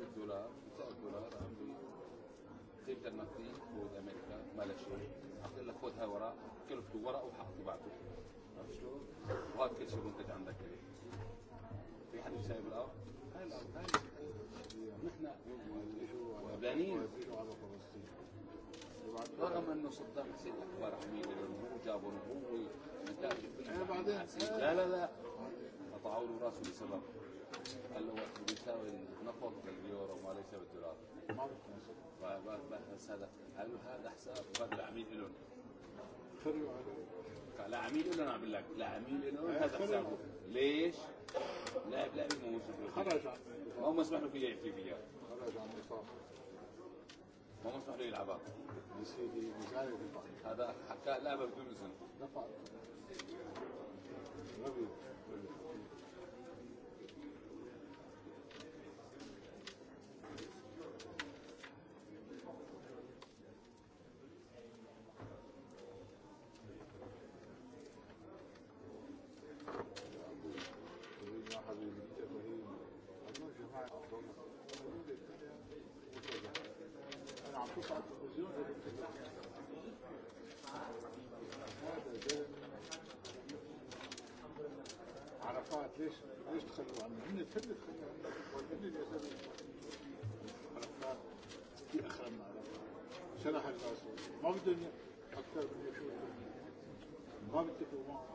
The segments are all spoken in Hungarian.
شوف دولار تسعة دولار عمي زي النقدي خذ امريكا مالشي اقول لك خذها وراء كلفته وراء وحط بعته عرفت شلون؟ وهذا كل شيء منتج عندك في حد شايف الارض؟ هاي الارض هاي نحن وابلانيين رغم انه صدام حسين اخبار حميده لانه جابوا نبوي نتائج لا لا لا قطعوا له راسه لسبب قال له وقت بيساوي النفط باليورو ما ليس بالدولار فبحث هذا هل هذا حساب بدل عميل لهم لا عميل لهم عم بقول لك لا عميل لهم هذا حسابه ليش؟ لاعب لاعب مو مسموح له خرج ما مسموح له فيه يعطيه اياه خرج عن الاصابه ما مسموح له يلعبها يا سيدي هذا حكى لعبه بدون اذن تدخلوا عم هن تدخلوا هن اللي عرفنا في اخر ما عرفنا شرح الرسول ما بدهم اكثر من يشوفوا ما بيتفقوا معه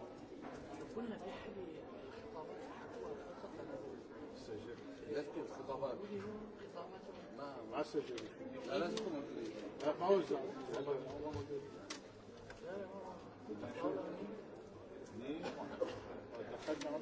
قلنا بيحمي خطابات السجل لا تكون خطابات ما ما سجل لا لا تكون ما وزع دخلنا عم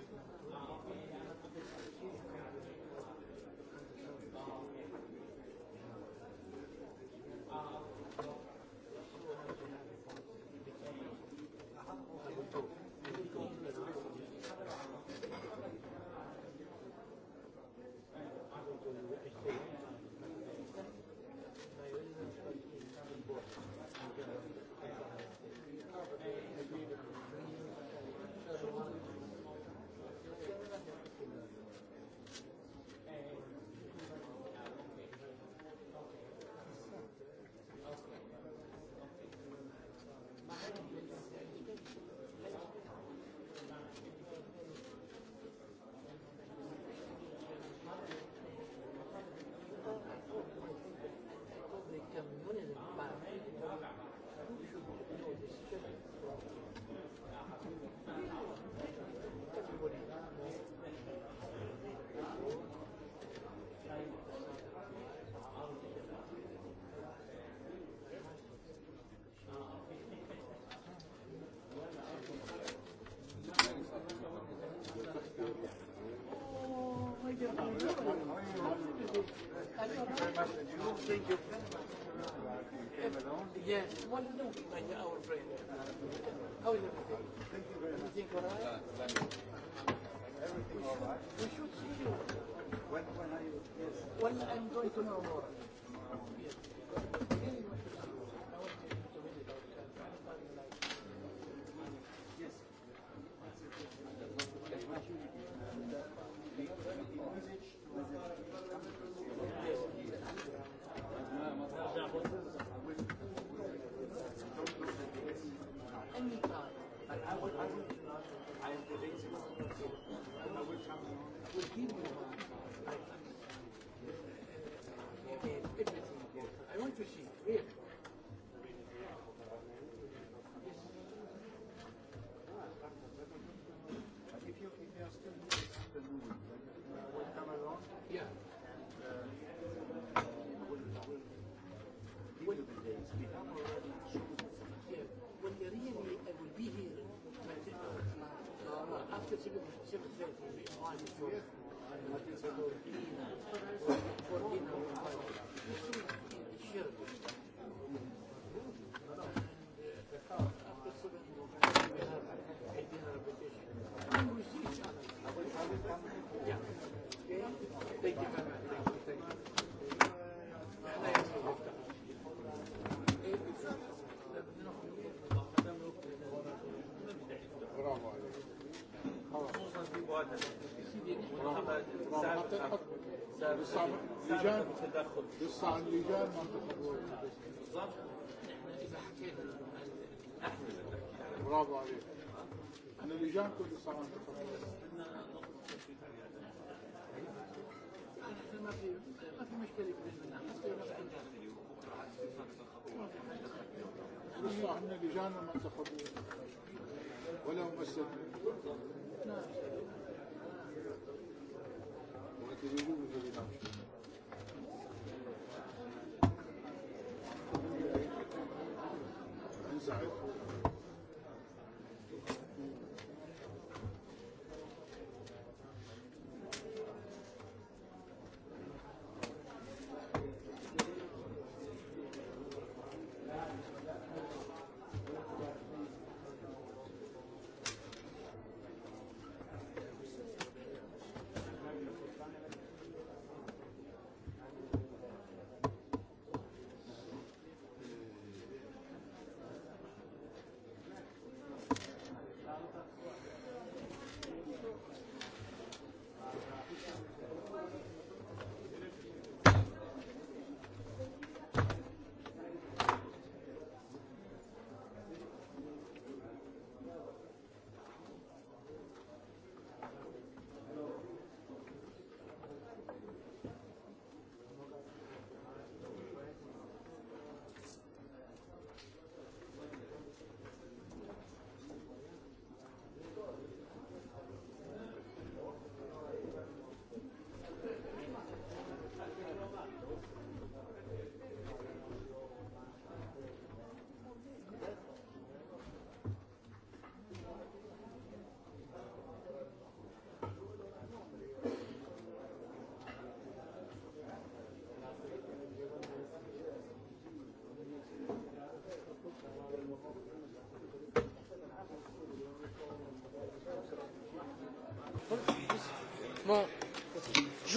take your pen back. Yeah. Well, no, we might get our brain. How is everything? Thank you very much. Everything all right? Everything all right? We should see you. When, when are you? Yes. Well, I'm going to know more. Yes. بالصعب لجان بالصعب لجان ما بالضبط اذا حكينا برافو عليك انا لجان كل صعب ما في ما في مشكله بالنسبه احنا لجان منتخبون ولو مسدنا retirez-vous, vous avez marché. Vous arrêtez.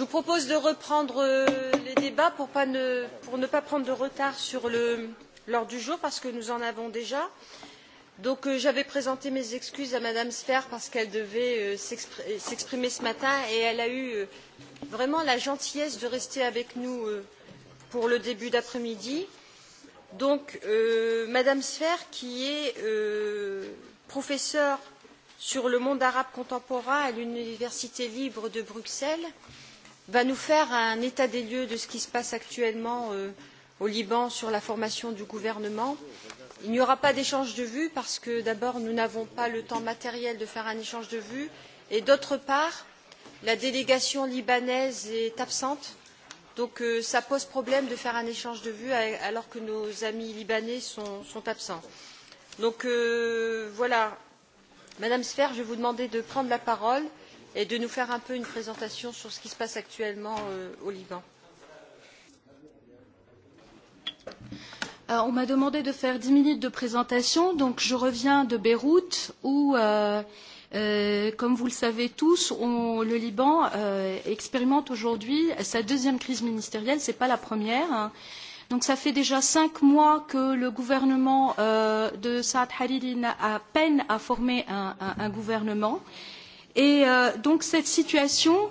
vous propose de reprendre euh, les débats pour, pas ne, pour ne pas prendre de retard sur l'ordre du jour parce que nous en avons déjà. Donc euh, j'avais présenté mes excuses à Madame Sfer parce qu'elle devait euh, s'exprimer ce matin et elle a eu vraiment la gentillesse de rester avec nous pour le début d'après-midi. Donc euh, Madame Sfer qui est euh, professeure sur le monde arabe contemporain à l'Université libre de Bruxelles va nous faire un état des lieux de ce qui se passe actuellement euh, au Liban sur la formation du gouvernement. Il n'y aura pas d'échange de vues parce que d'abord nous n'avons pas le temps matériel de faire un échange de vues et d'autre part la délégation libanaise est absente donc euh, ça pose problème de faire un échange de vues euh, alors que nos amis libanais sont, sont absents. Donc euh, voilà, Madame Sfer, je vais vous demander de prendre la parole. Euh, et de nous faire un peu une présentation sur ce qui se passe actuellement euh, au Liban. Euh, on m'a demandé de faire dix minutes de présentation, donc je reviens de Beyrouth où, euh, euh, comme vous le savez tous, on, le Liban euh, expérimente aujourd'hui sa deuxième crise ministérielle, ce n'est pas la première. Hein. Donc ça fait déjà cinq mois que le gouvernement euh, de Saad Hariri a peine à former un, un, un gouvernement. Euh, Et euh, donc cette situation,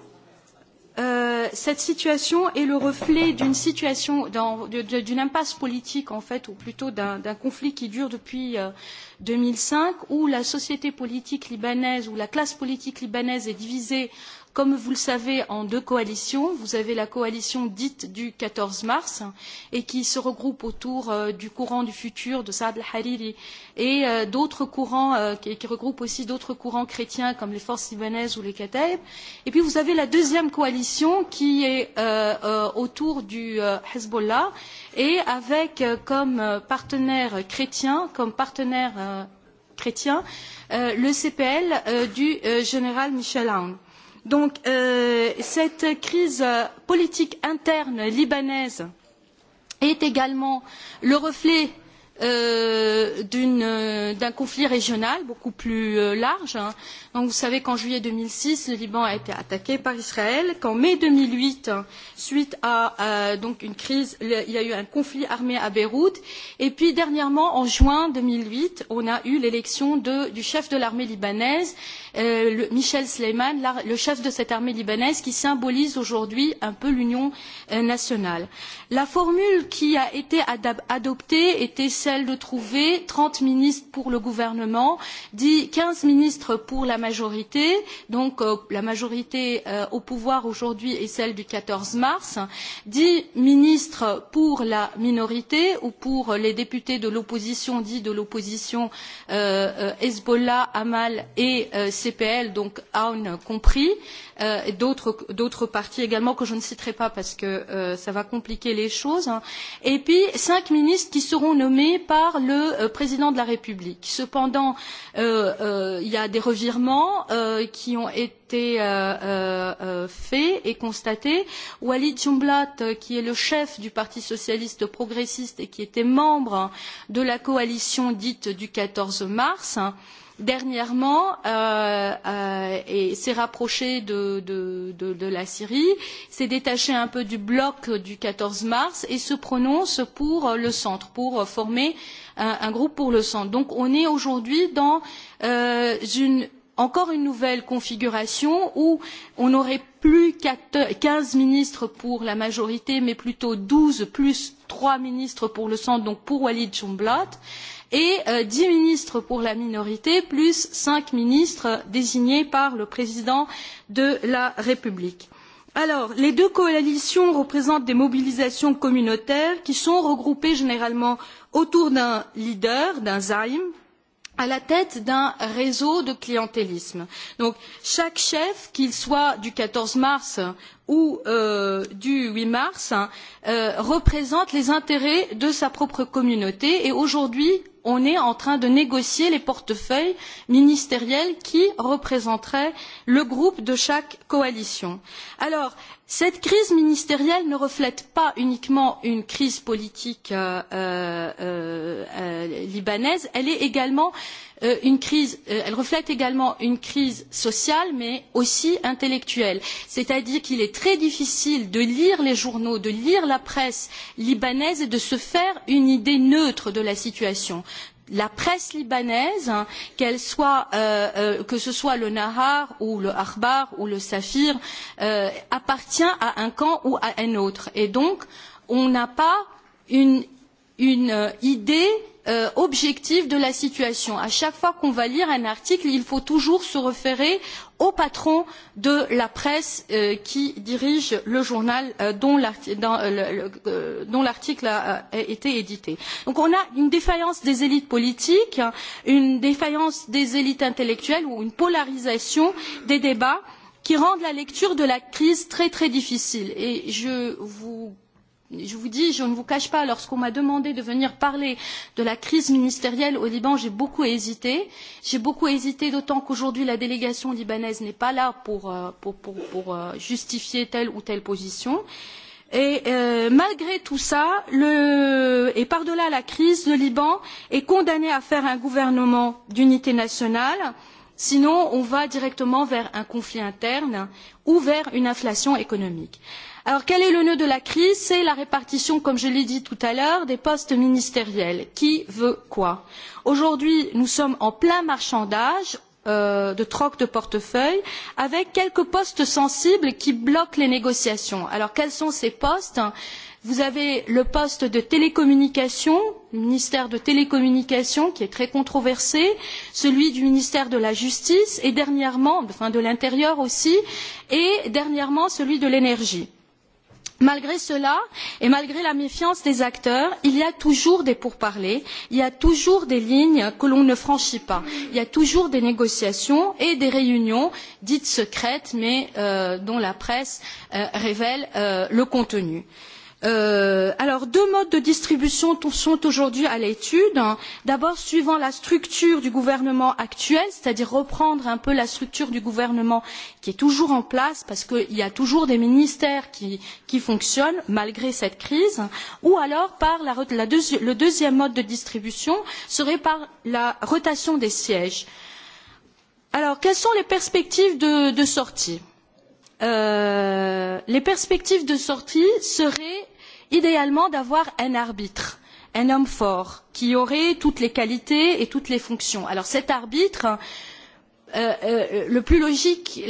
euh, cette situation est le reflet d'une situation, d'une impasse politique en fait, ou plutôt d'un conflit qui dure depuis euh, 2005, où la société politique libanaise, où la classe politique libanaise est divisée comme vous le savez en deux coalitions vous avez la coalition dite du quatorze mars qui se regroupe autour euh, du courant du futur de saad el hariri et euh, d'autres courants euh, qui, qui regroupent aussi d'autres courants chrétiens comme les forces libanaises ou les kataeb et puis vous avez la deuxième coalition qui est euh, autour du hezbollah et avec comme euh, partenaire chrétien comme partenaire euh, chrétien le cpl du général michel aoun. Donc euh, cette crise politique interne libanaise est également le reflet Euh, euh, d'un conflit régional beaucoup plus euh, large. Donc, vous savez qu'en juillet 2006, le Liban a été attaqué par Israël, qu'en mai 2008, suite à euh, donc une crise, il y a eu un conflit armé à Beyrouth, et puis dernièrement, en juin 2008, on a eu l'élection du chef de l'armée libanaise, euh, le, Michel Sleiman, le chef de cette armée libanaise qui symbolise aujourd'hui un peu l'union euh, nationale. La formule qui a été adoptée était celle de trouver trente ministres pour le gouvernement quinze ministres pour la majorité donc euh, la majorité euh, au pouvoir aujourd'hui est celle du quatorze mars dix ministres pour la minorité ou pour les députés de l'opposition dits de l'opposition euh, hezbollah amal et cpl donc aoun compris et euh, et d'autres partis également que je ne citerai pas parce que euh, ça va compliquer les choses. Et puis cinq ministres qui seront nommés par le euh, président de la République. Cependant, euh, euh, il y a des revirements euh, qui ont été été euh, euh, euh fait et constaté. Walid Jumblat, euh, qui est le chef du Parti socialiste progressiste et qui était membre de la coalition dite du 14 mars, euh, dernièrement euh, euh, et s'est rapproché de, de, de, de la Syrie, s'est détaché un peu du bloc du 14 mars et se prononce pour le centre, pour former un, un groupe pour le centre. Donc on est aujourd'hui dans euh, une encore une nouvelle configuration où on n'aurait plus quinze ministres pour la majorité mais plutôt douze plus trois ministres pour le centre donc pour walid Jumblatt et euh, dix ministres pour la minorité plus cinq ministres désignés par le président de la république. les deux coalitions représentent des mobilisations communautaires qui sont regroupées généralement autour d'un leader d'un zalim à la tête d'un réseau de clientélisme. chaque chef, qu'il soit du quatorze mars ou euh, du huit mars, euh, représente les intérêts de sa propre communauté et aujourd'hui, on est en train de négocier les portefeuilles ministériels qui représenteraient le groupe de chaque coalition. alors cette crise ministérielle ne reflète pas uniquement une crise politique euh, euh, euh, libanaise elle est également euh, une crise euh, elle reflète également une crise sociale mais aussi intellectuelle c'est à dire qu'il est très difficile de lire les journaux de lire la presse libanaise et de se faire une idée neutre de la situation la presse libanaise, qu'elle soit, euh, euh, que ce soit le Nahar ou le Akhbar ou le Safir, euh, appartient à un camp ou à un autre. Et donc, on n'a pas une, une euh, idée euh, euh, objective de la situation. à chaque fois qu'on va lire un article il faut toujours se référer au patron de la presse euh, qui dirige le journal euh, euh, euh, dont l'article a, a été édité. donc on a une défaillance des élites politiques une défaillance des élites intellectuelles ou une polarisation des débats qui rendent la lecture de la crise très très difficile et je vous je vous dis, je ne vous cache pas, lorsqu'on m'a demandé de venir parler de la crise ministérielle au Liban, j'ai beaucoup hésité. J'ai beaucoup hésité, d'autant qu'aujourd'hui la délégation libanaise n'est pas là pour, euh, pour, pour, pour euh, justifier telle ou telle position. Et euh, malgré tout ça, le, et par-delà la crise, le Liban est condamné à faire un gouvernement d'unité nationale. Sinon, on va directement vers un conflit interne ou vers une inflation économique. Alors quel est le nœud de la crise C'est la répartition, comme je l'ai dit tout à l'heure, des postes ministériels. Qui veut quoi Aujourd'hui, nous sommes en plein marchandage euh, de troc de portefeuille avec quelques postes sensibles qui bloquent les négociations. Alors quels sont ces postes Vous avez le poste de télécommunication, le ministère de télécommunications qui est très controversé, celui du ministère de la justice et dernièrement, enfin de l'intérieur aussi, et dernièrement celui de l'énergie malgré cela et malgré la méfiance des acteurs il y a toujours des pourparlers il y a toujours des lignes que l'on ne franchit pas il y a toujours des négociations et des réunions dites secrètes mais euh, dont la presse euh, révèle euh, le contenu. il Euh, alors deux modes de distribution sont aujourd'hui à l'étude. D'abord suivant la structure du gouvernement actuel, c'est-à-dire reprendre un peu la structure du gouvernement qui est toujours en place parce qu'il y a toujours des ministères qui, fonctionnent malgré cette crise, ou alors le deuxième mode de distribution serait par la rotation des sièges. Alors quelles sont les perspectives de, sortie euh, les perspectives de sortie seraient idéalement d'avoir un arbitre un homme fort qui aurait toutes les qualités et toutes les fonctions. alors cet arbitre euh, euh, le plus logique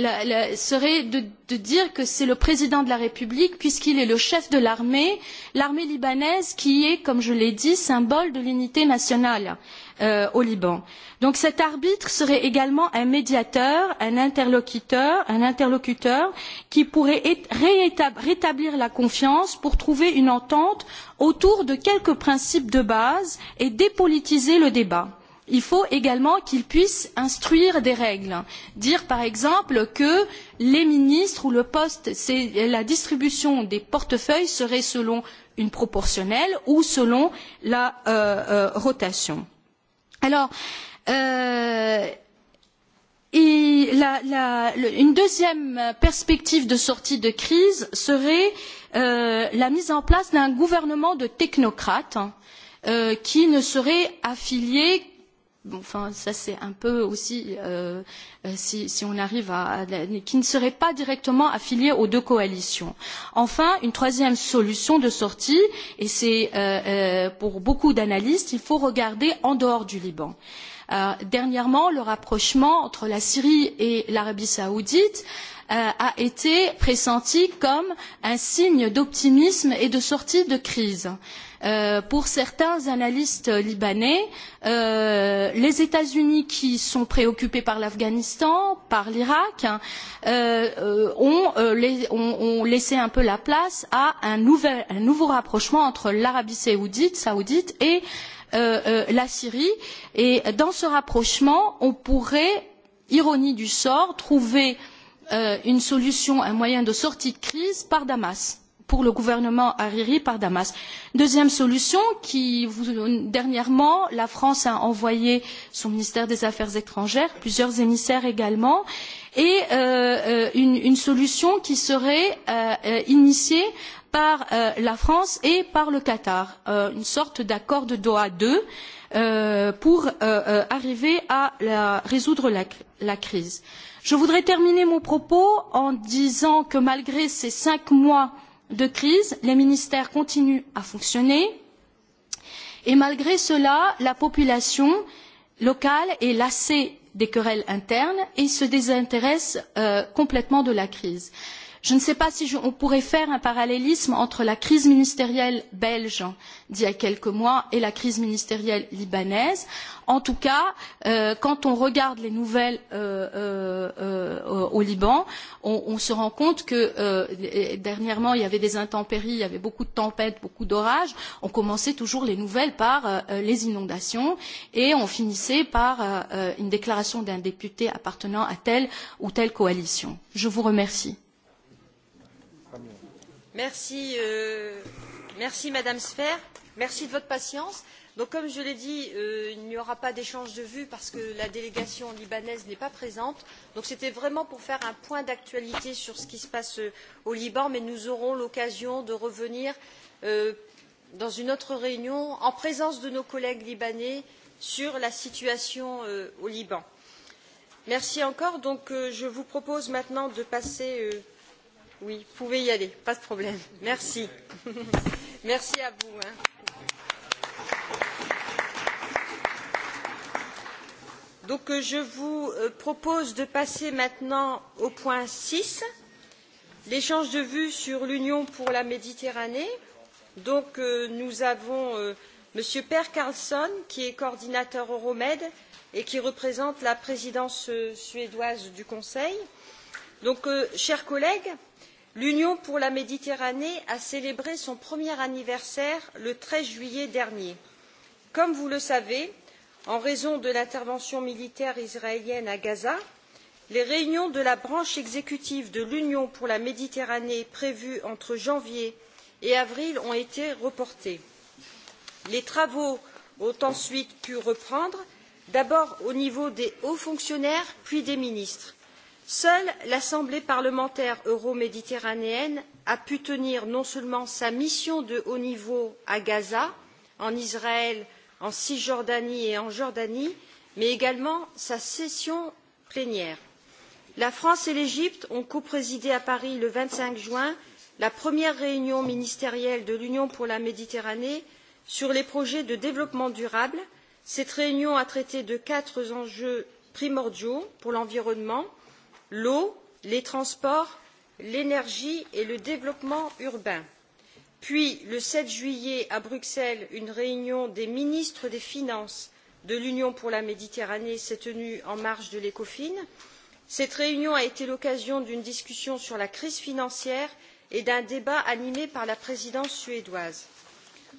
serait de, dire que c'est le président de la république puisqu'il est le chef de l'armée l'armée libanaise qui est comme je l'ai dit symbole de l'unité nationale et euh, au Liban. Donc cet arbitre serait également un médiateur, un interlocuteur, un interlocuteur qui pourrait rétablir la confiance pour trouver une entente autour de quelques principes de base et dépolitiser le débat il faut également qu'il puisse instruire des règles dire par exemple que les ministres ou le poste la distribution des portefeuilles serait selon une proportionnelle ou selon la euh, euh, rotation Alors, euh, et la, la, le, une deuxième perspective de sortie de crise serait euh, la mise en place d'un gouvernement de technocrates hein, euh, qui ne serait affilié Bon, enfin, ça c'est un peu aussi euh, euh si, si on arrive à, à qui ne serait pas directement affilié aux deux coalitions. Enfin, une troisième solution de sortie, et c'est euh, euh, pour beaucoup d'analystes, il faut regarder en dehors du Liban. Euh, dernièrement, le rapprochement entre la Syrie et l'Arabie Saoudite euh, a été pressenti comme un signe d'optimisme et de sortie de crise. Euh, Euh, pour certains analystes libanais, euh, les États-Unis qui sont préoccupés par l'Afghanistan, par l'Irak, euh, ont, euh, ont, ont laissé un peu la place à un, nouvel, un nouveau rapprochement entre l'Arabie saoudite, saoudite et euh, euh, la Syrie. Et dans ce rapprochement, on pourrait, ironie du sort, trouver euh, une solution, un moyen de sortie de crise par Damas pour le gouvernement Hariri par Damas. Deuxième solution, dernièrement, la France a envoyé son ministère des Affaires étrangères, plusieurs émissaires également, et euh, euh, une, solution qui serait euh, initiée par la France et par le Qatar, une sorte d'accord de Doha 2 pour arriver à résoudre la, crise. Je voudrais terminer mon propos en disant que malgré ces cinq mois de crise, les ministères continuent à fonctionner et malgré cela, la population locale est lassée des querelles internes et se désintéresse euh, complètement de la crise. Euh, je ne sais pas si on pourrait faire un parallélisme entre la crise ministérielle belge d'il y a quelques mois et la crise ministérielle libanaise. en tout cas euh, quand on regarde les nouvelles euh, euh, au liban on se rend compte que dernièrement il y avait des intempéries il y avait beaucoup de tempêtes beaucoup d'orages on commençait toujours les nouvelles par les inondations et on finissait par une déclaration d'un député appartenant à telle ou telle coalition. je vous remercie. Euh, merci, Madame Sfer. Merci de votre patience. comme je l'ai dit, euh, il n'y aura pas d'échange de vues parce que la délégation libanaise n'est pas présente. c'était vraiment pour faire un point d'actualité sur ce qui se passe euh, au Liban, mais nous aurons l'occasion de revenir dans une autre réunion, en présence de nos collègues libanais, sur la situation au Liban. Merci encore. je vous propose maintenant de passer. Euh, Oui, vous pouvez y aller, pas de problème. Merci. Merci à vous. Hein. Donc euh, je vous euh, propose de passer maintenant au point 6, l'échange de vues sur l'Union pour la Méditerranée. Donc euh, nous avons euh, M. Per Carlsson, qui est coordinateur Euromed et qui représente la présidence suédoise du Conseil. Donc, chers collègues, l'union pour la méditerranée a célébré son premier anniversaire le treize juillet dernier. comme vous le savez en raison de l'intervention militaire israélienne à gaza les réunions de la branche exécutive de l'union pour la méditerranée prévues entre janvier et avril ont été reportées. les travaux ont ensuite pu reprendre d'abord au niveau des hauts fonctionnaires puis des ministres seule l'assemblée parlementaire euroméditerranéenne a pu tenir non seulement sa mission de haut niveau à gaza en israël en cisjordanie et en jordanie mais également sa session plénière. la france et l'égypte ont coprésidé à paris le vingt cinq juin la première réunion ministérielle de l'union pour la méditerranée sur les projets de développement durable. cette réunion a traité de quatre enjeux primordiaux pour l'environnement l'eau les transports l'énergie et le développement urbain. puis le sept juillet à bruxelles une réunion des ministres des finances de l'union pour la méditerranée s'est tenue en marge de l'ecofin. cette réunion a été l'occasion d'une discussion sur la crise financière et d'un débat animé par la présidence suédoise.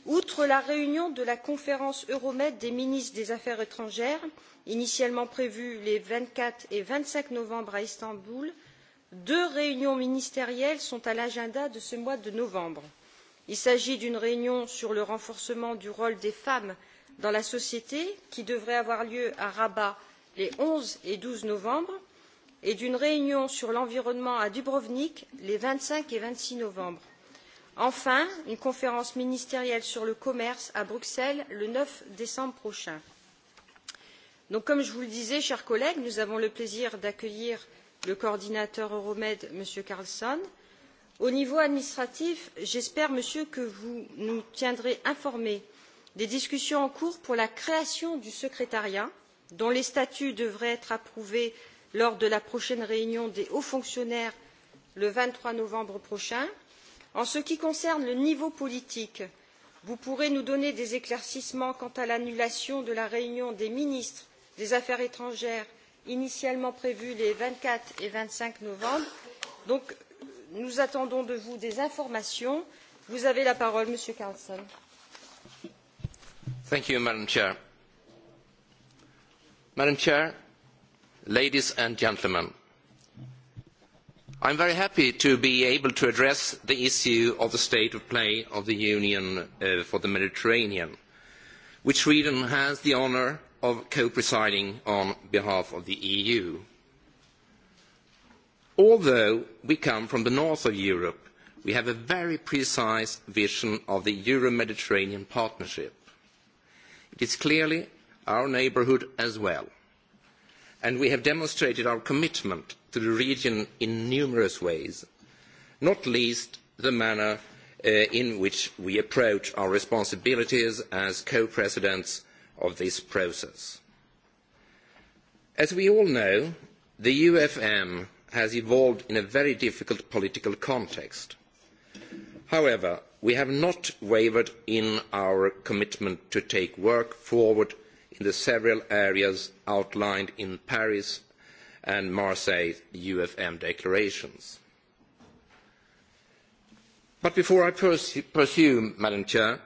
outre la réunion de la conférence euromed des ministres des affaires étrangères initialement prévues les vingt quatre et vingt cinq novembre à istanbul deux réunions ministérielles sont à l'agenda de ce mois de novembre. il s'agit d'une réunion sur le renforcement du rôle des femmes dans la société qui devrait avoir lieu à rabat les onze et douze novembre et d'une réunion sur l'environnement à dubrovnik les vingt cinq et vingt six novembre. enfin une conférence ministérielle sur le commerce à bruxelles le neuf décembre prochain. Donc, comme je vous le disais chers collègues nous avons le plaisir d'accueillir le coordinateur euromed m. karlsson. au niveau administratif j'espère monsieur que vous nous tiendrez informés des discussions en cours pour la création du secrétariat dont les statuts devraient être approuvés lors de la prochaine réunion des hauts fonctionnaires le vingt trois novembre prochain. en ce qui concerne le niveau politique vous pourrez nous donner des éclaircissements quant à l'annulation de la réunion des ministres des affaires étrangères initialement prévu les vingt quatre et vingt cinq novembre. nous attendons de vous des informations. vous avez la parole monsieur carlsson. madam president ladies and gentlemen i am very happy to be able to address the issue of the state of play of the union uh, for the mediterranean which sweden has the honour of co-presiding on behalf of the EU. Although we come from the north of Europe, we have a very precise vision of the Euro-Mediterranean partnership. It is clearly our neighbourhood as well, and we have demonstrated our commitment to the region in numerous ways, not least the manner uh, in which we approach our responsibilities as co-presidents of this process. As we all know, the UFM has evolved in a very difficult political context. However, we have not wavered in our commitment to take work forward in the several areas outlined in Paris and Marseille UFM declarations. But before I pursue, Madam Chair,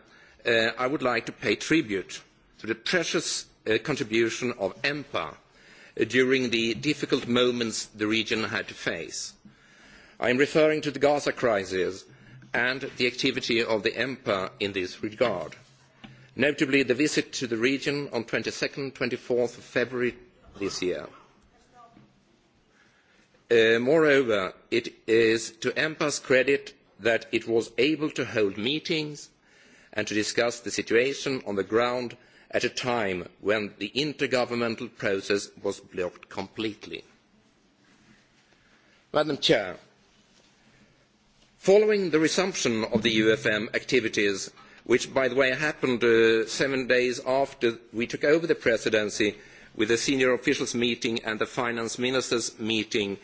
uh, I would like to pay tribute to the precious uh, contribution of EMPA uh, during the difficult moments the region had to face. I am referring to the Gaza crisis and the activity of the EMPA in this regard, notably the visit to the region on 22nd, 24th of February this year. Uh, moreover, it is to EMPA's credit that it was able to hold meetings and to discuss the situation on the ground at a time when the intergovernmental process was blocked completely. Madam Chair, following the resumption of the UFM activities, which by the way happened uh, seven days after we took over the presidency with the senior officials meeting and the finance ministers meeting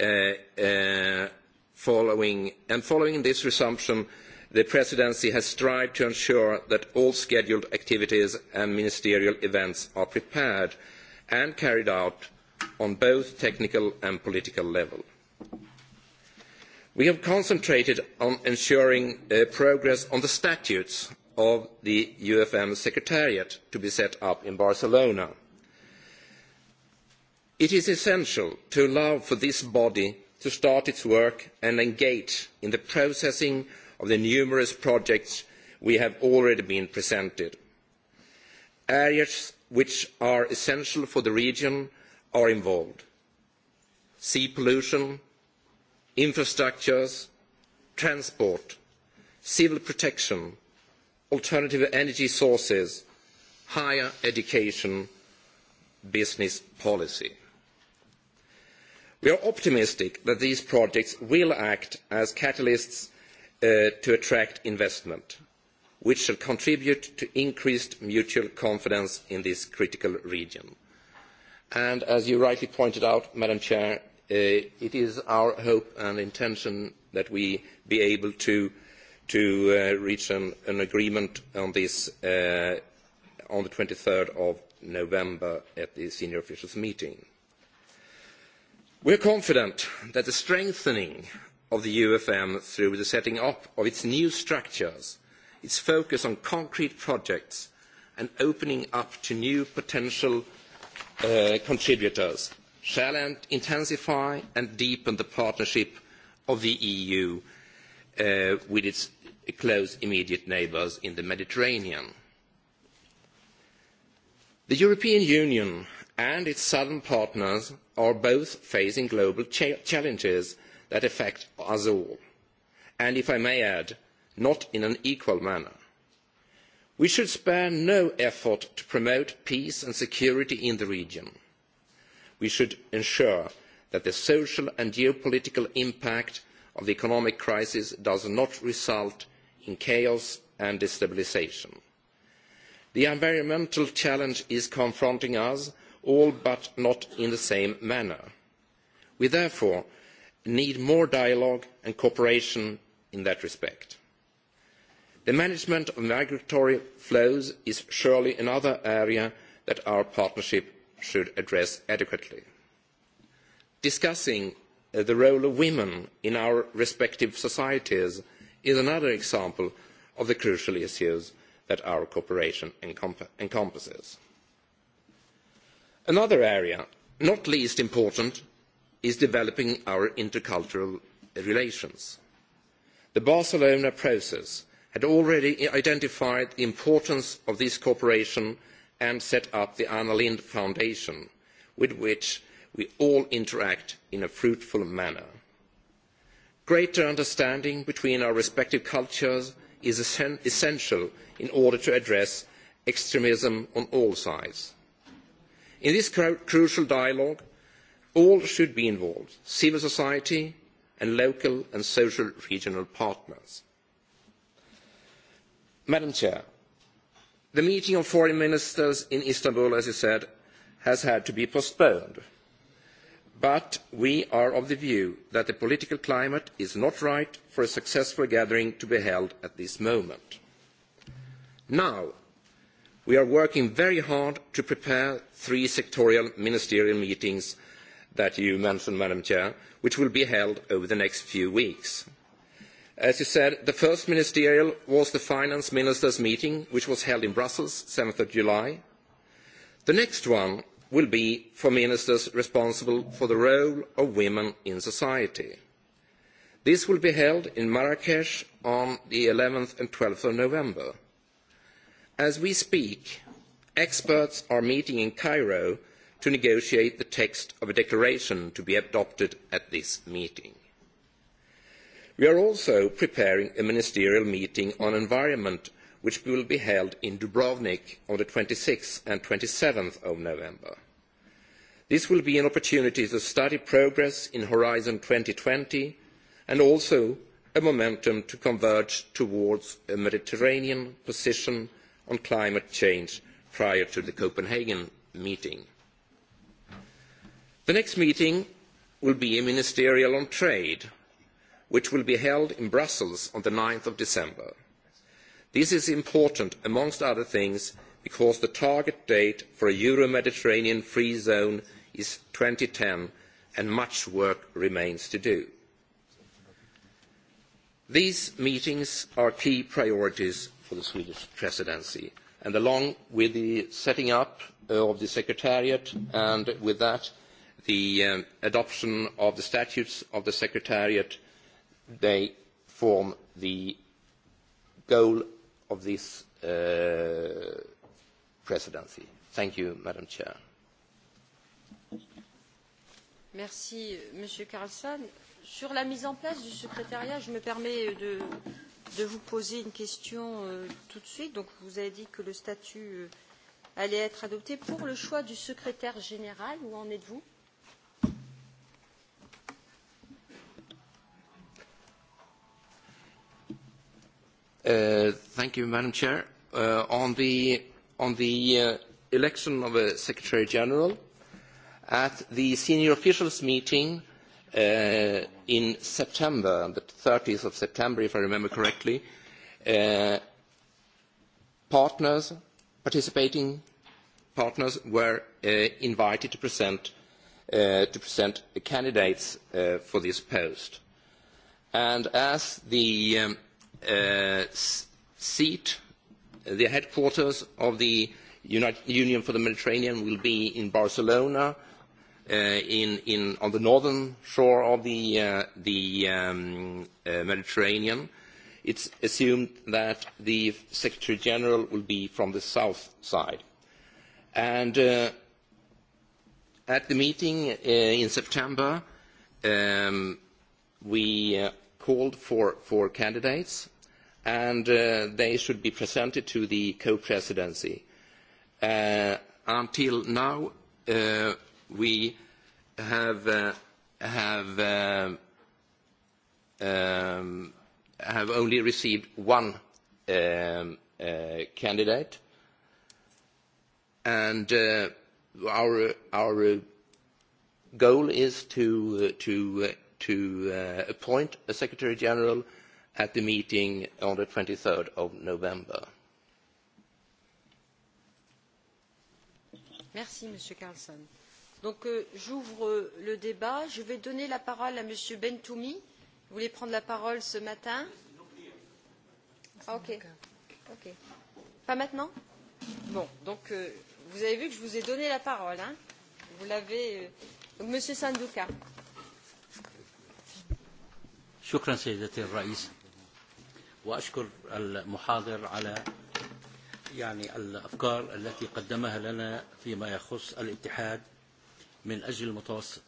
uh, uh, following, and following this resumption, the presidency has strived to ensure that all scheduled activities and ministerial events are prepared and carried out on both technical and political level. We have concentrated on ensuring uh, progress on the statutes of the UFM Secretariat to be set up in Barcelona. It is essential to allow for this body to start its work and engage in the processing of the numerous projects we have already been presented. Areas which are essential for the region are involved. Sea pollution, infrastructures, transport, civil protection, alternative energy sources, higher education, business policy. We are optimistic that these projects will act as catalysts Uh, to attract investment, which shall contribute to increased mutual confidence in this critical region. And as you rightly pointed out, Madam Chair, uh, it is our hope and intention that we be able to, to uh, reach an, an, agreement on this uh, on the 23rd of November at the senior officials meeting. We are confident that the strengthening of the UFM through the setting up of its new structures, its focus on concrete projects, and opening up to new potential uh, contributors shall intensify and deepen the partnership of the EU uh, with its close immediate neighbours in the Mediterranean. The European Union and its southern partners are both facing global cha challenges that affect us all, and if I may add, not in an equal manner. We should spare no effort to promote peace and security in the region. We should ensure that the social and geopolitical impact of the economic crisis does not result in chaos and destabilisation. The environmental challenge is confronting us all but not in the same manner. We therefore need more dialogue and cooperation in that respect. The management of migratory flows is surely another area that our partnership should address adequately. Discussing uh, the role of women in our respective societies is another example of the crucial issues that our cooperation encompasses. Another area, not least important, is developing our intercultural relations. The Barcelona process had already identified the importance of this cooperation and set up the Anna Lindh Foundation, with which we all interact in a fruitful manner. Greater understanding between our respective cultures is essential in order to address extremism on all sides. In this crucial dialogue, All should be involved, civil society and local and social regional partners. Madam Chair, the meeting of foreign ministers in Istanbul, as you said, has had to be postponed. But we are of the view that the political climate is not right for a successful gathering to be held at this moment. Now, we are working very hard to prepare three sectorial ministerial meetings that you mentioned, Madam Chair, which will be held over the next few weeks. As you said, the first ministerial was the finance ministers' meeting, which was held in Brussels, 7th of July. The next one will be for ministers responsible for the role of women in society. This will be held in Marrakesh on the 11th and 12th of November. As we speak, experts are meeting in Cairo to negotiate the text of a declaration to be adopted at this meeting. We are also preparing a ministerial meeting on environment which will be held in Dubrovnik on the 26th and 27th of November. This will be an opportunity to study progress in Horizon 2020 and also a momentum to converge towards a Mediterranean position on climate change prior to the Copenhagen meeting. The next meeting will be a ministerial on trade, which will be held in Brussels on the 9th of December. This is important, amongst other things, because the target date for a Euro-Mediterranean free zone is 2010 and much work remains to do. These meetings are key priorities for the Swedish presidency and along with the setting up of the secretariat and with that the um, adoption of the statutes of the Secretariat, they form the goal of this uh, presidency. Thank you, Madam Chair. Merci, Monsieur Carlson. Sur la mise en place du secrétariat, je me permets de, de vous poser une question euh, tout de suite. Donc, vous avez dit que le statut euh, allait être adopté. Pour le choix du secrétaire général, où en êtes-vous Uh, Madam Chair. Uh, on the, uh, election of a Secretary General, at the senior officials meeting in September, on the 30th of September, if I remember correctly, partners, participating partners were invited to present, to present candidates for this post. And as the um, uh, seat, uh, the headquarters of the United Union for the Mediterranean will be in Barcelona, uh, in, in, on the northern shore of the, uh, the um, uh, Mediterranean. It's assumed that the Secretary General will be from the south side. And uh, at the meeting uh, in September, um, we uh, called for, for candidates and uh, they should be presented to the co-presidency. Uh, until now, uh, we have, uh, have, uh, um, have only received one um, uh, candidate, and uh, our, our goal is to, uh, to, uh, to uh, appoint a secretary general uh, at the meeting on the 23rd of November. Merci, Monsieur Carlson. Donc, euh, j'ouvre le débat. Je vais donner la parole à Monsieur Bentoumi. Vous voulez prendre la parole ce matin ah, okay. ok. Pas maintenant Bon, donc euh, vous avez vu que je vous ai donné la parole. Hein vous l'avez. Euh... Monsieur Sanduka. شكرا le Président. وأشكر المحاضر على يعني الأفكار التي قدمها لنا فيما يخص الاتحاد من أجل المتوسط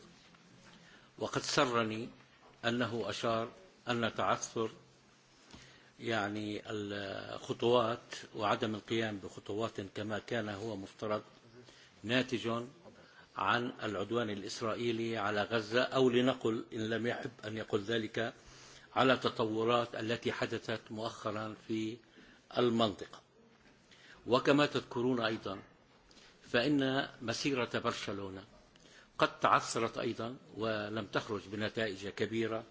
وقد سرني أنه أشار أن تعثر يعني الخطوات وعدم القيام بخطوات كما كان هو مفترض ناتج عن العدوان الإسرائيلي على غزة أو لنقل إن لم يحب أن يقول ذلك على التطورات التي حدثت مؤخرا في المنطقة وكما تذكرون أيضا فإن مسيرة برشلونة قد تعثرت أيضا ولم تخرج بنتائج كبيرة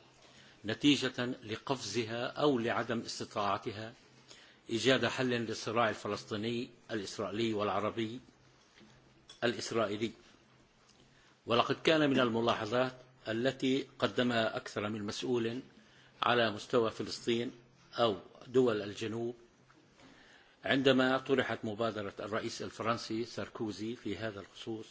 نتيجة لقفزها أو لعدم استطاعتها إيجاد حل للصراع الفلسطيني الإسرائيلي والعربي الإسرائيلي ولقد كان من الملاحظات التي قدمها أكثر من مسؤول على مستوى فلسطين أو دول الجنوب عندما طرحت مبادرة الرئيس الفرنسي ساركوزي في هذا الخصوص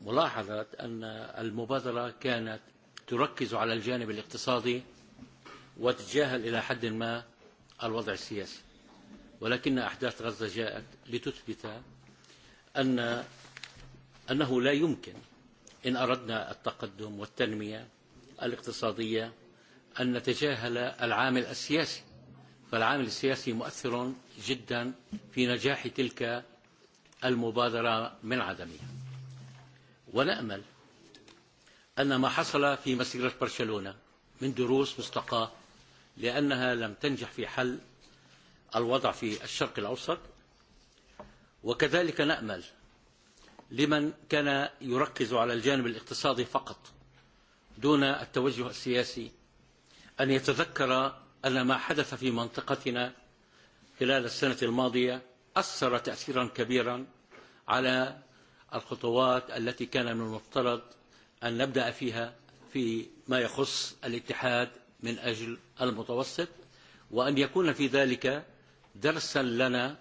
ملاحظة أن المبادرة كانت تركز على الجانب الاقتصادي وتتجاهل إلى حد ما الوضع السياسي ولكن أحداث غزة جاءت لتثبت أن أنه لا يمكن إن أردنا التقدم والتنمية الاقتصادية أن نتجاهل العامل السياسي فالعامل السياسي مؤثر جدا في نجاح تلك المبادرة من عدمها ونأمل أن ما حصل في مسيرة برشلونة من دروس مستقاة لأنها لم تنجح في حل الوضع في الشرق الأوسط وكذلك نأمل لمن كان يركز على الجانب الاقتصادي فقط دون التوجه السياسي أن يتذكر أن ما حدث في منطقتنا خلال السنة الماضية أثر تأثيرا كبيرا على الخطوات التي كان من المفترض أن نبدأ فيها في ما يخص الاتحاد من أجل المتوسط وأن يكون في ذلك درسا لنا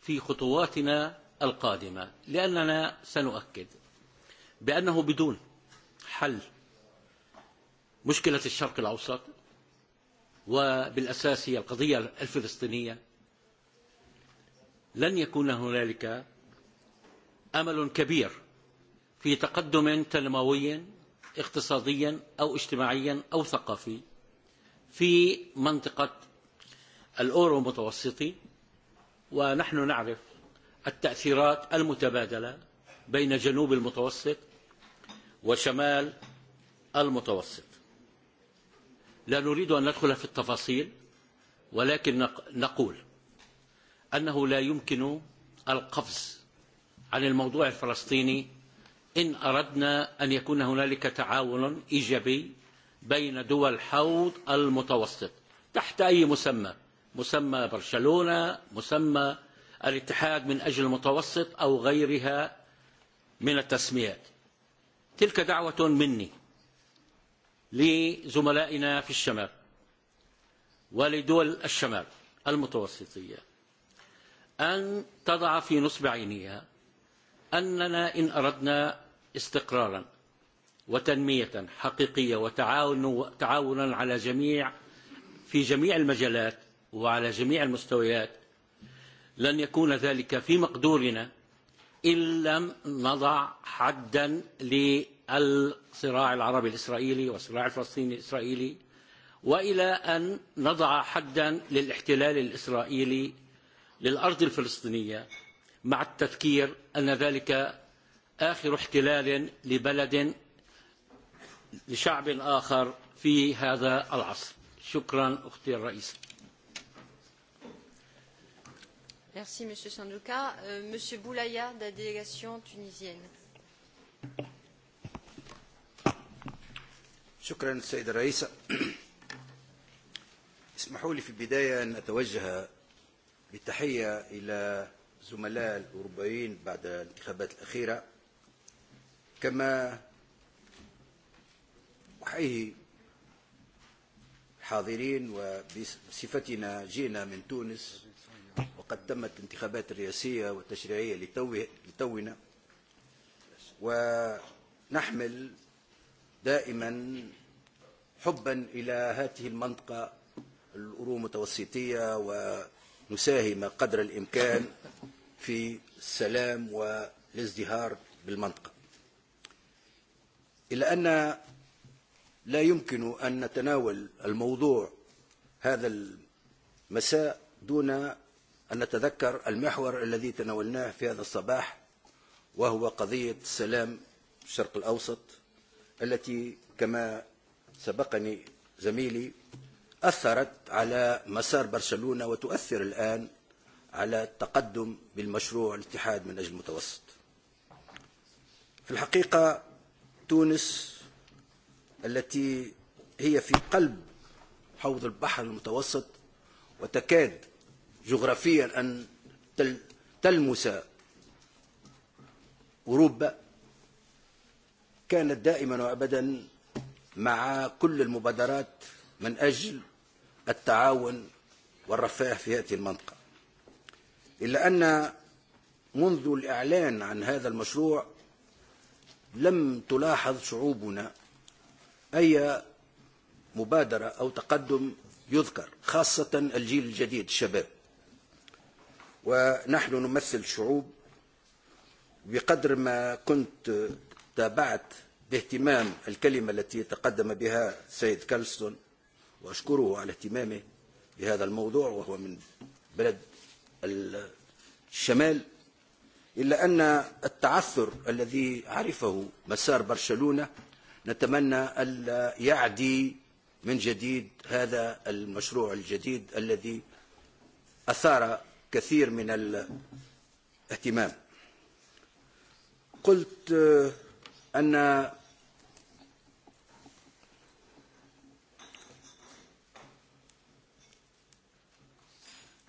في خطواتنا القادمة لأننا سنؤكد بأنه بدون حل مشكلة الشرق الأوسط وبالأساس هي القضية الفلسطينية لن يكون هنالك أمل كبير في تقدم تنموي اقتصاديا أو اجتماعيا أو ثقافي في منطقة الأورو المتوسطي ونحن نعرف التأثيرات المتبادلة بين جنوب المتوسط وشمال المتوسط لا نريد أن ندخل في التفاصيل ولكن نقول أنه لا يمكن القفز عن الموضوع الفلسطيني إن أردنا أن يكون هنالك تعاون إيجابي بين دول حوض المتوسط تحت أي مسمى مسمى برشلونة مسمى الاتحاد من أجل المتوسط أو غيرها من التسميات تلك دعوة مني لزملائنا في الشمال ولدول الشمال المتوسطية أن تضع في نصب عينيها أننا إن أردنا استقرارا وتنمية حقيقية وتعاونا على جميع في جميع المجالات وعلى جميع المستويات لن يكون ذلك في مقدورنا إن لم نضع حدا ل الصراع العربي الإسرائيلي والصراع الفلسطيني الإسرائيلي وإلى أن نضع حدا للاحتلال الإسرائيلي للأرض الفلسطينية مع التذكير أن ذلك آخر احتلال لبلد لشعب آخر في هذا العصر شكرا أختي الرئيسة Merci Monsieur Sandouka. Euh, Monsieur Boulaya de la délégation tunisienne. شكرا سيد الرئيس اسمحوا لي في البداية أن أتوجه بالتحية إلى زملاء الأوروبيين بعد الانتخابات الأخيرة كما أحيي الحاضرين وبصفتنا جينا من تونس وقد تمت الانتخابات الرئاسية والتشريعية لتونا ونحمل دائما حبا إلى هذه المنطقة الأورومتوسطية ونساهم قدر الإمكان في السلام والازدهار بالمنطقة إلا أن لا يمكن أن نتناول الموضوع هذا المساء دون أن نتذكر المحور الذي تناولناه في هذا الصباح وهو قضية السلام الشرق الأوسط التي كما سبقني زميلي أثرت على مسار برشلونة وتؤثر الآن على التقدم بالمشروع الاتحاد من أجل المتوسط في الحقيقة تونس التي هي في قلب حوض البحر المتوسط وتكاد جغرافيا أن تلمس أوروبا كانت دائما وابدا مع كل المبادرات من اجل التعاون والرفاه في هذه المنطقه الا ان منذ الاعلان عن هذا المشروع لم تلاحظ شعوبنا اي مبادره او تقدم يذكر خاصه الجيل الجديد الشباب ونحن نمثل شعوب بقدر ما كنت تابعت باهتمام الكلمة التي تقدم بها سيد كالستون وأشكره على اهتمامه بهذا الموضوع وهو من بلد الشمال إلا أن التعثر الذي عرفه مسار برشلونة نتمنى أن يعدي من جديد هذا المشروع الجديد الذي أثار كثير من الاهتمام قلت أن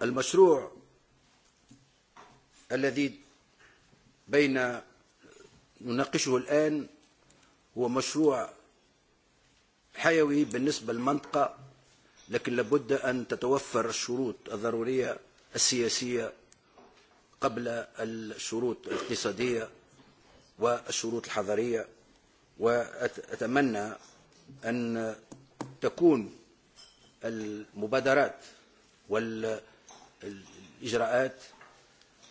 المشروع الذي بين نناقشه الآن هو مشروع حيوي بالنسبة للمنطقة لكن لابد أن تتوفر الشروط الضرورية السياسية قبل الشروط الاقتصادية والشروط الحضرية وأتمنى أن تكون المبادرات والإجراءات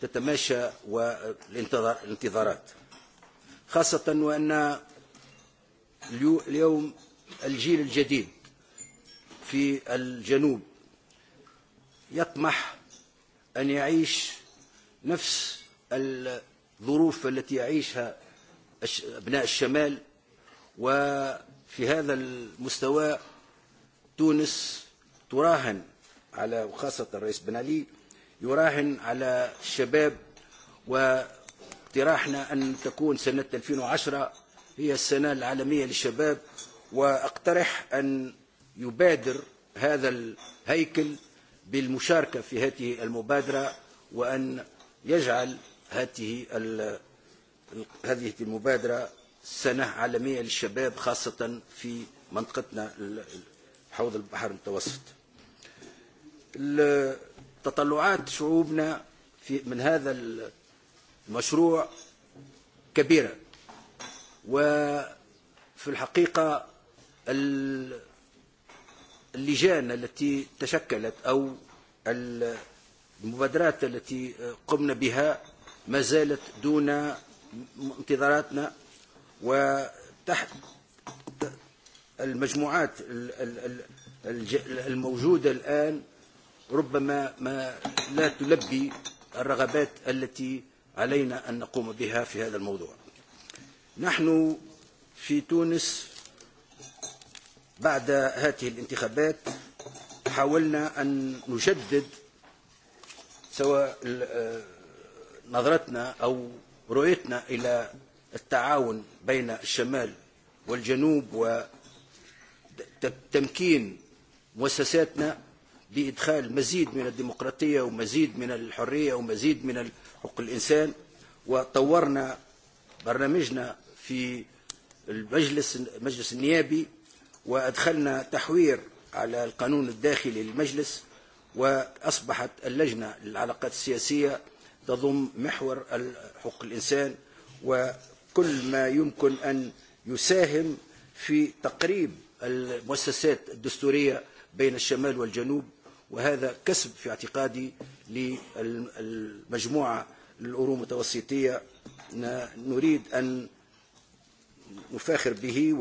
تتماشى والانتظارات خاصة وأن اليوم الجيل الجديد في الجنوب يطمح أن يعيش نفس الظروف التي يعيشها أبناء الشمال وفي هذا المستوى تونس تراهن على وخاصة الرئيس بن علي يراهن على الشباب واقتراحنا أن تكون سنة 2010 هي السنة العالمية للشباب وأقترح أن يبادر هذا الهيكل بالمشاركة في هذه المبادرة وأن يجعل هذه هذه المبادرة سنة عالمية للشباب خاصة في منطقتنا حوض البحر المتوسط تطلعات شعوبنا في من هذا المشروع كبيرة وفي الحقيقة اللجان التي تشكلت أو المبادرات التي قمنا بها ما زالت دون انتظاراتنا وتحت المجموعات الموجودة الآن ربما ما لا تلبي الرغبات التي علينا أن نقوم بها في هذا الموضوع نحن في تونس بعد هذه الانتخابات حاولنا أن نجدد سواء نظرتنا أو رؤيتنا إلى التعاون بين الشمال والجنوب وتمكين مؤسساتنا بإدخال مزيد من الديمقراطية ومزيد من الحرية ومزيد من حقوق الإنسان وطورنا برنامجنا في المجلس المجلس النيابي وأدخلنا تحوير على القانون الداخلي للمجلس وأصبحت اللجنة للعلاقات السياسية تضم محور حقوق الإنسان وكل ما يمكن أن يساهم في تقريب المؤسسات الدستورية بين الشمال والجنوب وهذا كسب في اعتقادي للمجموعة الأورو متوسطية نريد أن نفاخر به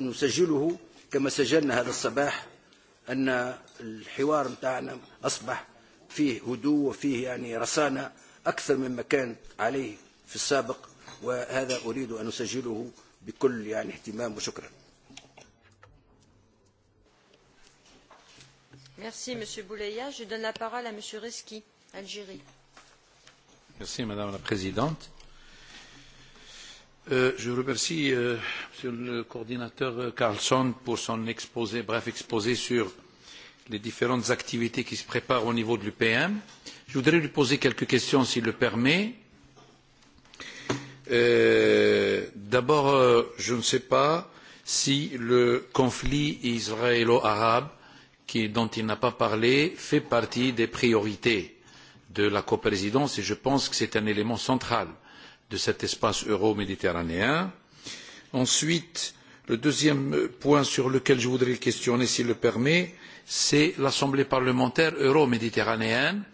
ونسجله كما سجلنا هذا الصباح أن الحوار متاعنا أصبح فيه هدوء وفيه يعني رسانة أكثر مما كان عليه في السابق وهذا أريد أن أسجله بكل يعني اهتمام وشكرا Merci Monsieur Bouleya. Je donne la parole à Monsieur Reski, Algérie. Merci Madame la Présidente Euh, je remercie euh, monsieur le coordinateur euh, carlsson pour son exposé, bref exposé sur les différentes activités qui se préparent au niveau de l'upm. je voudrais lui poser quelques questions s'il le permet. Euh, d'abord euh, je ne sais pas si le conflit israélo arabe dont il n'a pas parlé fait partie des priorités de la coprésidence et je pense que c'est un élément central de cet espace euro-méditerranéen. Ensuite, le deuxième point sur lequel je voudrais questionner, s'il le permet, c'est l'Assemblée parlementaire euro-méditerranéenne.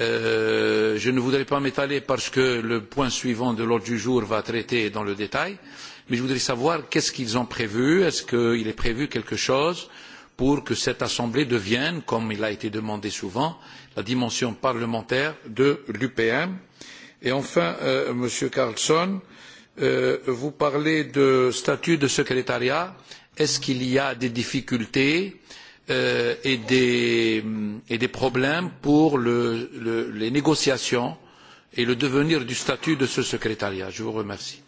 Euh, je ne voudrais pas m'étaler parce que le point suivant de l'ordre du jour va traiter dans le détail, mais je voudrais savoir qu'est-ce qu'ils ont prévu, est-ce qu'il est prévu quelque chose pour que cette Assemblée devienne, comme il a été demandé souvent, la dimension parlementaire de l'UPM et enfin euh, monsieur carlsson euh, vous parlez du statut de secrétariat est ce qu'il y a des difficultés euh, mm, et, des, problèmes pour les négociations et le devenir du statut de ce secrétariat? je vous remercie.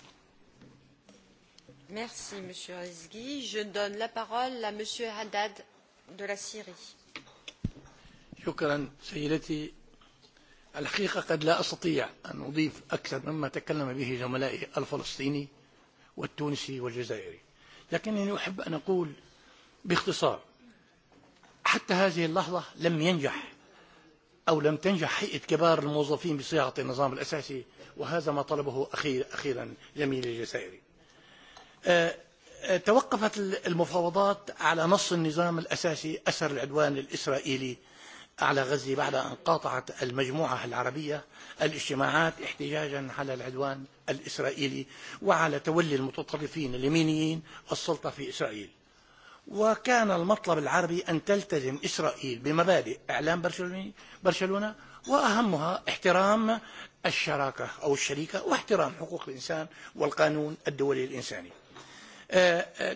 merci monsieur rizvi. je donne la parole à m. haddad de la syrie. الحقيقة قد لا أستطيع أن أضيف أكثر مما تكلم به زملائي الفلسطيني والتونسي والجزائري لكنني أحب أن أقول باختصار حتى هذه اللحظة لم ينجح أو لم تنجح هيئة كبار الموظفين بصياغة النظام الأساسي وهذا ما طلبه أخير أخيرا جميل الجزائري توقفت المفاوضات على نص النظام الأساسي أثر العدوان الإسرائيلي على غزة بعد أن قاطعت المجموعة العربية الاجتماعات احتجاجا على العدوان الإسرائيلي وعلى تولي المتطرفين اليمينيين السلطة في إسرائيل وكان المطلب العربي أن تلتزم إسرائيل بمبادئ إعلام برشلونة وأهمها احترام الشراكة أو الشريكة واحترام حقوق الإنسان والقانون الدولي الإنساني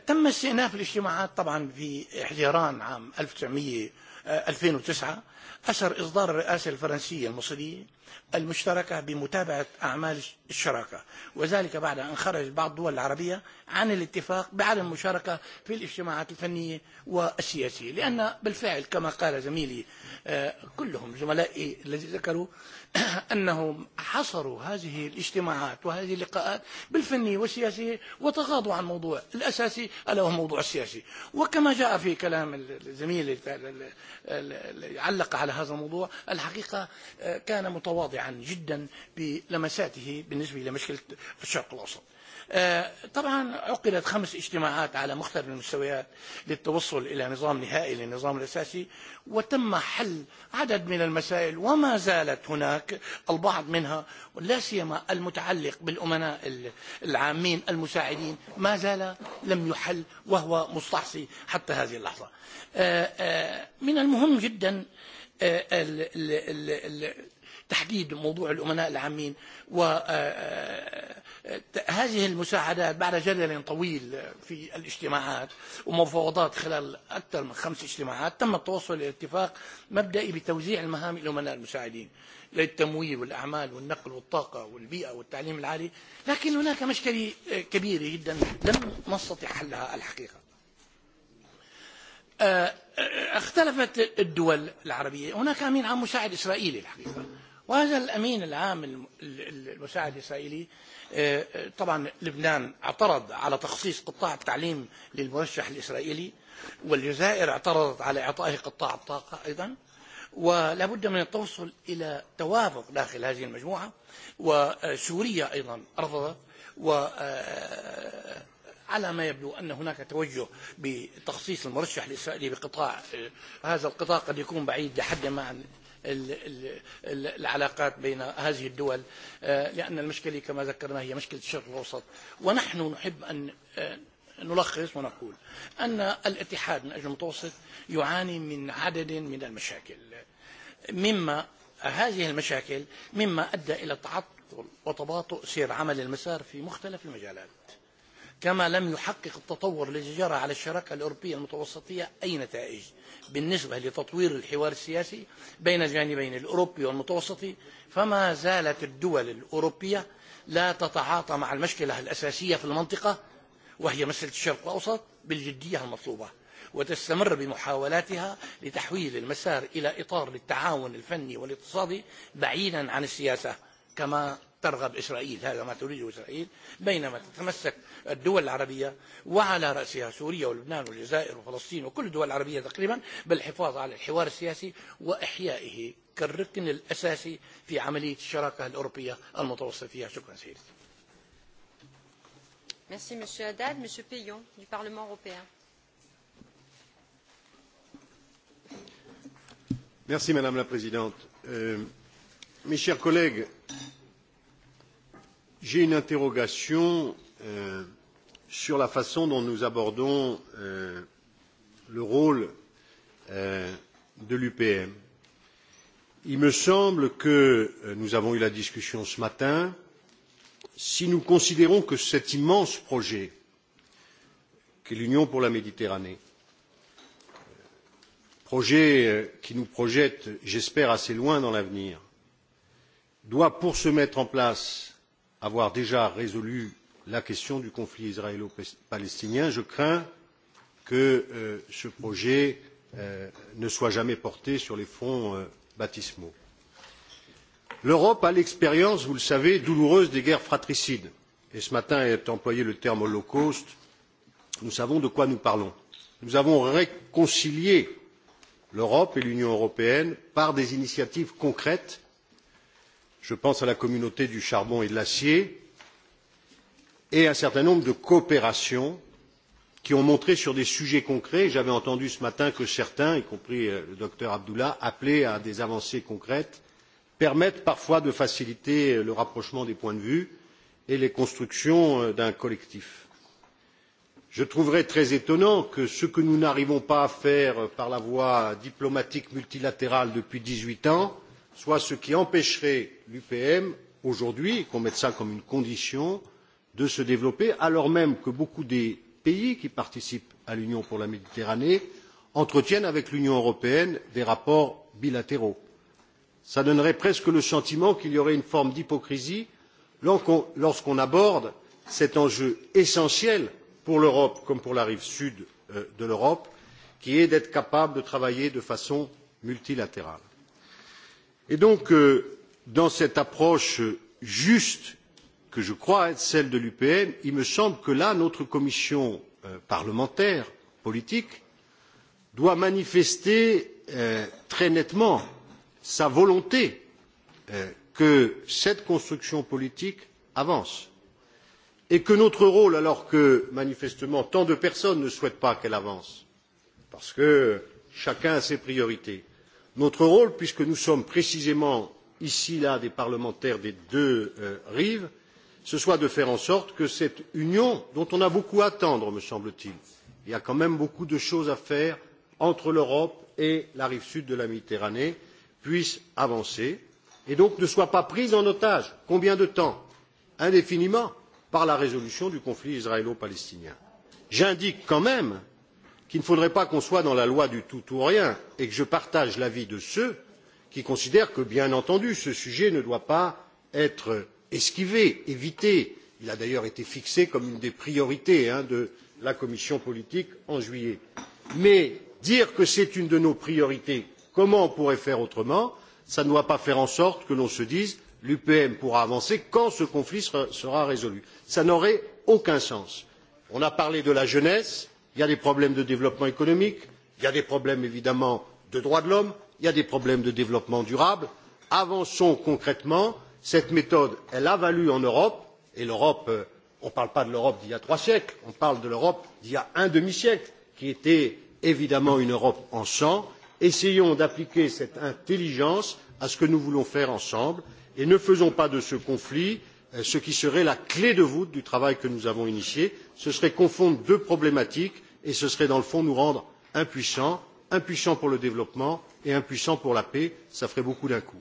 تم استئناف الاجتماعات طبعا في حزيران عام 1900 2009 أثر إصدار الرئاسة الفرنسية المصرية المشتركة بمتابعة أعمال الشراكة وذلك بعد أن خرج بعض الدول العربية عن الاتفاق بعدم المشاركة في الاجتماعات الفنية والسياسية لأن بالفعل كما قال زميلي كلهم زملائي الذي ذكروا أنهم حصروا هذه الاجتماعات وهذه اللقاءات بالفني والسياسي وتغاضوا عن موضوع الأساسي ألا هو موضوع السياسي وكما جاء في كلام الزميل اللي علق على هذا الموضوع الحقيقة كان متواضعا جدا بلمساته بالنسبة لمشكلة الشرق الأوسط طبعا عقدت خمس اجتماعات على مختلف المستويات للتوصل إلى نظام نهائي للنظام الأساسي وتم حل عدد من المسائل وما زالت هناك البعض منها لا سيما المتعلق بالأمناء العامين المساعدين ما زال لم يحل وهو مستعصي حتى هذه اللحظة من المهم جدا تحديد موضوع الأمناء العامين و هذه المساعدات بعد جدل طويل في الاجتماعات ومفاوضات خلال أكثر من خمس اجتماعات تم التوصل إلى اتفاق مبدئي بتوزيع المهام إلى الأمناء المساعدين للتمويل والأعمال والنقل والطاقة والبيئة والتعليم العالي لكن هناك مشكلة كبيرة جدا لم نستطع حلها الحقيقة اختلفت الدول العربية هناك أمين عام مساعد إسرائيلي الحقيقة وهذا الأمين العام المساعد الإسرائيلي طبعا لبنان اعترض على تخصيص قطاع التعليم للمرشح الإسرائيلي والجزائر اعترضت على إعطائه قطاع الطاقة أيضا ولا بد من التوصل إلى توافق داخل هذه المجموعة وسوريا أيضا رفضت و على ما يبدو أن هناك توجه بتخصيص المرشح الإسرائيلي بقطاع هذا القطاع قد يكون بعيد لحد ما عن العلاقات بين هذه الدول لأن المشكلة كما ذكرنا هي مشكلة الشرق الأوسط ونحن نحب أن نلخص ونقول أن الاتحاد من أجل المتوسط يعاني من عدد من المشاكل مما هذه المشاكل مما أدى إلى تعطل وتباطؤ سير عمل المسار في مختلف المجالات كما لم يحقق التطور الذي جرى على الشراكة الأوروبية المتوسطية أي نتائج بالنسبة لتطوير الحوار السياسي بين جانبين الأوروبي والمتوسطي فما زالت الدول الأوروبية لا تتعاطى مع المشكلة الأساسية في المنطقة وهي مسألة الشرق الأوسط بالجدية المطلوبة وتستمر بمحاولاتها لتحويل المسار إلى إطار للتعاون الفني والاقتصادي بعيدا عن السياسة كما ترغب إسرائيل هذا ما تريده إسرائيل بينما تتمسك الدول العربية وعلى رأسها سوريا ولبنان والجزائر وفلسطين وكل الدول العربية تقريبا بالحفاظ على الحوار السياسي وإحيائه كالركن الأساسي في عملية الشراكة الأوروبية المتوسط فيها شكرا سيدي Merci Monsieur Haddad. Monsieur Payon du Parlement européen. Merci Madame la Présidente. Euh, mes chers collègues, j'ai une interrogation euh, sur la façon dont nous abordons euh, le rôle euh, de l'upm. il me semble que nous avons eu la discussion ce matin si nous considérons que cet immense projet qu'est l'union pour la méditerranée projet qui nous projette j'espère assez loin dans l'avenir doit pour se mettre en place avoir déjà résolu la question du conflit israélo palestinien je crains que euh, ce projet euh, ne soit jamais porté sur les fronts euh, baptismaux. l'europe a l'expérience vous le savez douloureuse des guerres fratricides et ce matin est employé le terme holocauste nous savons de quoi nous parlons. nous avons réconcilié l'europe et l'union européenne par des initiatives concrètes je pense à la communauté du charbon et de l'acier et à un certain nombre de coopérations qui ont montré sur des sujets concrets j'avais entendu ce matin que certains y compris euh, le docteur abdullah appelaient à des avancées concrètes permettent parfois de faciliter euh, le rapprochement des points de vue et les constructions euh, d'un collectif. je trouverais très étonnant que ce que nous n'arrivons pas à faire par la voie diplomatique multilatérale depuis dix huit ans soit ce qui empêcherait l'upm aujourd'hui qu'on mette cela comme une condition de se développer alors même que beaucoup des pays qui participent à l'union pour la méditerranée entretiennent avec l'union européenne des rapports bilatéraux. cela donnerait presque le sentiment qu'il y aurait une forme d'hypocrisie lorsqu'on aborde cet enjeu essentiel pour l'europe comme pour la rive sud euh, de l'europe qui est d'être capable de travailler de façon multilatérale et donc euh, dans cette approche juste que je crois être celle de l'upm il me semble que là notre commission euh, parlementaire politique doit manifester euh, très nettement sa volonté que cette construction politique avance et que notre rôle alors que manifestement tant de personnes ne souhaitent pas qu'elle avance parce que chacun a ses priorités notre rôle puisque nous sommes précisément ici et là des parlementaires des deux euh, rives ce soit de faire en sorte que cette union dont on a beaucoup à attendre me semble t il il y a quand même beaucoup de choses à faire entre l'europe et la rive sud de la méditerranée puisse avancer et donc ne soit pas prise en otage combien de temps? indéfiniment par la résolution du conflit israélo palestinien. j'indique quand même qu'il ne faudrait pas qu'on soit dans la loi du tout ou rien et que je partage l'avis de ceux qui considèrent que bien entendu ce sujet ne doit pas être esquivé évité il a d'ailleurs été fixé comme une des priorités de la commission politique en juillet mais dire que c'est une de nos priorités comment on pourrait faire autrement cela ne doit pas faire en sorte que l'on se dise l'upm pourra avancer quand ce conflit sera résolu. cela n'aurait aucun sens. on a parlé de la jeunesse il y a des problèmes de développement économique il y a des problèmes évidemment de droits de l'homme il y a des problèmes de développement durable. avançons concrètement cette méthode elle a valu en europe et l'europe euh, on ne parle pas de l'europe d'il y a trois siècles on parle de l'europe d'il y a un demi siècle qui était évidemment une europe en sang essayons d'appliquer cette intelligence à ce que nous voulons faire ensemble et ne faisons pas de ce conflit Euh, ce qui serait la clé de voûte du travail que nous avons initié. ce serait confondre deux problématiques et ce serait dans le fond nous rendre impuissants impuissants pour le développement et impuissants pour la paix. cela ferait beaucoup d'un coup.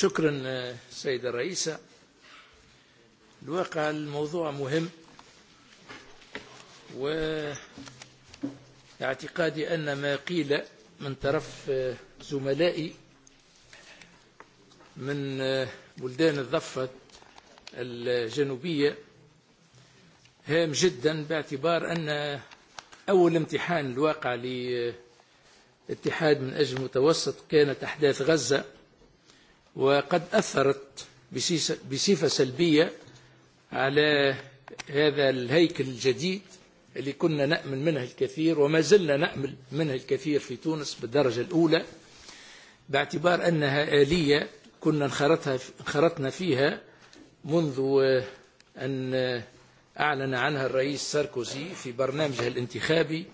شكرا سيد الرئيس الواقع الموضوع مهم واعتقادي أن ما قيل من طرف زملائي من بلدان الضفة الجنوبية هام جدا باعتبار أن أول امتحان الواقع لاتحاد من أجل المتوسط كانت أحداث غزة وقد أثرت بصفة سلبية على هذا الهيكل الجديد اللي كنا نأمل منه الكثير وما زلنا نأمل منه الكثير في تونس بالدرجة الأولى باعتبار أنها آلية كنا انخرطنا فيها منذ أن أعلن عنها الرئيس ساركوزي في برنامجها الانتخابي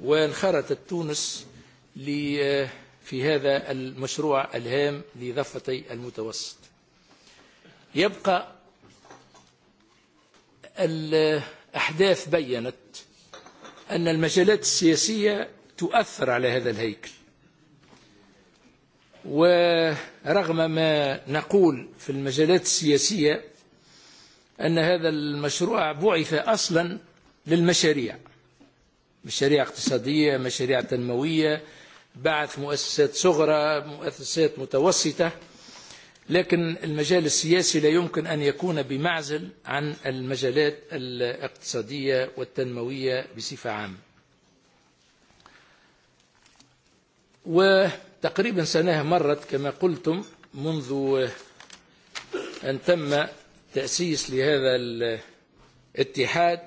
وانخرطت تونس لأسفل في هذا المشروع الهام لضفتي المتوسط يبقى الأحداث بيّنت أن المجالات السياسية تؤثر على هذا الهيكل ورغم ما نقول في المجالات السياسية أن هذا المشروع بعث أصلا للمشاريع مشاريع اقتصادية مشاريع تنموية بعث مؤسسات صغرى مؤسسات متوسطة لكن المجال السياسي لا يمكن أن يكون بمعزل عن المجالات الاقتصادية والتنموية بصفة عامة وتقريبا سنة مرت كما قلتم منذ أن تم تأسيس لهذا الاتحاد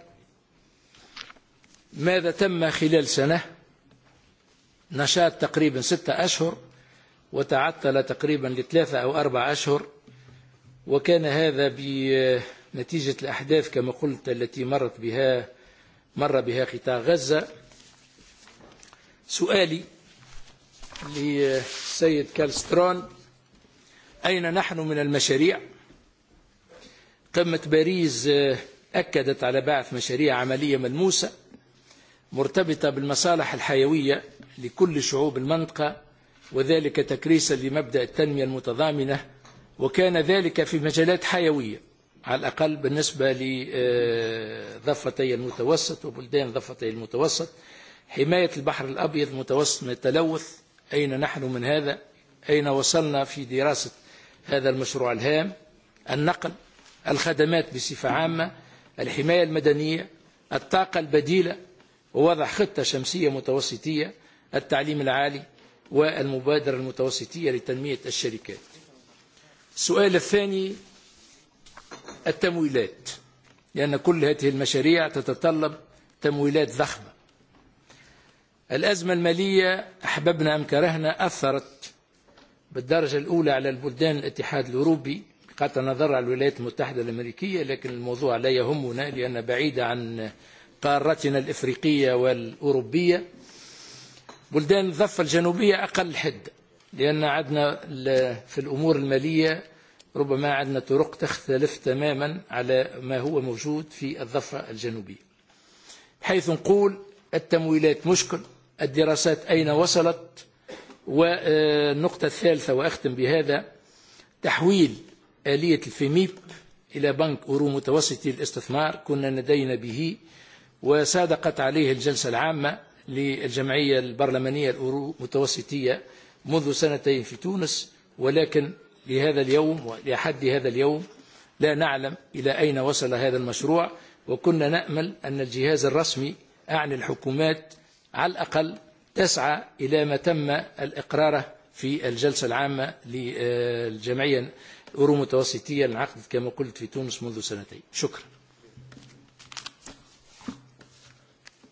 ماذا تم خلال سنة؟ نشاط تقريبا ستة أشهر وتعطل تقريبا لثلاثة أو أربعة أشهر وكان هذا بنتيجة الأحداث كما قلت التي مرت بها مر بها قطاع غزة سؤالي لسيد كالسترون أين نحن من المشاريع قمة باريس أكدت على بعث مشاريع عملية ملموسة مرتبطة بالمصالح الحيوية لكل شعوب المنطقة وذلك تكريسا لمبدأ التنمية المتضامنة وكان ذلك في مجالات حيوية على الأقل بالنسبة لضفتي المتوسط وبلدان ضفتي المتوسط حماية البحر الأبيض المتوسط من التلوث أين نحن من هذا أين وصلنا في دراسة هذا المشروع الهام النقل الخدمات بصفة عامة الحماية المدنية الطاقة البديلة ووضع خطة شمسية متوسطية التعليم العالي والمبادرة المتوسطية لتنمية الشركات السؤال الثاني التمويلات لأن كل هذه المشاريع تتطلب تمويلات ضخمة الأزمة المالية أحببنا أم كرهنا أثرت بالدرجة الأولى على البلدان الاتحاد الأوروبي قد نظر على الولايات المتحدة الأمريكية لكن الموضوع لا يهمنا لأن بعيد عن قارتنا الإفريقية والأوروبية بلدان الضفة الجنوبية أقل حدة لأن عدنا في الأمور المالية ربما عدنا طرق تختلف تماما على ما هو موجود في الضفة الجنوبية حيث نقول التمويلات مشكل الدراسات أين وصلت والنقطة الثالثة وأختم بهذا تحويل آلية الفيميب إلى بنك أورو متوسطي الاستثمار كنا لدينا به وصادقت عليه الجلسة العامة للجمعية البرلمانية المتوسطية منذ سنتين في تونس ولكن لهذا اليوم ولحد هذا اليوم لا نعلم إلى أين وصل هذا المشروع وكنا نأمل أن الجهاز الرسمي أعني الحكومات على الأقل تسعى إلى ما تم الإقرار في الجلسة العامة للجمعية الأورو متوسطية العقد كما قلت في تونس منذ سنتين شكرا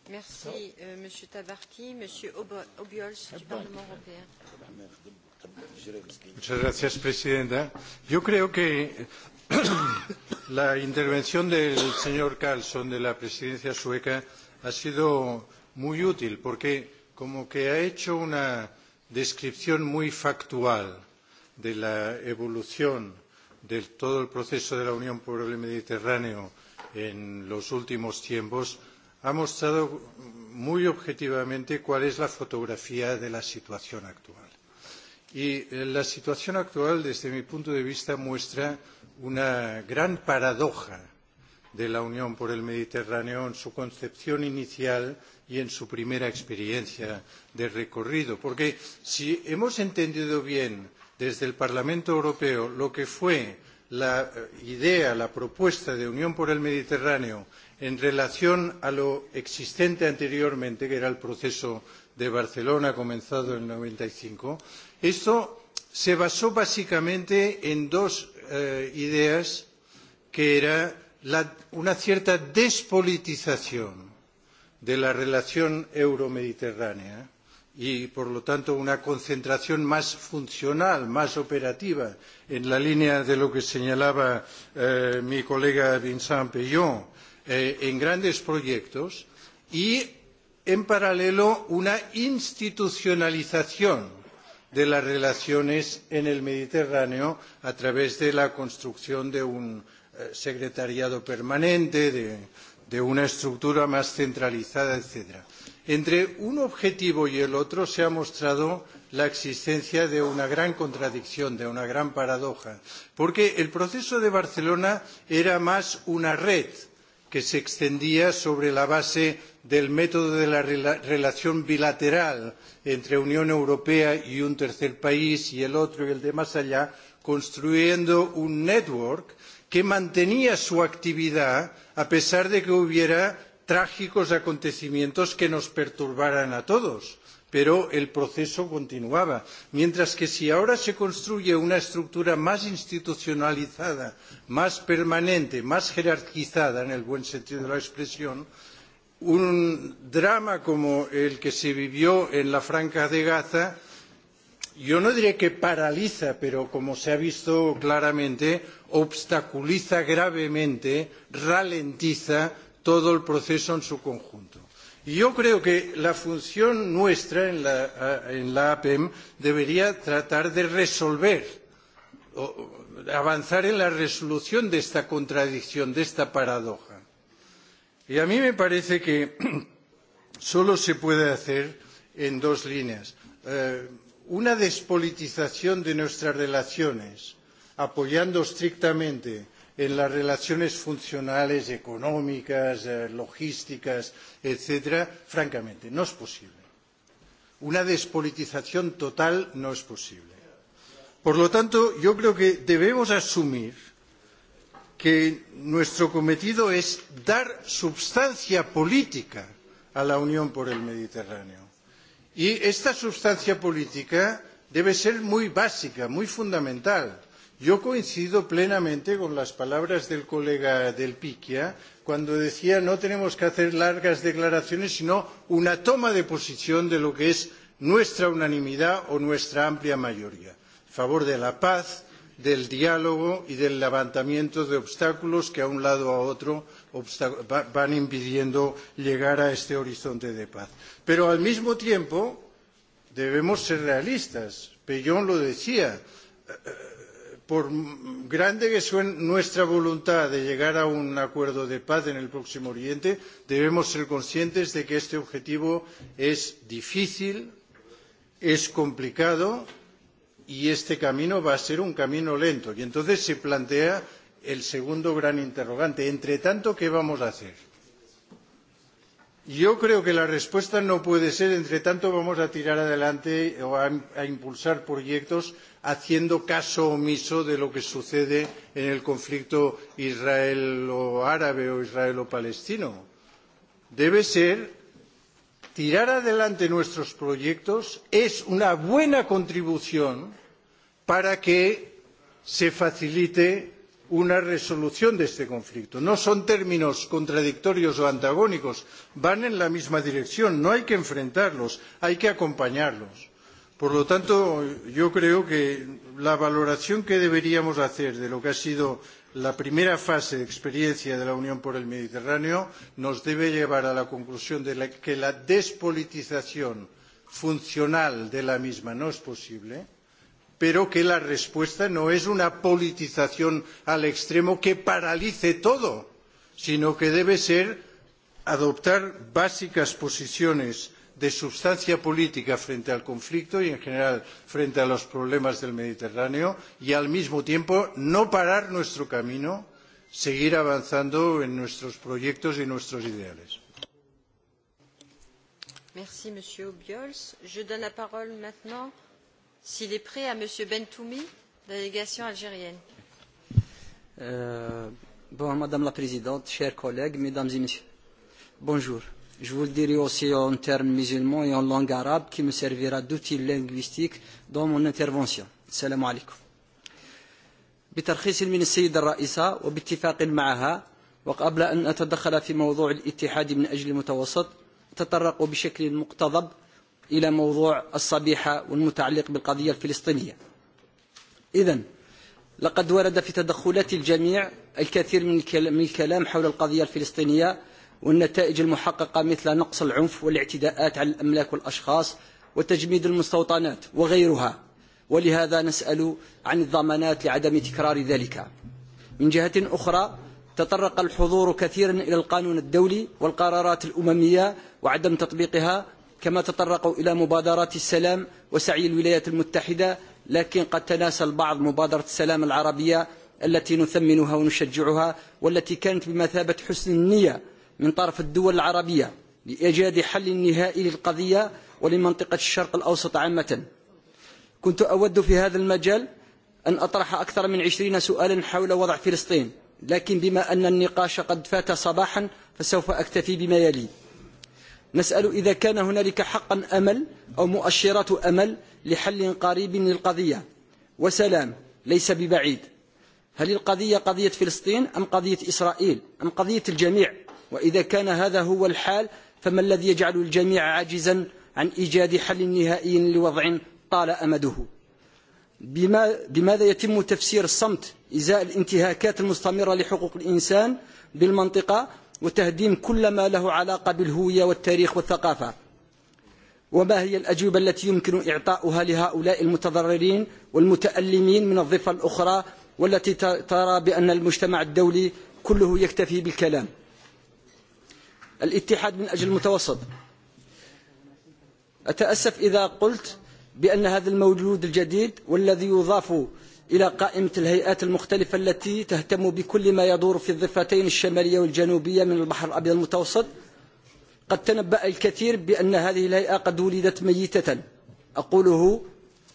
Merci, euh, Monsieur Tabarty. Monsieur Obiols, du Parlement européen. Muchas Presidenta. Yo creo que la intervención del señor Carlson de la presidencia sueca ha sido muy útil porque como que ha hecho una descripción muy factual de la evolución de todo el proceso de la Unión por el Mediterráneo en los últimos tiempos ha mostrado muy objetivamente cuál es la fotografía de la situación actual. Y eh, la situación actual, desde mi punto de vista, muestra una gran paradoja de la Unión por el Mediterráneo en su concepción inicial y en su primera experiencia de recorrido. Porque si hemos entendido bien desde el Parlamento Europeo lo que fue la eh, idea, la propuesta de Unión por el Mediterráneo en relación con lo existente anteriormente, que era el proceso de Barcelona comenzado en 95, esto se basó básicamente en dos eh, ideas que era la, una cierta despolitización de la relación euromediterránea y, por lo tanto, una concentración más funcional, más operativa, en la línea de lo que señalaba eh, mi colega Vincent Peillon eh, en grandes proyectos y, en paralelo, una institucionalización de las relaciones en el Mediterráneo a través de la construcción de un eh, secretariado permanente, de, de una estructura más centralizada, etc. Entre un objetivo y el otro se ha mostrado la existencia de una gran contradicción, de una gran paradoja, porque el proceso de Barcelona era más una red que se extendía sobre la base del método de la relación bilateral entre la Unión Europea y un tercer país y el otro y el de más allá, construyendo un network que mantenía su actividad a pesar de que hubiera trágicos acontecimientos que nos perturbaran a todos pero el proceso continuaba. Mientras que si ahora se construye una estructura más institucionalizada, más permanente, más jerarquizada, en el buen sentido de la expresión, un drama como el que se vivió en la Franja de Gaza, yo no diré que paraliza, pero como se ha visto claramente, obstaculiza gravemente, ralentiza todo el proceso en su conjunto. Yo creo que la función nuestra en la, en la APEM debería tratar de resolver, o avanzar en la resolución de esta contradicción, de esta paradoja. Y a mí me parece que solo se puede hacer en dos líneas. Eh, una despolitización de nuestras relaciones, apoyando estrictamente en las relaciones funcionales, económicas, eh, logísticas, etcétera, francamente, no es posible. Una despolitización total no es posible. Por lo tanto, yo creo que debemos asumir que nuestro cometido es dar substancia política a la Unión por el Mediterráneo. Y esta substancia política debe ser muy básica, muy fundamental Yo coincido plenamente con las palabras del colega Del Piquia cuando decía no tenemos que hacer largas declaraciones, sino una toma de posición de lo que es nuestra unanimidad o nuestra amplia mayoría a favor de la paz, del diálogo y del levantamiento de obstáculos que a un lado o a otro van impidiendo llegar a este horizonte de paz. Pero al mismo tiempo debemos ser realistas. Pellón lo decía. Eh, por grande que sea nuestra voluntad de llegar a un acuerdo de paz en el próximo Oriente, debemos ser conscientes de que este objetivo es difícil, es complicado y este camino va a ser un camino lento. Y entonces se plantea el segundo gran interrogante. Entre tanto, ¿qué vamos a hacer? Yo creo que la respuesta no puede ser, entre tanto vamos a tirar adelante o a, a impulsar proyectos haciendo caso omiso de lo que sucede en el conflicto israelo-árabe o israelo-palestino. Debe ser tirar adelante nuestros proyectos es una buena contribución para que se facilite una resolución de este conflicto. No son términos contradictorios o antagónicos, van en la misma dirección. No hay que enfrentarlos, hay que acompañarlos. Por lo tanto, yo creo que la valoración que deberíamos hacer de lo que ha sido la primera fase de experiencia de la Unión por el Mediterráneo nos debe llevar a la conclusión de la que la despolitización funcional de la misma no es posible pero que la respuesta no es una politización al extremo que paralice todo, sino que debe ser adoptar básicas posiciones de sustancia política frente al conflicto y en general frente a los problemas del Mediterráneo y al mismo tiempo no parar nuestro camino, seguir avanzando en nuestros proyectos y nuestros ideales. Merci, Monsieur Obiols. Je donne la parole maintenant s'il est prêt à M. Bentoumi, délégation algérienne. Euh, bon, Madame la Présidente, chers collègues, Mesdames et Messieurs, bonjour. Je vous le dirai aussi en termes musulmans et en langue arabe qui me servira d'outil linguistique dans mon intervention. Salam alaikum. بترخيص من السيدة الرئيسة وباتفاق معها وقبل أن أتدخل في موضوع الاتحاد من أجل المتوسط تطرق بشكل مقتضب إلى موضوع الصبيحة والمتعلق بالقضية الفلسطينية إذا لقد ورد في تدخلات الجميع الكثير من الكلام حول القضية الفلسطينية والنتائج المحققة مثل نقص العنف والاعتداءات على الأملاك والأشخاص وتجميد المستوطنات وغيرها ولهذا نسأل عن الضمانات لعدم تكرار ذلك من جهة أخرى تطرق الحضور كثيرا إلى القانون الدولي والقرارات الأممية وعدم تطبيقها كما تطرقوا إلى مبادرات السلام وسعي الولايات المتحدة لكن قد تناسى البعض مبادرة السلام العربية التي نثمنها ونشجعها والتي كانت بمثابة حسن النية من طرف الدول العربية لإيجاد حل نهائي للقضية ولمنطقة الشرق الأوسط عامة كنت أود في هذا المجال أن أطرح أكثر من عشرين سؤالا حول وضع فلسطين لكن بما أن النقاش قد فات صباحا فسوف أكتفي بما يلي نسأل إذا كان هنالك حقا أمل أو مؤشرات أمل لحل قريب للقضية وسلام ليس ببعيد هل القضية قضية فلسطين أم قضية إسرائيل أم قضية الجميع وإذا كان هذا هو الحال فما الذي يجعل الجميع عاجزا عن إيجاد حل نهائي لوضع طال أمده بما بماذا يتم تفسير الصمت إزاء الانتهاكات المستمرة لحقوق الإنسان بالمنطقة وتهديم كل ما له علاقة بالهوية والتاريخ والثقافة وما هي الأجوبة التي يمكن إعطاؤها لهؤلاء المتضررين والمتألمين من الضفة الأخرى والتي ترى بأن المجتمع الدولي كله يكتفي بالكلام الاتحاد من أجل المتوسط أتأسف إذا قلت بأن هذا المولود الجديد والذي يضاف إلى قائمة الهيئات المختلفة التي تهتم بكل ما يدور في الضفتين الشمالية والجنوبية من البحر الأبيض المتوسط قد تنبأ الكثير بأن هذه الهيئة قد ولدت ميتة أقوله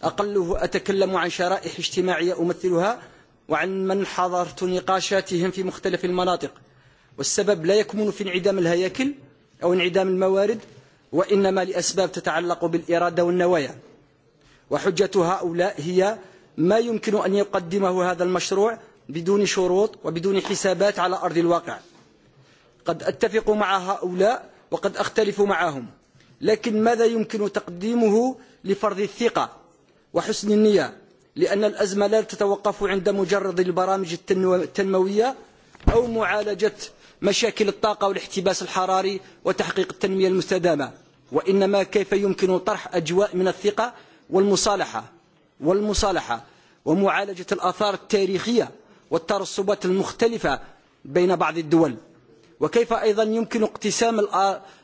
أقله أتكلم عن شرائح اجتماعية أمثلها وعن من حضرت نقاشاتهم في مختلف المناطق والسبب لا يكمن في انعدام الهياكل أو انعدام الموارد وإنما لأسباب تتعلق بالإرادة والنوايا وحجة هؤلاء هي ما يمكن أن يقدمه هذا المشروع بدون شروط وبدون حسابات على أرض الواقع قد أتفق مع هؤلاء وقد أختلف معهم لكن ماذا يمكن تقديمه لفرض الثقة وحسن النية لأن الأزمة لا تتوقف عند مجرد البرامج التنموية أو معالجة مشاكل الطاقة والاحتباس الحراري وتحقيق التنمية المستدامة وإنما كيف يمكن طرح أجواء من الثقة والمصالحة والمصالحة ومعالجة الآثار التاريخية والترصبات المختلفة بين بعض الدول وكيف أيضا يمكن اقتسام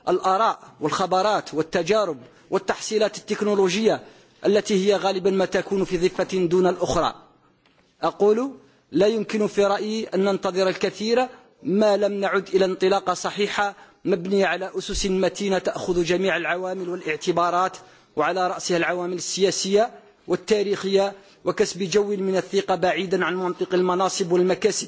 الآراء والخبرات والتجارب والتحصيلات التكنولوجية التي هي غالبا ما تكون في ضفة دون الأخرى أقول لا يمكن في رأيي أن ننتظر الكثير ما لم نعد إلى انطلاقة صحيحة مبنية على أسس متينة تأخذ جميع العوامل والاعتبارات وعلى رأسها العوامل السياسية والتاريخية وكسب جو من الثقة بعيدا عن منطق المناصب والمكاسب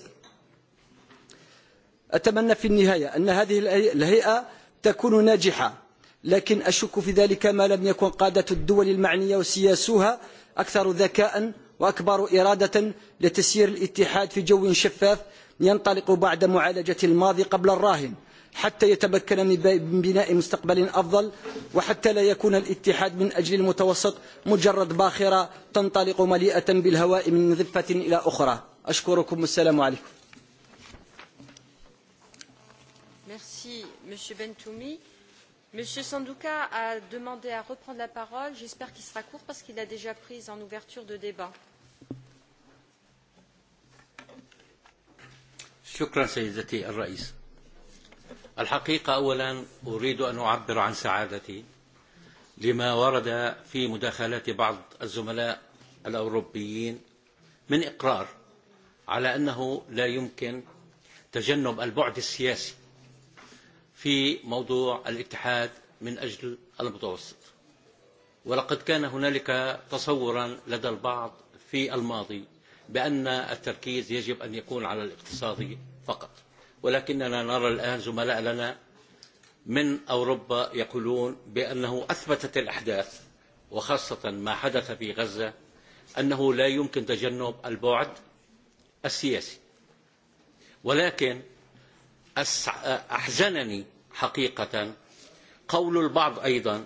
أتمنى في النهاية أن هذه الهيئة تكون ناجحة لكن أشك في ذلك ما لم يكن قادة الدول المعنية وسياسوها أكثر ذكاء وأكبر إرادة لتسيير الاتحاد في جو شفاف ينطلق بعد معالجة الماضي قبل الراهن حتى يتمكن من بناء مستقبل أفضل وحتى لا يكون الاتحاد من أجل المتوسط مجرد باخرة تنطلق مليئة بالهواء من ضفة إلى أخرى أشكركم والسلام عليكم Merci, Monsieur Bentoumi. Monsieur Sanduka a demandé à reprendre la parole. J'espère qu'il sera court parce qu'il l'a déjà prise en ouverture de débat. Merci, Monsieur le Président. الحقيقة أولا أريد أن أعبر عن سعادتي لما ورد في مداخلات بعض الزملاء الأوروبيين من إقرار على أنه لا يمكن تجنب البعد السياسي في موضوع الاتحاد من أجل المتوسط ولقد كان هنالك تصورا لدى البعض في الماضي بأن التركيز يجب أن يكون على الاقتصادي فقط ولكننا نرى الآن زملاء لنا من أوروبا يقولون بأنه أثبتت الأحداث وخاصة ما حدث في غزة أنه لا يمكن تجنب البعد السياسي ولكن أحزنني حقيقة قول البعض أيضا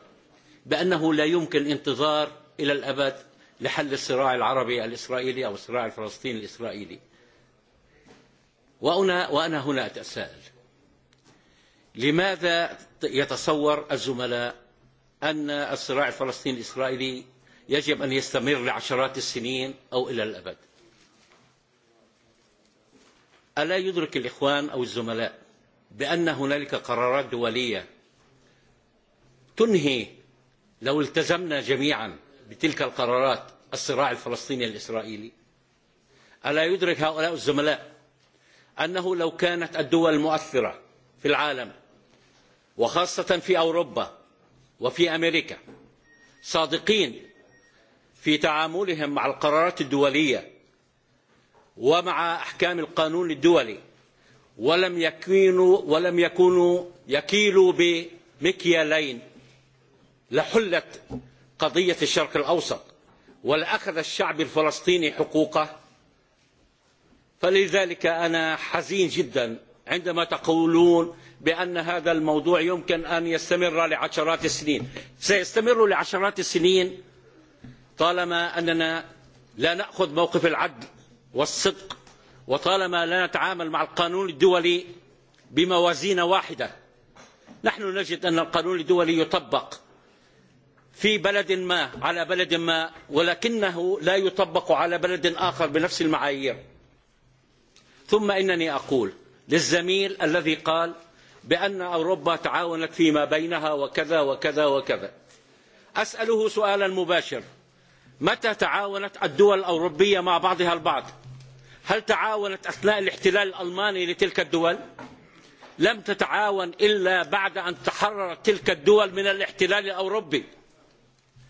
بأنه لا يمكن انتظار إلى الأبد لحل الصراع العربي الإسرائيلي أو الصراع الفلسطيني الإسرائيلي وأنا, وأنا هنا أتساءل لماذا يتصور الزملاء أن الصراع الفلسطيني الإسرائيلي يجب أن يستمر لعشرات السنين أو إلى الأبد ألا يدرك الإخوان أو الزملاء بأن هنالك قرارات دولية تنهي لو التزمنا جميعا بتلك القرارات الصراع الفلسطيني الإسرائيلي ألا يدرك هؤلاء الزملاء أنه لو كانت الدول المؤثرة في العالم وخاصة في أوروبا وفي أمريكا صادقين في تعاملهم مع القرارات الدولية ومع أحكام القانون الدولي ولم يكونوا ولم يكونوا يكيلوا بمكيالين لحلت قضية الشرق الأوسط ولأخذ الشعب الفلسطيني حقوقه فلذلك أنا حزين جدا عندما تقولون بأن هذا الموضوع يمكن أن يستمر لعشرات السنين سيستمر لعشرات السنين طالما أننا لا نأخذ موقف العدل والصدق وطالما لا نتعامل مع القانون الدولي بموازين واحدة نحن نجد أن القانون الدولي يطبق في بلد ما على بلد ما ولكنه لا يطبق على بلد آخر بنفس المعايير ثم إنني أقول للزميل الذي قال بأن أوروبا تعاونت فيما بينها وكذا وكذا وكذا أسأله سؤالا مباشر متى تعاونت الدول الأوروبية مع بعضها البعض هل تعاونت أثناء الاحتلال الألماني لتلك الدول لم تتعاون إلا بعد أن تحررت تلك الدول من الاحتلال الأوروبي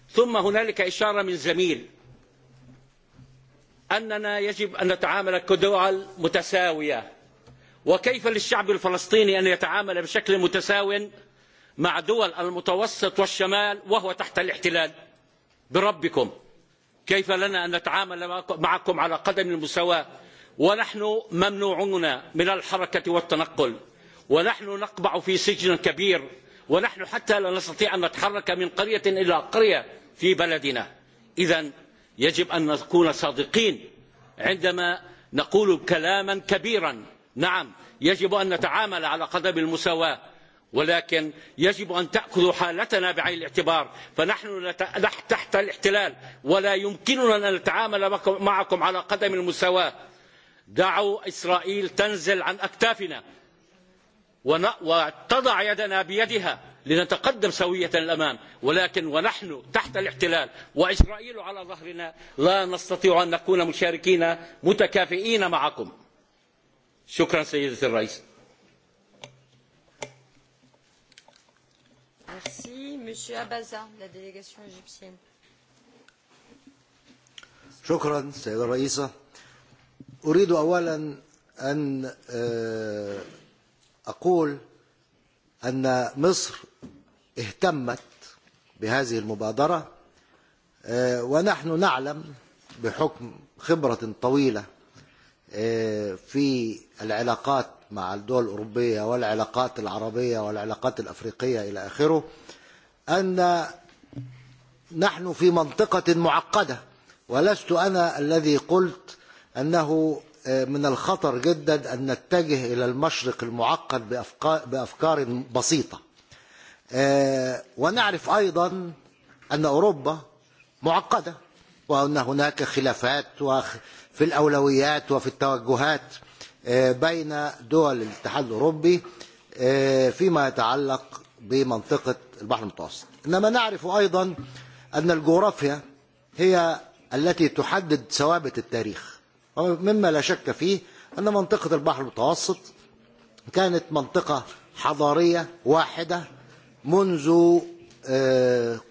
ثم هنالك إشارة من زميل أننا يجب أن نتعامل كدول متساوية وكيف للشعب الفلسطيني أن يتعامل بشكل متساو مع دول المتوسط والشمال وهو تحت الاحتلال بربكم كيف لنا أن نتعامل معكم على قدم المساواة ونحن ممنوعون من الحركة والتنقل ونحن نقبع في سجن كبير ونحن حتى لا نستطيع أن نتحرك من قرية إلى قرية في بلدنا إذا يجب أن نكون صادقين عندما نقول كلاما كبيرا نعم يجب أن نتعامل على قدم المساواة ولكن يجب أن تأخذوا حالتنا بعين الاعتبار فنحن تحت الاحتلال ولا يمكننا أن نتعامل معكم على قدم المساواة دعوا إسرائيل تنزل عن أكتافنا وتضع يدنا بيدها لنتقدم سوية الأمام ولكن ونحن تحت الاحتلال وإسرائيل على ظهرنا لا نستطيع أن نكون مشاركين متكافئين معكم شكرا سيدة الرئيس شكرا سيدة الرئيسة أريد أولا أن أقول أن مصر اهتمت بهذه المبادرة ونحن نعلم بحكم خبرة طويلة في العلاقات مع الدول الأوروبية والعلاقات العربية والعلاقات الأفريقية إلى آخره أن نحن في منطقة معقدة ولست أنا الذي قلت أنه من الخطر جدا أن نتجه إلى المشرق المعقد بأفكار بسيطة ونعرف أيضا أن أوروبا معقدة وأن هناك خلافات في الأولويات وفي التوجهات بين دول الاتحاد الأوروبي فيما يتعلق بمنطقة البحر المتوسط إنما نعرف أيضا أن الجغرافيا هي التي تحدد ثوابت التاريخ مما لا شك فيه أن منطقة البحر المتوسط كانت منطقة حضارية واحدة منذ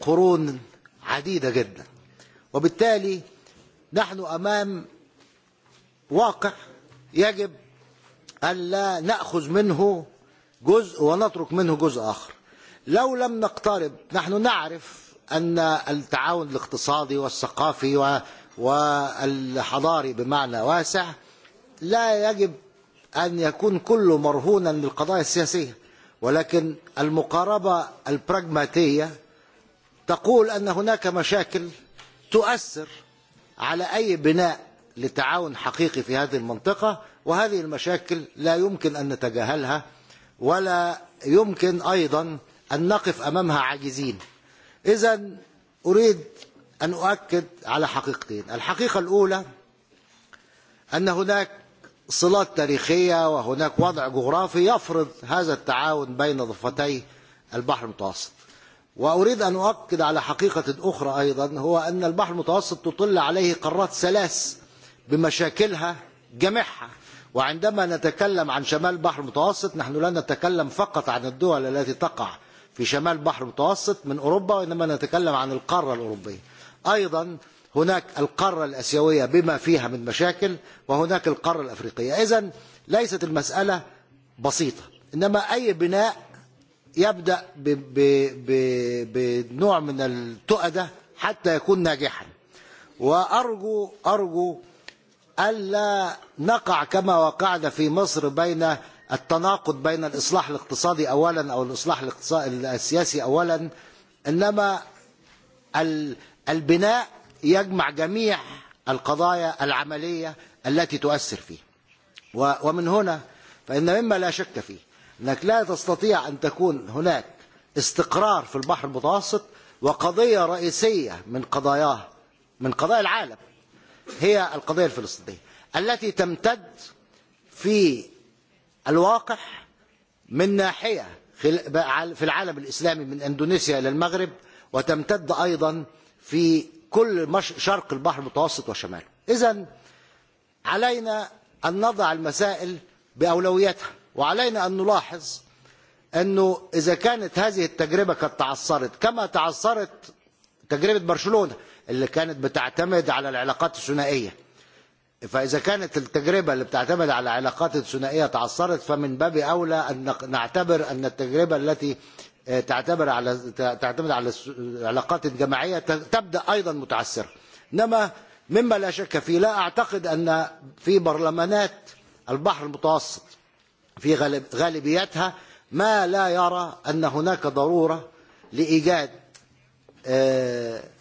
قرون عديدة جدا وبالتالي نحن أمام واقع يجب أن لا نأخذ منه جزء ونترك منه جزء آخر لو لم نقترب نحن نعرف أن التعاون الاقتصادي والثقافي والحضاري بمعنى واسع لا يجب أن يكون كله مرهونا للقضايا السياسية ولكن المقاربة البراغماتية تقول أن هناك مشاكل تؤثر على أي بناء لتعاون حقيقي في هذه المنطقة وهذه المشاكل لا يمكن أن نتجاهلها ولا يمكن أيضا أن نقف أمامها عاجزين إذا أريد أن أؤكد على حقيقتين الحقيقة الأولى أن هناك صلات تاريخية وهناك وضع جغرافي يفرض هذا التعاون بين ضفتي البحر المتوسط وأريد أن أؤكد على حقيقة أخرى أيضا هو أن البحر المتوسط تطل عليه قارات ثلاث بمشاكلها جميعها وعندما نتكلم عن شمال البحر المتوسط نحن لا نتكلم فقط عن الدول التي تقع في شمال البحر المتوسط من أوروبا وإنما نتكلم عن القارة الأوروبية أيضا هناك القارة الأسيوية بما فيها من مشاكل وهناك القارة الأفريقية إذا ليست المسألة بسيطة إنما أي بناء يبدأ بنوع من التؤدة حتى يكون ناجحا وأرجو أرجو ألا نقع كما وقعنا في مصر بين التناقض بين الإصلاح الاقتصادي أولا أو الإصلاح السياسي أولا إنما البناء يجمع جميع القضايا العملية التي تؤثر فيه ومن هنا فإن مما لا شك فيه أنك لا تستطيع أن تكون هناك استقرار في البحر المتوسط وقضية رئيسية من قضاياه من قضايا العالم هي القضية الفلسطينية التي تمتد في الواقع من ناحية في العالم الإسلامي من أندونيسيا إلى المغرب وتمتد أيضا في كل شرق البحر المتوسط وشماله إذا علينا أن نضع المسائل بأولوياتها وعلينا أن نلاحظ أنه إذا كانت هذه التجربة قد تعصرت كما تعصرت تجربة برشلونة اللي كانت بتعتمد على العلاقات الثنائية فإذا كانت التجربة اللي بتعتمد على علاقات ثنائية تعصرت فمن باب أولى أن نعتبر أن التجربة التي تعتمد على تعتمد على علاقات جماعية تبدأ أيضا متعثره انما مما لا شك فيه لا أعتقد أن في برلمانات البحر المتوسط في غالبيتها ما لا يرى أن هناك ضرورة لإيجاد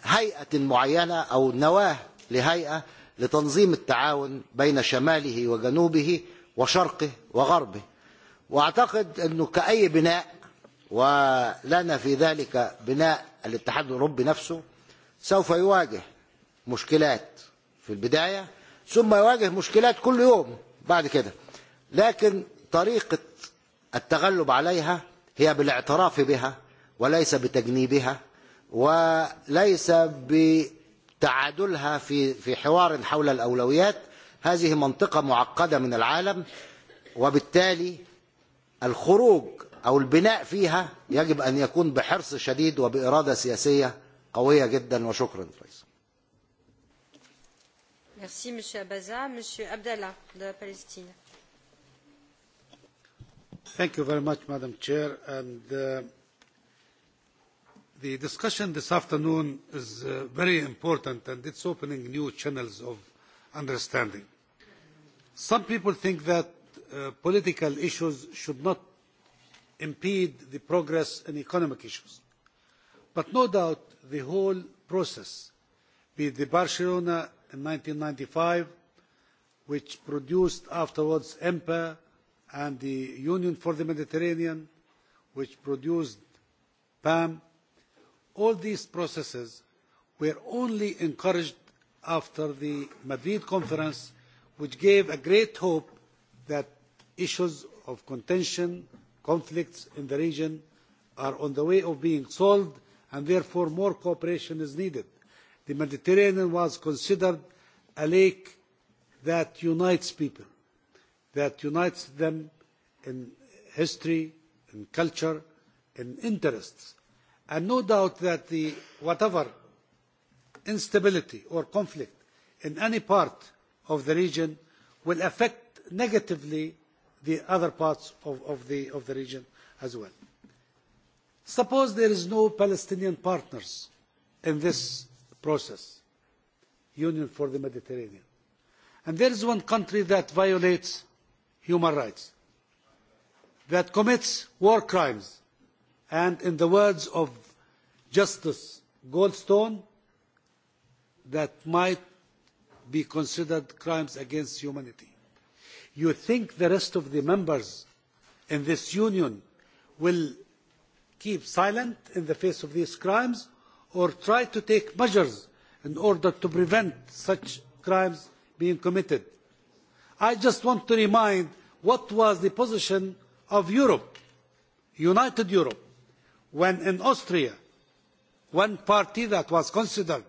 هيئة معينة أو نواه لهيئة لتنظيم التعاون بين شماله وجنوبه وشرقه وغربه وأعتقد أنه كأي بناء ولنا في ذلك بناء الاتحاد الأوروبي نفسه سوف يواجه مشكلات في البداية ثم يواجه مشكلات كل يوم بعد كده لكن طريقة التغلب عليها هي بالاعتراف بها وليس بتجنيبها وليس بتعادلها في في حوار حول الأولويات هذه منطقة معقدة من العالم وبالتالي الخروج أو البناء فيها يجب أن يكون بحرص شديد وبإرادة سياسية قوية جدا وشكرا رئيس Merci Monsieur Abaza. Monsieur Abdallah de Palestine. Thank you very much, Madam Chair. And uh, the discussion this afternoon is uh, very important and it's opening new channels of understanding. Some people think that uh, political issues should not impede the progress in economic issues. But no doubt the whole process, be it the Barcelona in 1995, which produced afterwards EMPA and the Union for the Mediterranean, which produced PAM, all these processes were only encouraged after the Madrid conference, which gave a great hope that issues of contention conflicts in the region are on the way of being solved and therefore more cooperation is needed. The Mediterranean was considered a lake that unites people, that unites them in history, in culture, in interests. And no doubt that the, whatever instability or conflict in any part of the region will affect negatively the other parts of, of, the, of the region as well. Suppose there is no Palestinian partners in this process, Union for the Mediterranean. And there is one country that violates human rights, that commits war crimes, and in the words of Justice Goldstone, that might be considered crimes against humanity you think the rest of the members in this union will keep silent in the face of these crimes or try to take measures in order to prevent such crimes being committed. I just want to remind what was the position of Europe, United Europe, when in Austria, one party that was considered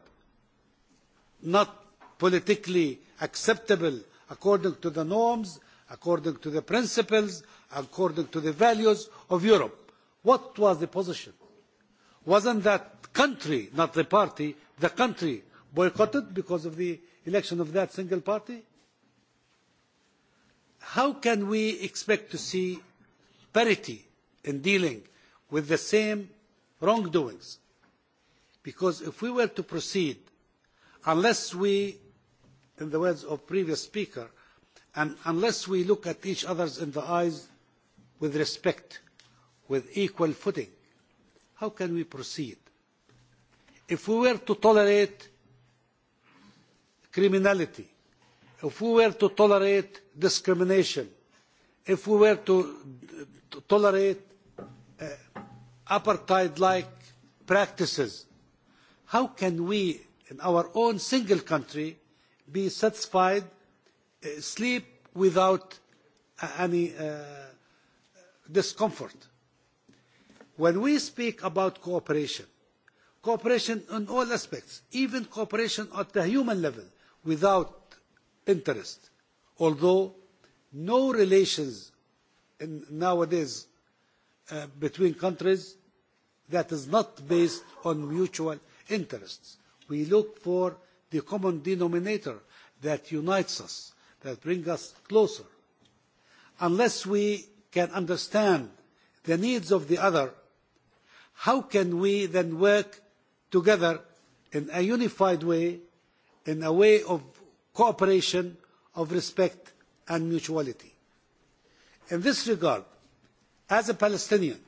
not politically acceptable according to the norms, according to the principles, according to the values of Europe. What was the position? Wasn't that country, not the party, the country boycotted because of the election of that single party? How can we expect to see parity in dealing with the same wrongdoings? Because if we were to proceed, unless we in the words of previous speaker, and unless we look at each other in the eyes with respect, with equal footing, how can we proceed? If we were to tolerate criminality, if we were to tolerate discrimination, if we were to, to tolerate uh, apartheid-like practices, how can we, in our own single country, be satisfied, uh, sleep without uh, any uh, discomfort. When we speak about cooperation, cooperation in all aspects, even cooperation at the human level, without interest, although no relations in, nowadays uh, between countries that is not based on mutual interests. We look for the common denominator that unites us, that brings us closer. Unless we can understand the needs of the other, how can we then work together in a unified way, in a way of cooperation, of respect and mutuality? In this regard, as a Palestinian,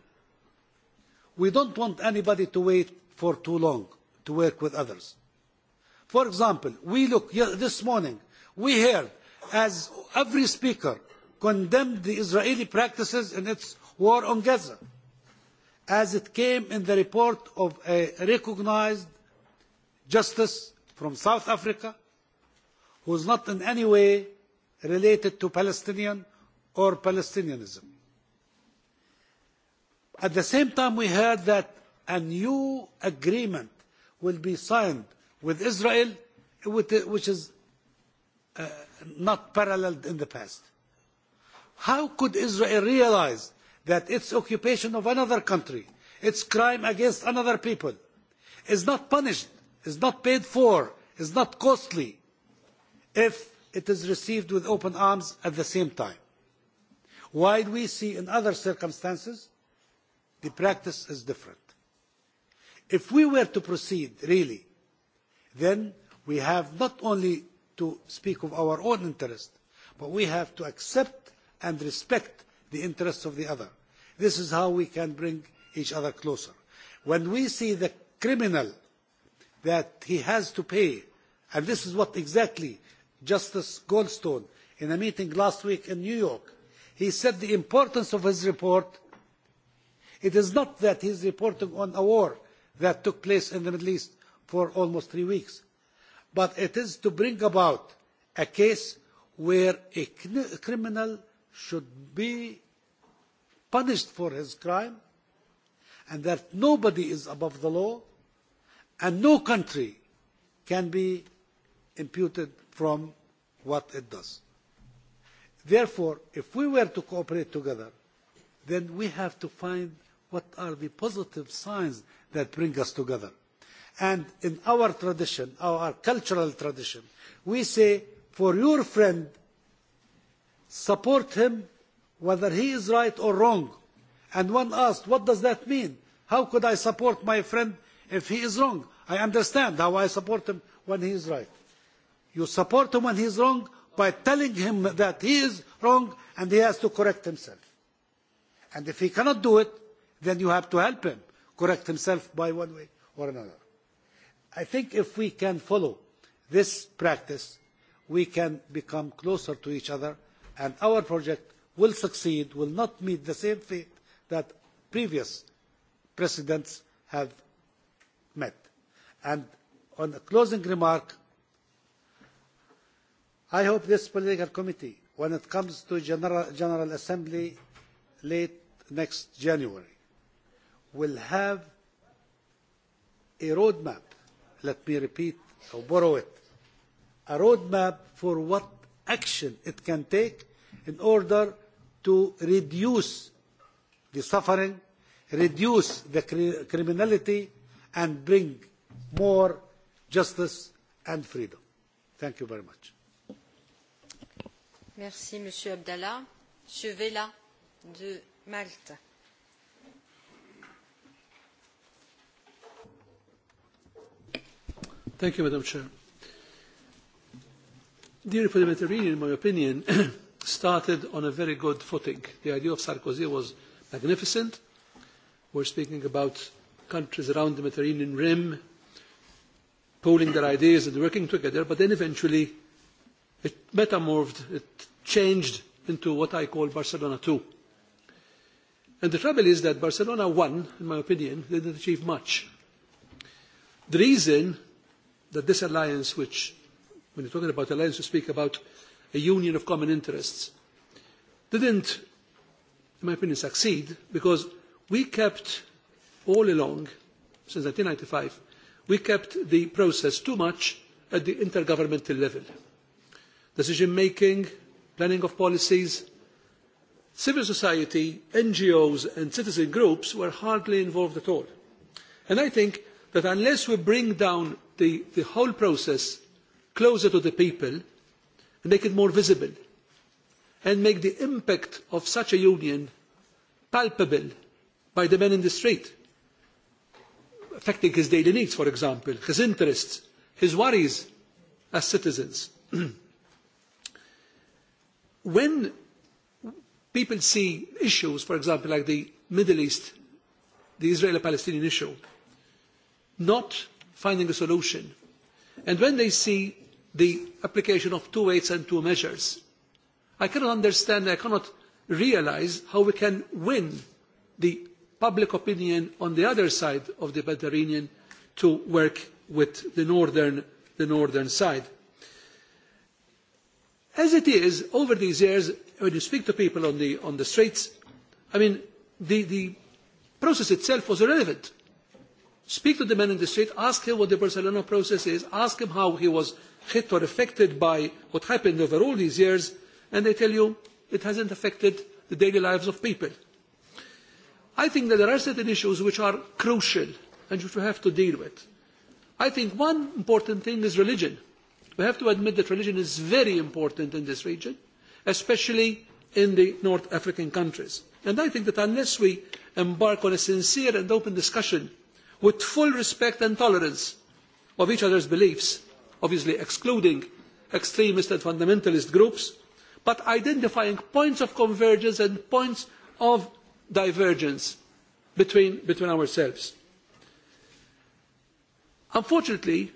we don't want anybody to wait for too long to work with others. For example, we look this morning, we heard as every speaker condemned the Israeli practices in its war on Gaza, as it came in the report of a recognized justice from South Africa, who is not in any way related to Palestinian or Palestinianism. At the same time, we heard that a new agreement will be signed with Israel, which is uh, not paralleled in the past. How could Israel realize that its occupation of another country, its crime against another people, is not punished, is not paid for, is not costly, if it is received with open arms at the same time? Why do we see in other circumstances, the practice is different. If we were to proceed, really, then we have not only to speak of our own interest, but we have to accept and respect the interests of the other. This is how we can bring each other closer. When we see the criminal that he has to pay, and this is what exactly Justice Goldstone, in a meeting last week in New York, he said the importance of his report. It is not that he is reporting on a war that took place in the Middle East for almost three weeks. But it is to bring about a case where a criminal should be punished for his crime and that nobody is above the law and no country can be imputed from what it does. Therefore, if we were to cooperate together, then we have to find what are the positive signs that bring us together. And in our tradition, our cultural tradition, we say, for your friend, support him whether he is right or wrong. And one asked, what does that mean? How could I support my friend if he is wrong? I understand how I support him when he is right. You support him when he is wrong by telling him that he is wrong and he has to correct himself. And if he cannot do it, then you have to help him correct himself by one way or another. I think if we can follow this practice, we can become closer to each other, and our project will succeed, will not meet the same fate that previous presidents have met. And on a closing remark, I hope this political committee, when it comes to General, General Assembly late next January, will have a roadmap let me repeat or borrow it, a roadmap for what action it can take in order to reduce the suffering, reduce the cr criminality, and bring more justice and freedom. Thank you very much. Merci, Monsieur Abdallah. Monsieur Vela de Malte. Thank you, Madam Chair. The parliamentarian, in my opinion, started on a very good footing. The idea of Sarkozy was magnificent. We're speaking about countries around the Mediterranean Rim pooling their ideas and working together, but then eventually it metamorphed, it changed into what I call Barcelona 2. And the trouble is that Barcelona 1, in my opinion, didn't achieve much. The reason that this alliance, which, when you're talking about alliance, you speak about a union of common interests, didn't, in my opinion, succeed because we kept all along, since 1995, we kept the process too much at the intergovernmental level. Decision making, planning of policies, civil society, NGOs and citizen groups were hardly involved at all. And I think that unless we bring down the, the whole process closer to the people, make it more visible, and make the impact of such a union palpable by the man in the street, affecting his daily needs, for example, his interests, his worries as citizens. when people see issues, for example, like the Middle East, the Israeli-Palestinian issue, not finding a solution. And when they see the application of two weights and two measures, I cannot understand, I cannot realise how we can win the public opinion on the other side of the Mediterranean to work with the northern, the northern side. As it is, over these years, when you speak to people on the, on the streets, I mean, the, the process itself was irrelevant Speak to the man in the street, ask him what the Barcelona process is, ask him how he was hit or affected by what happened over all these years, and they tell you it hasn't affected the daily lives of people. I think that there are certain issues which are crucial and which we have to deal with. I think one important thing is religion. We have to admit that religion is very important in this region, especially in the North African countries. And I think that unless we embark on a sincere and open discussion with full respect and tolerance of each other's beliefs, obviously excluding extremist and fundamentalist groups, but identifying points of convergence and points of divergence between, between ourselves. Unfortunately,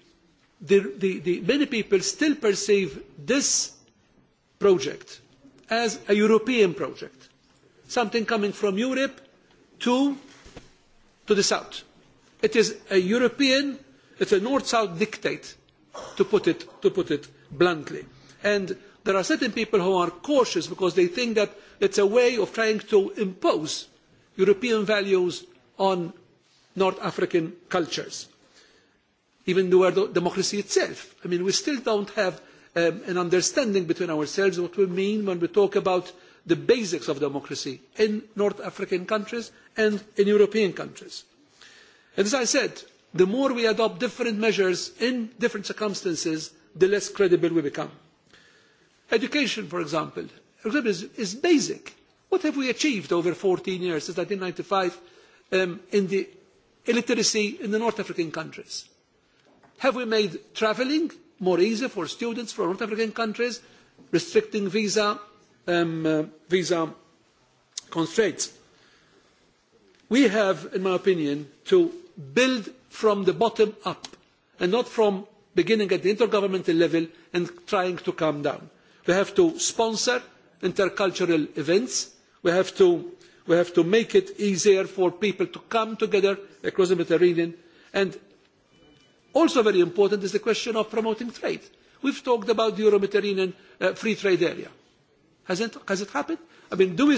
the, the, the many people still perceive this project as a European project, something coming from Europe to, to the south It is a European, it's a North-South dictate, to put, it, to put it bluntly. And there are certain people who are cautious because they think that it's a way of trying to impose European values on North African cultures. Even the word democracy itself. I mean, we still don't have um, an understanding between ourselves what we mean when we talk about the basics of democracy in North African countries and in European countries. And as I said, the more we adopt different measures in different circumstances, the less credible we become. Education, for example, is, is basic. What have we achieved over 14 years since 1995 um, in the illiteracy in the North African countries? Have we made travelling more easy for students from North African countries, restricting visa, um, uh, visa constraints? We have, in my opinion, to build from the bottom up and not from beginning at the intergovernmental level and trying to come down. We have to sponsor intercultural events. We have to, we have to make it easier for people to come together across the Mediterranean. And also very important is the question of promoting trade. We've talked about the Euro-Mediterranean uh, free trade area. Has it, has it happened? I mean, do we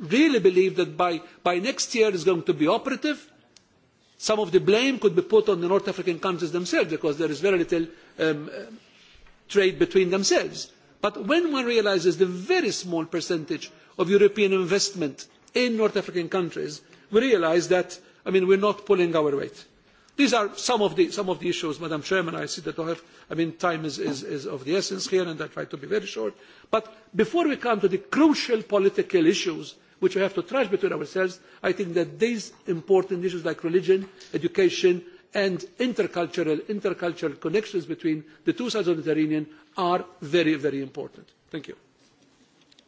really believe that by, by next year it's going to be operative? Some of the blame could be put on the North African countries themselves because there is very little um, trade between themselves. But when one realises the very small percentage of European investment in North African countries, we realise that, I mean, we're not pulling our weight. These are some of the, some of the issues, Madam Chairman. I see that I have, I mean, time is, is, is of the essence here, and I try to be very short. But before we come to the crucial political issues which we have to trash between ourselves, I think that these important issues like religion, education, and intercultural, intercultural connections between the two sides of the Mediterranean are very, very important. Thank you.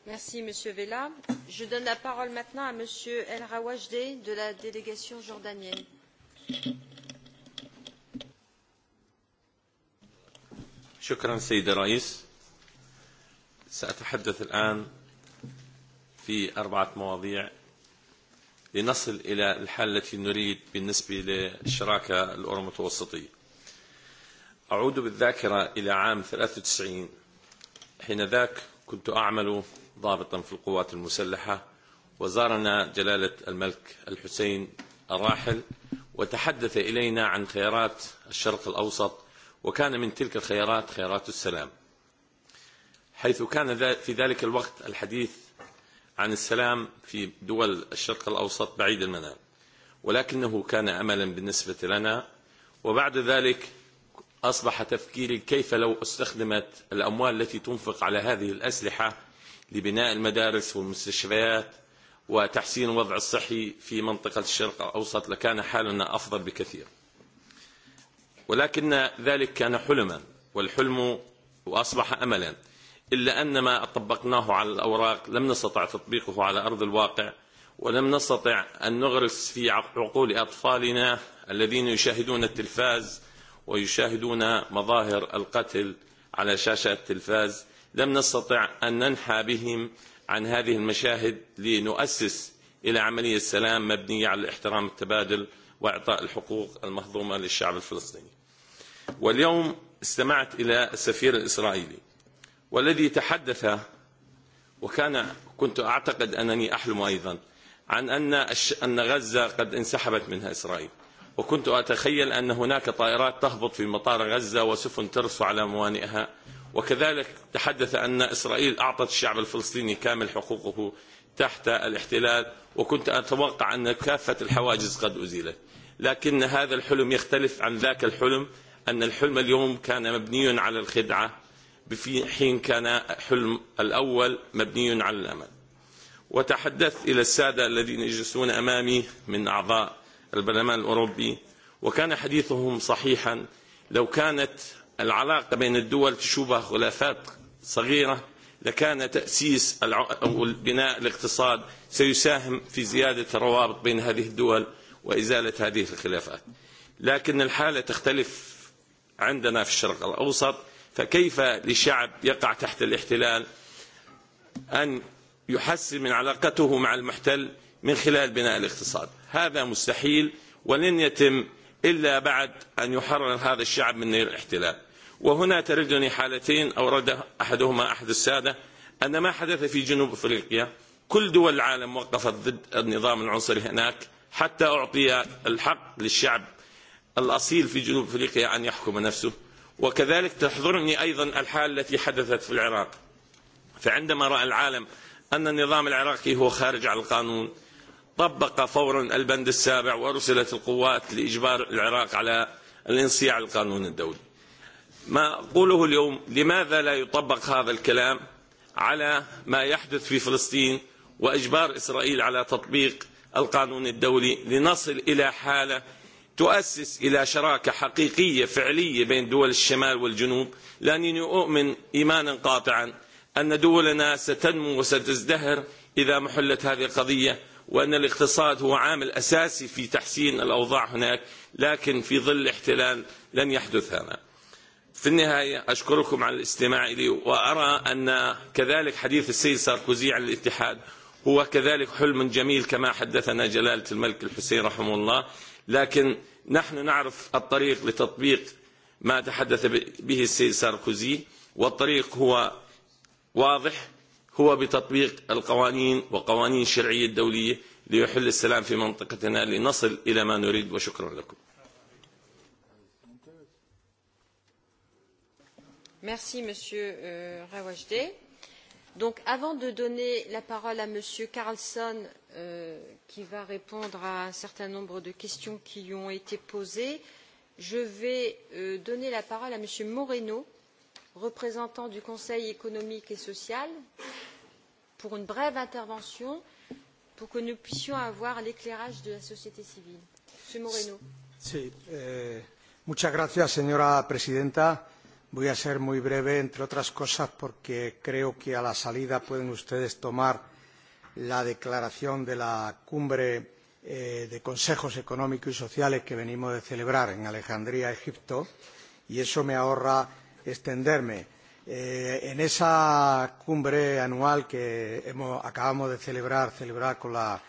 Merci, Monsieur Vella. Je donne la parole maintenant à Monsieur El Rawajde de la délégation jordanienne. شكرا سيد الرئيس سأتحدث الآن في أربعة مواضيع لنصل إلى الحالة التي نريد بالنسبة للشراكة الأورو متوسطية أعود بالذاكرة إلى عام 93 حين ذاك كنت أعمل ضابطا في القوات المسلحة وزارنا جلالة الملك الحسين الراحل وتحدث إلينا عن خيارات الشرق الأوسط وكان من تلك الخيارات خيارات السلام حيث كان في ذلك الوقت الحديث عن السلام في دول الشرق الأوسط بعيد المنام ولكنه كان أملا بالنسبة لنا وبعد ذلك أصبح تفكيري كيف لو استخدمت الأموال التي تنفق على هذه الأسلحة لبناء المدارس والمستشفيات وتحسين الوضع الصحي في منطقة الشرق الأوسط لكان حالنا أفضل بكثير ولكن ذلك كان حلما والحلم وأصبح أملا إلا أن ما طبقناه على الأوراق لم نستطع تطبيقه على أرض الواقع ولم نستطع أن نغرس في عقول أطفالنا الذين يشاهدون التلفاز ويشاهدون مظاهر القتل على شاشة التلفاز لم نستطع أن ننحى بهم عن هذه المشاهد لنؤسس إلى عملية سلام مبنية على الاحترام التبادل وإعطاء الحقوق المهضومة للشعب الفلسطيني واليوم استمعت إلى السفير الإسرائيلي والذي تحدث وكان كنت أعتقد أنني أحلم أيضا عن أن أن غزة قد انسحبت منها إسرائيل وكنت أتخيل أن هناك طائرات تهبط في مطار غزة وسفن ترس على موانئها وكذلك تحدث أن إسرائيل أعطت الشعب الفلسطيني كامل حقوقه تحت الاحتلال وكنت أتوقع أن كافة الحواجز قد أزيلت لكن هذا الحلم يختلف عن ذاك الحلم أن الحلم اليوم كان مبني على الخدعة في حين كان حلم الأول مبني على الأمل وتحدثت إلى السادة الذين يجلسون أمامي من أعضاء البرلمان الأوروبي وكان حديثهم صحيحا لو كانت العلاقة بين الدول تشوبها خلافات صغيرة لكان تأسيس أو بناء الاقتصاد سيساهم في زيادة الروابط بين هذه الدول وإزالة هذه الخلافات لكن الحالة تختلف عندنا في الشرق الأوسط فكيف للشعب يقع تحت الاحتلال أن يحسن من علاقته مع المحتل من خلال بناء الاقتصاد هذا مستحيل ولن يتم إلا بعد أن يحرر هذا الشعب من الاحتلال وهنا تردني حالتين أو رد أحدهما أحد السادة أن ما حدث في جنوب أفريقيا كل دول العالم وقفت ضد النظام العنصري هناك حتى أعطي الحق للشعب الأصيل في جنوب أفريقيا أن يحكم نفسه وكذلك تحضرني أيضا الحال التي حدثت في العراق فعندما رأى العالم أن النظام العراقي هو خارج على القانون طبق فورا البند السابع وأرسلت القوات لإجبار العراق على الانصياع القانون الدولي ما أقوله اليوم لماذا لا يطبق هذا الكلام على ما يحدث في فلسطين وإجبار إسرائيل على تطبيق القانون الدولي لنصل إلى حالة تؤسس إلى شراكة حقيقية فعلية بين دول الشمال والجنوب لأنني أؤمن إيمانا قاطعا أن دولنا ستنمو وستزدهر إذا محلت هذه القضية وأن الاقتصاد هو عامل أساسي في تحسين الأوضاع هناك لكن في ظل الاحتلال لن يحدث هذا في النهاية أشكركم على الاستماع لي وأرى أن كذلك حديث السيد ساركوزي عن الاتحاد هو كذلك حلم جميل كما حدثنا جلالة الملك الحسين رحمه الله لكن نحن نعرف الطريق لتطبيق ما تحدث به السيد ساركوزي والطريق هو واضح هو بتطبيق القوانين وقوانين الشرعية الدولية ليحل السلام في منطقتنا لنصل إلى ما نريد وشكرا لكم Merci, Monsieur euh, Rawajde. Donc, avant de donner la parole à m. carlsson euh, qui va répondre à un certain nombre de questions qui lui ont été posées je vais euh, donner la parole à m. moreno représentant du conseil économique et social pour une brève intervention pour que nous puissions avoir l'éclairage de la société civile. monsieur moreno. Euh, señora presidenta. Eh, Voy a ser muy breve, entre otras cosas, porque creo que a la salida pueden ustedes tomar la declaración de la cumbre eh, de consejos económicos y sociales que venimos de celebrar en Alejandría, Egipto, y eso me ahorra extenderme. Eh, en esa cumbre anual que hemos, acabamos de celebrar, celebrar con la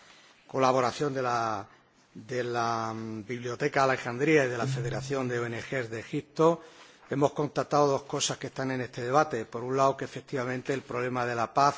colaboración de la, de la mm, Biblioteca Alejandría y de la Federación de ONG de Egipto, hemos constatado dos cosas que están en este debate. Por un lado, que efectivamente el problema de la paz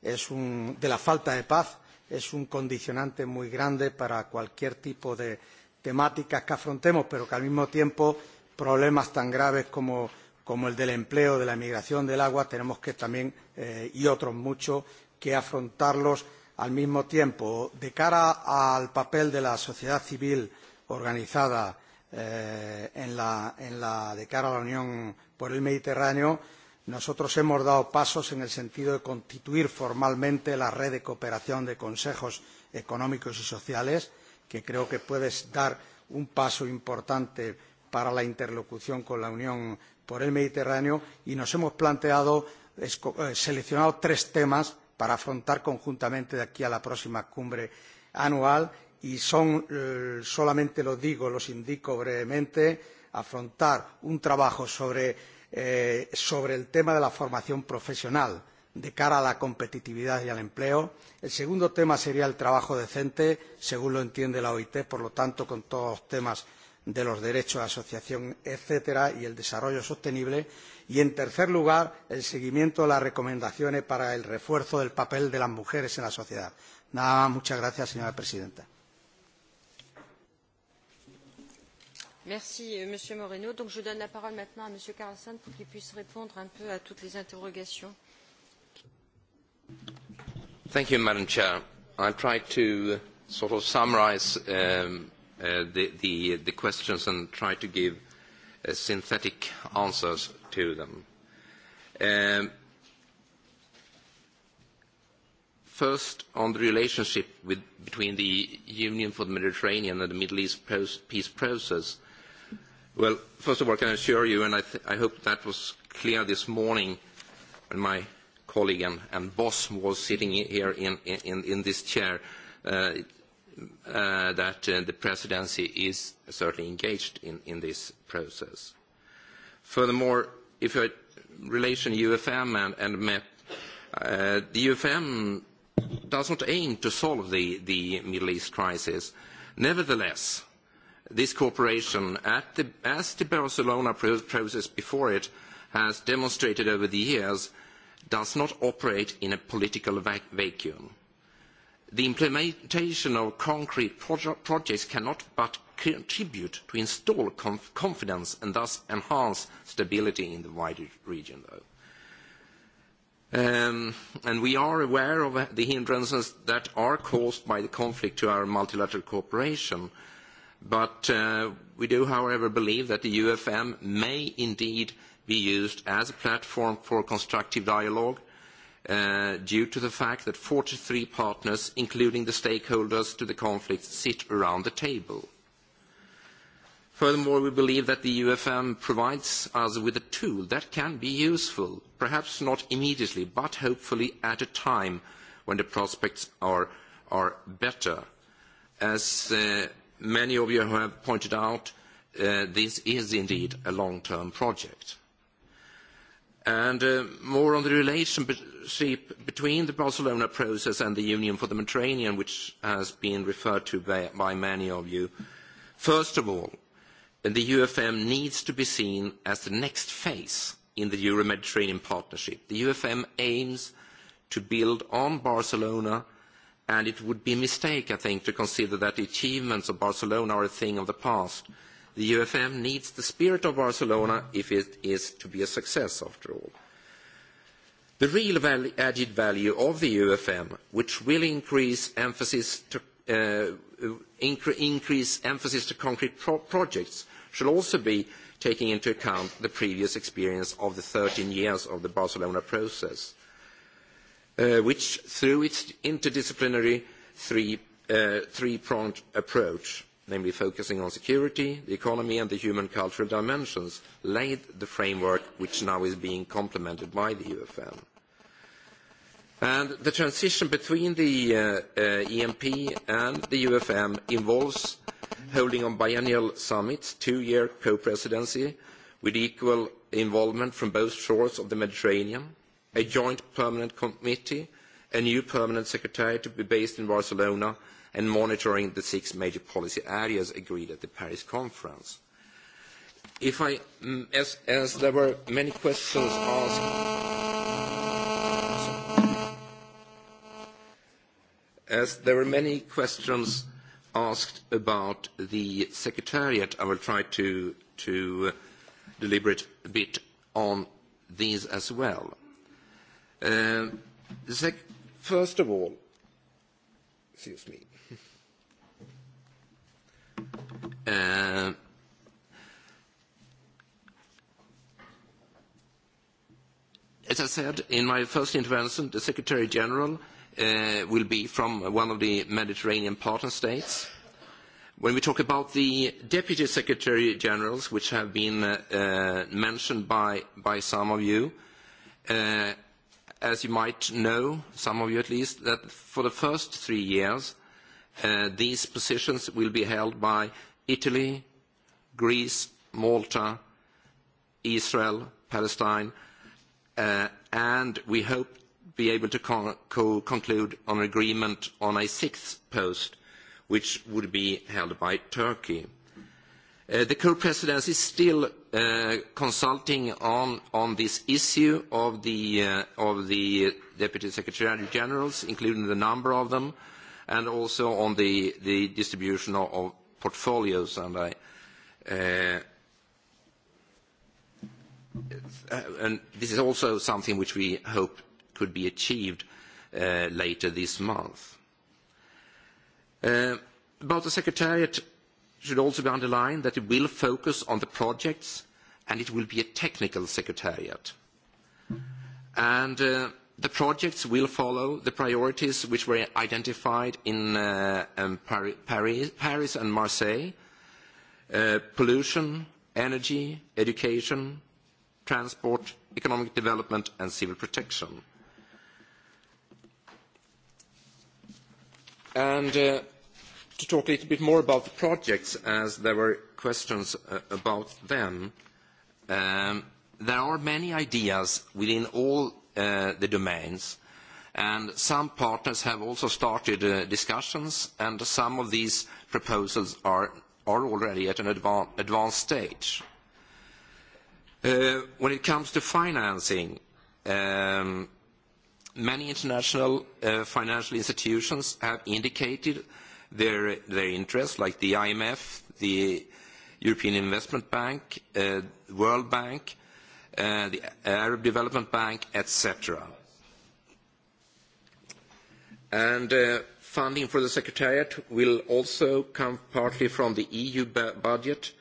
de la falta de paz es un condicionante muy grande para cualquier tipo de temáticas que afrontemos, pero que al mismo tiempo problemas tan graves como, como el del empleo, de la migración, del agua, tenemos que también, eh, y otros muchos, que afrontarlos al mismo tiempo. De cara al papel de la sociedad civil organizada eh, en, la, en la, de cara a la Unión por el Mediterráneo, nosotros hemos dado pasos en el sentido de constituir formalmente la red de cooperación de consejos económicos y sociales, que creo que puede dar un paso importante para la interlocución con la Unión por el Mediterráneo, y nos hemos planteado, eh, seleccionado tres temas para afrontar conjuntamente de aquí a la próxima cumbre anual y son, eh, solamente lo digo, los indico brevemente, afrontar un trabajo sobre, eh, sobre el tema de la formación profesional de cara a la competitividad y al empleo. El segundo tema sería el trabajo decente, según lo entiende la OIT, por lo tanto, con todos los temas de los derechos de asociación, etcétera, y el desarrollo sostenible. Y, en tercer lugar, el seguimiento de las recomendaciones para el refuerzo del papel de las mujeres en la sociedad. Nada más, muchas gracias, señora presidenta. Merci, euh, Monsieur Moreno. Donc, je donne la parole maintenant à Monsieur Carlson pour qu'il puisse répondre un peu à toutes les interrogations. Thank you, Madam Chair. I'll try to uh, sort of summarize um, uh, the, the, the questions and try to give uh, synthetic answers to them. Um, First, on the relationship with, between the Union for the Mediterranean and the Middle East peace process, Well, first of all, can I assure you, and I, th I hope that was clear this morning when my colleague and, and boss was sitting here in, in, in this chair, uh, uh, that uh, the presidency is certainly engaged in, in this process. Furthermore, if I relation UFM and, and MEP, uh, the UFM does not aim to solve the, the Middle East crisis. Nevertheless, This cooperation, the, as the Barcelona process before it has demonstrated over the years, does not operate in a political vac vacuum. The implementation of concrete pro projects cannot but contribute to install conf confidence and thus enhance stability in the wider region, though. Um, and we are aware of the hindrances that are caused by the conflict to our multilateral cooperation, uh, But uh, we do, however, believe that the UFM may indeed be used as a platform for constructive dialogue uh, due to the fact that 43 partners, including the stakeholders to the conflict, sit around the table. Furthermore, we believe that the UFM provides us with a tool that can be useful, perhaps not immediately, but hopefully at a time when the prospects are, better. As uh, many of you have pointed out, uh, this is indeed a long-term project. And uh, more on the relationship between the Barcelona process and the Union for the Mediterranean, which has been referred to by, by many of you. First of all, the UFM needs to be seen as the next phase in the Euro-Mediterranean partnership. The UFM aims to build on Barcelona and it would be a mistake, I think, to consider that the achievements of Barcelona are a thing of the past. The UFM needs the spirit of Barcelona if it is to be a success, after all. The real value, added value of the UFM, which will increase emphasis to, uh, incre increase emphasis to concrete pro projects, should also be taking into account the previous experience of the 13 years of the Barcelona process. Uh, Uh, which, through its interdisciplinary three, uh, three-pronged approach, namely focusing on security, the economy and the human cultural dimensions, laid the framework which now is being complemented by the UFM. And the transition between the uh, uh, EMP and the UFM involves holding on biennial summits, two-year co-presidency, with equal involvement from both shores of the Mediterranean, a joint permanent committee, a new permanent secretariat to be based in Barcelona, and monitoring the six major policy areas agreed at the Paris conference. If I, mm, as, as there were many questions asked, as there were many questions asked about the secretariat, I will try to, to deliberate a bit on these as well. Uh, first of all, excuse me. Uh, as I said in my first intervention, the Secretary General uh, will be from one of the Mediterranean partner states. When we talk about the Deputy Secretary Generals, which have been uh, mentioned by, by some of you, uh, as you might know, some of you at least, that for the first three years, uh, these positions will be held by Italy, Greece, Malta, Israel, Palestine, uh, and we hope be able to co conclude an agreement on a sixth post, which would be held by Turkey. Uh, the co-presidency is still uh, consulting on, this issue uh, of the, deputy secretary generals, including the number of them, and also on the, distribution of, portfolios. this is also something which we hope could be achieved later this month. about the secretariat should also be underlined that it will focus on the projects and it will be a technical secretariat. And uh, the projects will follow the priorities which were identified in uh, um, Paris, Paris, and Marseille, uh, pollution, energy, education, transport, economic development and civil protection. And uh, to talk a little bit more about the projects, as there were questions uh, about them. Um, there are many ideas within all uh, the domains, and some partners have also started uh, discussions, and some of these proposals are, are already at an advan advanced stage. Uh, when it comes to financing, um, many international uh, financial institutions have indicated uh, their, their interests, like the IMF, the European Investment Bank, uh, World Bank, uh, the Arab Development Bank, etc. And uh, funding for the Secretariat will also come partly from the EU bu budget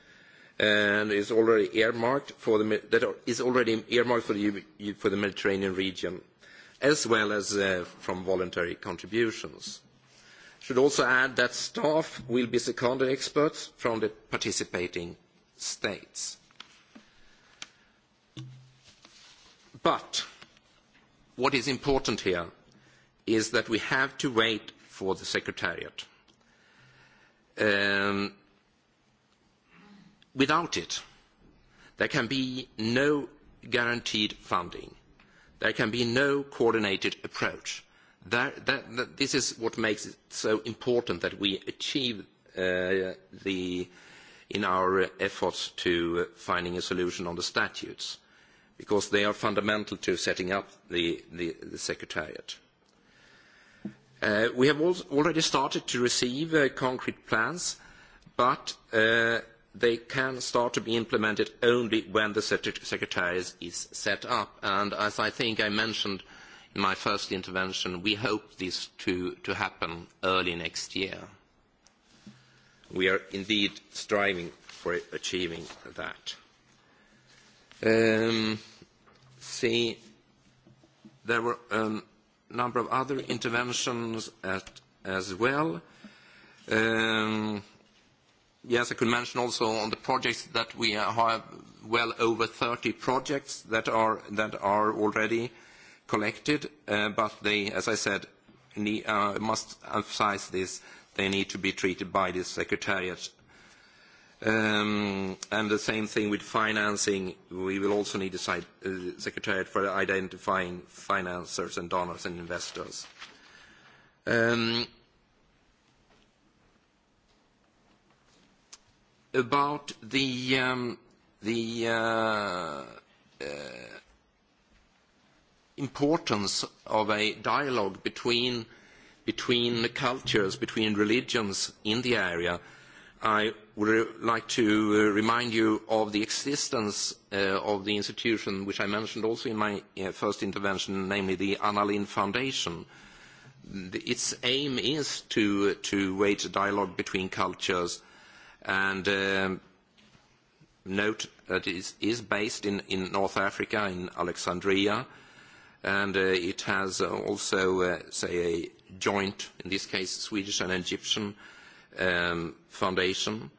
and is already earmarked for the, that is already earmarked for the, for the Mediterranean region, as well as uh, from voluntary contributions should also add that staff will be seconded experts from the participating states. But what is important here is that we have to wait for the Secretariat. Um, without it, there can be no guaranteed funding. There can be no coordinated approach this is what makes it so important that we achieve uh, in our efforts to uh, finding a solution on the statutes, because they are fundamental to setting up the, Secretariat. Uh, we have already started to receive concrete plans, but they can start to be implemented only when the Secretariat is set up. And as I think I mentioned my first intervention, we hope this to, to happen early next year. We are indeed striving for achieving that. Um, see, there were a um, number of other interventions at, as well. Um, yes, I could mention also on the projects that we have well over 30 projects that are, that are already uh, collected, uh, but they, as I said, need, uh, must emphasize this, they need to be treated by the Secretariat. Um, and the same thing with financing, we will also need a uh, Secretariat for identifying financiers and donors and investors. Um, about the, um, the uh, uh, importance of a dialogue between, between cultures, between religions in the area, I would like to uh, remind you of the existence uh, of the institution which I mentioned also in my uh, first intervention, namely the Anna Lindh Foundation. Its aim is to, to wage a dialogue between cultures and um, note that it is, is based in, in North Africa, in Alexandria, and uh, it has uh, also, uh, say, a joint, in this case, Swedish and Egyptian um, foundation.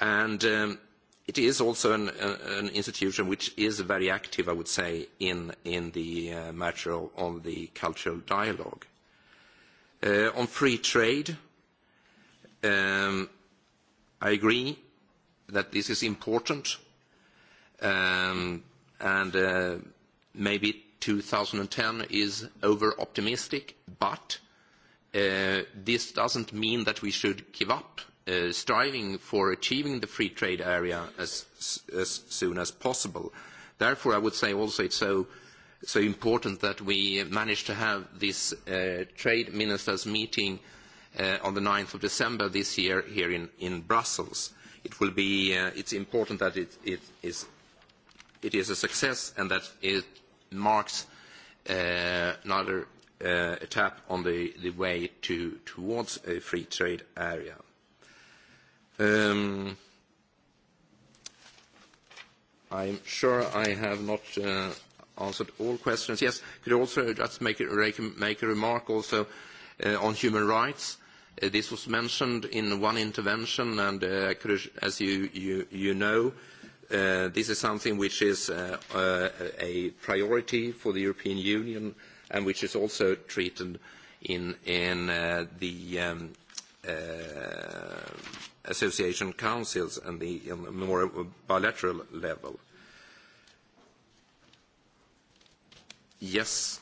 And um, it is also an, an institution which is very active, I would say, in, in the uh, matter of, on the cultural dialogue. Uh, on free trade, um, I agree that this is important, um, and uh, maybe 2010 is over-optimistic, but uh, this doesn't mean that we should give up uh, striving for achieving the free trade area as, as soon as possible. Therefore, I would say also it's so, so important that we managed to have this uh, trade ministers meeting uh, on the 9th of December this year here in, in Brussels. It will be, uh, it's important that it, it, is, it is a success and that it marks uh, another uh, tap on the, the way to, towards a free trade area. Um, I'm sure I have not uh, answered all questions. Yes, could also just make a, make a remark also uh, on human rights. Uh, this was mentioned in one intervention, and uh, as you, you, you know, uh, Uh, this is something which is uh, uh, a priority for the European Union and which is also treated in, in uh, the um, uh, association councils and the in a more bilateral level. Yes,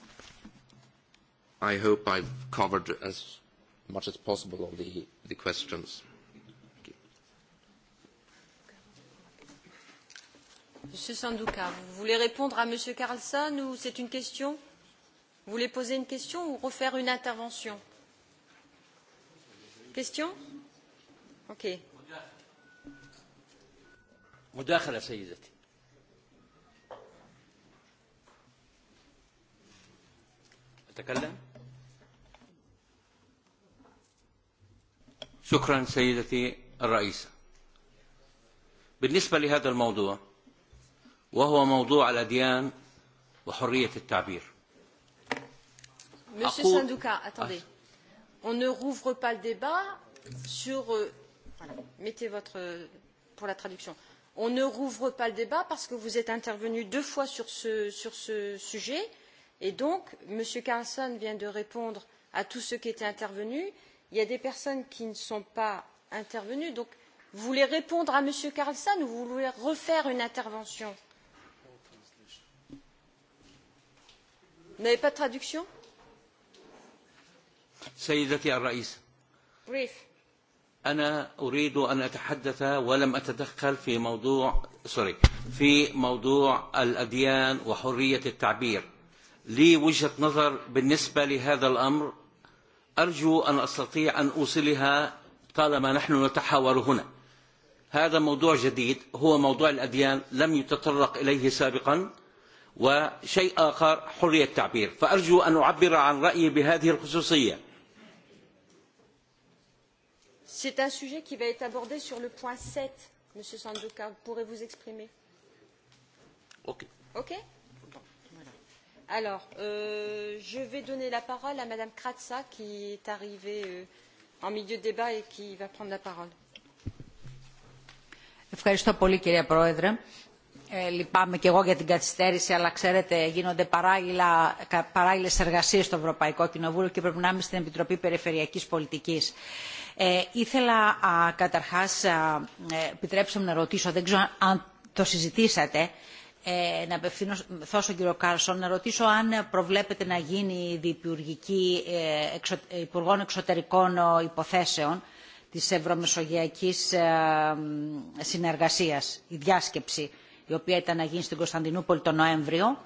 I hope I've covered as much as possible of the, the questions. Monsieur Sanduka, vous voulez répondre à Monsieur Carlson ou c'est une question Vous voulez poser une question ou refaire une intervention Question Ok. مداخلة سيدتي أتكلم شكرا سيدتي الرئيسة بالنسبة لهذا الموضوع وهو موضوع الأديان وحرية التعبير Monsieur أقول... Sanduka, attendez. On ne rouvre pas le débat sur... Euh, voilà, mettez votre... pour la traduction. On ne rouvre pas le débat parce que vous êtes intervenu deux fois sur ce, sur ce sujet. Et donc, M. Carlson vient de répondre à tous ceux qui étaient intervenus. Il y a des personnes qui ne sont pas intervenues. Donc, vous voulez répondre à M. Carlson ou vous voulez refaire une intervention Vous n'avez pas de traduction سيدتي الرئيسة Brief. أنا أريد أن أتحدث ولم أتدخل في موضوع سوري في موضوع الأديان وحرية التعبير لي وجهة نظر بالنسبة لهذا الأمر أرجو أن أستطيع أن أوصلها طالما نحن نتحاور هنا هذا موضوع جديد هو موضوع الأديان لم يتطرق إليه سابقا وشيء آخر حرية التعبير فأرجو أن أعبر عن رأيي بهذه الخصوصية C'est un sujet qui va être abordé sur le point 7, M. Sandoka. Vous pourrez vous exprimer. Ok. Ok. Bon, voilà. Alors, euh, je vais donner la parole à Mme Kratza, qui est arrivée euh, en milieu de débat et qui va prendre la parole. Merci beaucoup, Mme la Présidente λυπάμαι και εγώ για την καθυστέρηση, αλλά ξέρετε γίνονται παράλληλες εργασίες στο Ευρωπαϊκό Κοινοβούλιο και πρέπει να είμαι στην Επιτροπή Περιφερειακής Πολιτικής. Ε, ήθελα α, καταρχάς, α, ε, επιτρέψτε μου να ρωτήσω, δεν ξέρω αν το συζητήσατε, ε, να απευθυνθώ στον κύριο Κάρσον, να ρωτήσω αν προβλέπετε να γίνει διπουργική ε, εξω, Υπουργών Εξωτερικών Υποθέσεων της Ευρωμεσογειακής ε, Συνεργασίας, η διάσκεψη η οποία ήταν να γίνει στην Κωνσταντινούπολη τον Νοέμβριο.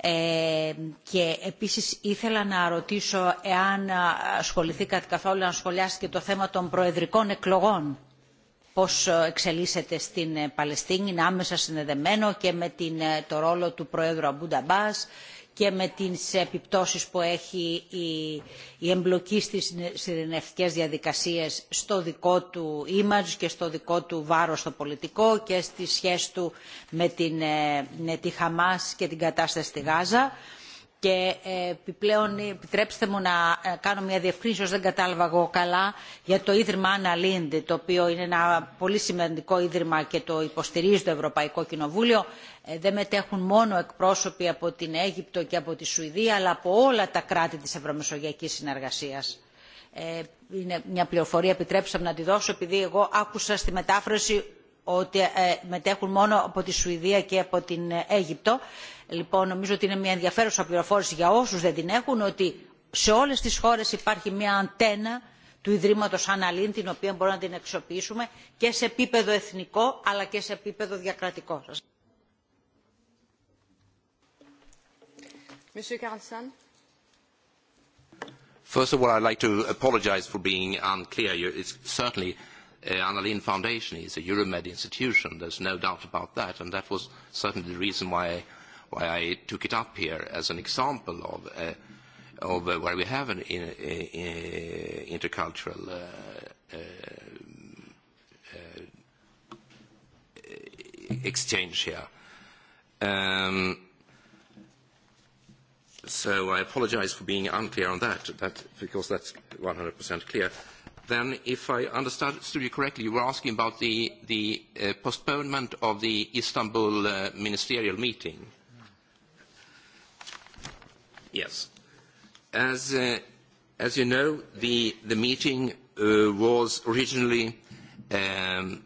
Ε, και επίσης ήθελα να ρωτήσω εάν ασχοληθήκατε καθόλου να σχολιάσετε το θέμα των προεδρικών εκλογών πώς εξελίσσεται στην Παλαιστίνη, είναι άμεσα συνδεδεμένο και με την, το ρόλο του Προέδρου Αμπούντα Μπάς και με τις επιπτώσεις που έχει η, η εμπλοκή στις ειρηνευτικές διαδικασίες στο δικό του image και στο δικό του βάρος στο πολιτικό και στη σχέση του με, την, με τη Χαμάς και την κατάσταση στη Γάζα. Mm και επιπλέον επιτρέψτε μου να κάνω μια διευκρίνηση όσο δεν κατάλαβα εγώ καλά για το Ίδρυμα Άννα Λίντ το οποίο είναι ένα πολύ σημαντικό ίδρυμα και το υποστηρίζει το Ευρωπαϊκό Κοινοβούλιο δεν μετέχουν μόνο εκπρόσωποι από την Αίγυπτο και από τη Σουηδία αλλά από όλα τα κράτη της Ευρωμεσογειακής Συνεργασίας. Είναι μια πληροφορία επιτρέψτε μου να τη δώσω επειδή εγώ άκουσα στη μετάφραση ότι μετέχουν μόνο από τη Σουηδία και από την Αίγυπτο λοιπόν νομίζω ότι είναι μια ενδιαφέρουσα πληροφόρηση για όσους δεν την έχουν ότι σε όλες τις χώρες υπάρχει μια αντένα του Ιδρύματος Αναλύν την οποία μπορούμε να την αξιοποιήσουμε και σε επίπεδο εθνικό αλλά και σε επίπεδο διακρατικό. Monsieur Carlson. First of all, I'd like to apologize for being unclear. It's certainly uh, Annalene Foundation is a Euromed institution. There's no doubt about that, and that was certainly the reason why I why I took it up here as an example of, uh, of uh, where we have an in, uh, uh, intercultural uh, uh, uh, exchange here. Um, so I apologize for being unclear on that, that because that's 100% clear. Then, if I understood you correctly, you were asking about the, the uh, postponement of the Istanbul uh, ministerial meeting. Yes. As, uh, as you know, the, the meeting uh, was originally um,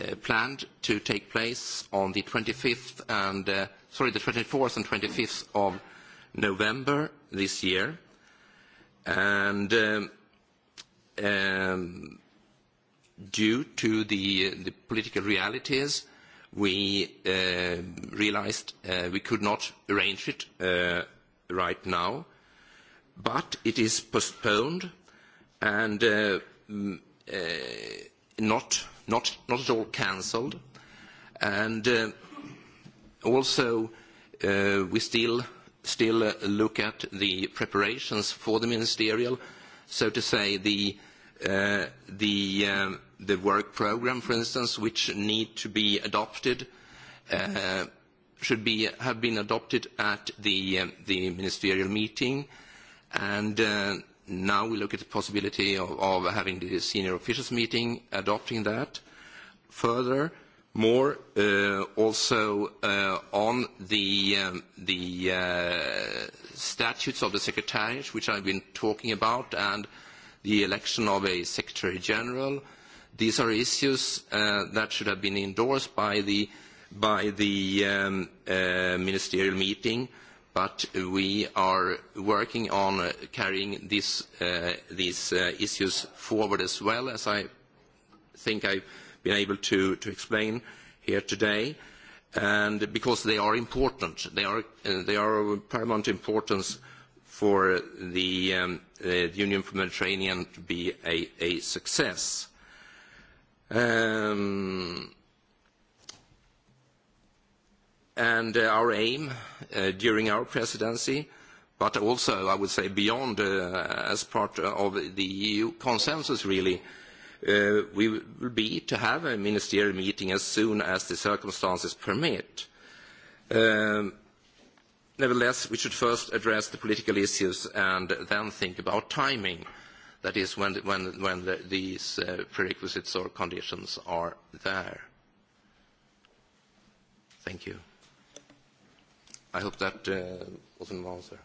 uh, planned to take place on the 25th and, uh, sorry, the 24th and 25th of November this year. And um, um, due to the, the political realities, we uh, realized uh, we could not arrange it uh, right now, but it is postponed and uh, mm, uh, not, not, not at all cancelled. And uh, also, uh, we still, still uh, look at the preparations for the ministerial, so to say, the, uh, the, um, the work program, for instance, which need to be adopted uh, should be, have been adopted at the, um, the ministerial meeting. And uh, now we look at the possibility of, of having the senior officials meeting, adopting that. Further, more uh, also uh, on the, um, the uh, statutes of the secretariat, which I've been talking about, and the election of a secretary general. These are issues uh, that should have been endorsed by the uh, by the um, uh, ministerial meeting, but we are working on uh, carrying this, uh, these uh, issues forward as well, as I think I've been able to, to explain here today, and because they are important. They are, uh, they are of paramount importance for the, um, uh, the Union for Mediterranean to be a, a success. Um, and uh, our aim uh, during our presidency, but also, I would say, beyond, uh, as part of the EU consensus, really, uh, we will be to have a ministerial meeting as soon as the circumstances permit. Um, nevertheless, we should first address the political issues and then think about timing. That is, when, when, when the, these uh, prerequisites or conditions are there. Thank you. I hope that uh, was an answer.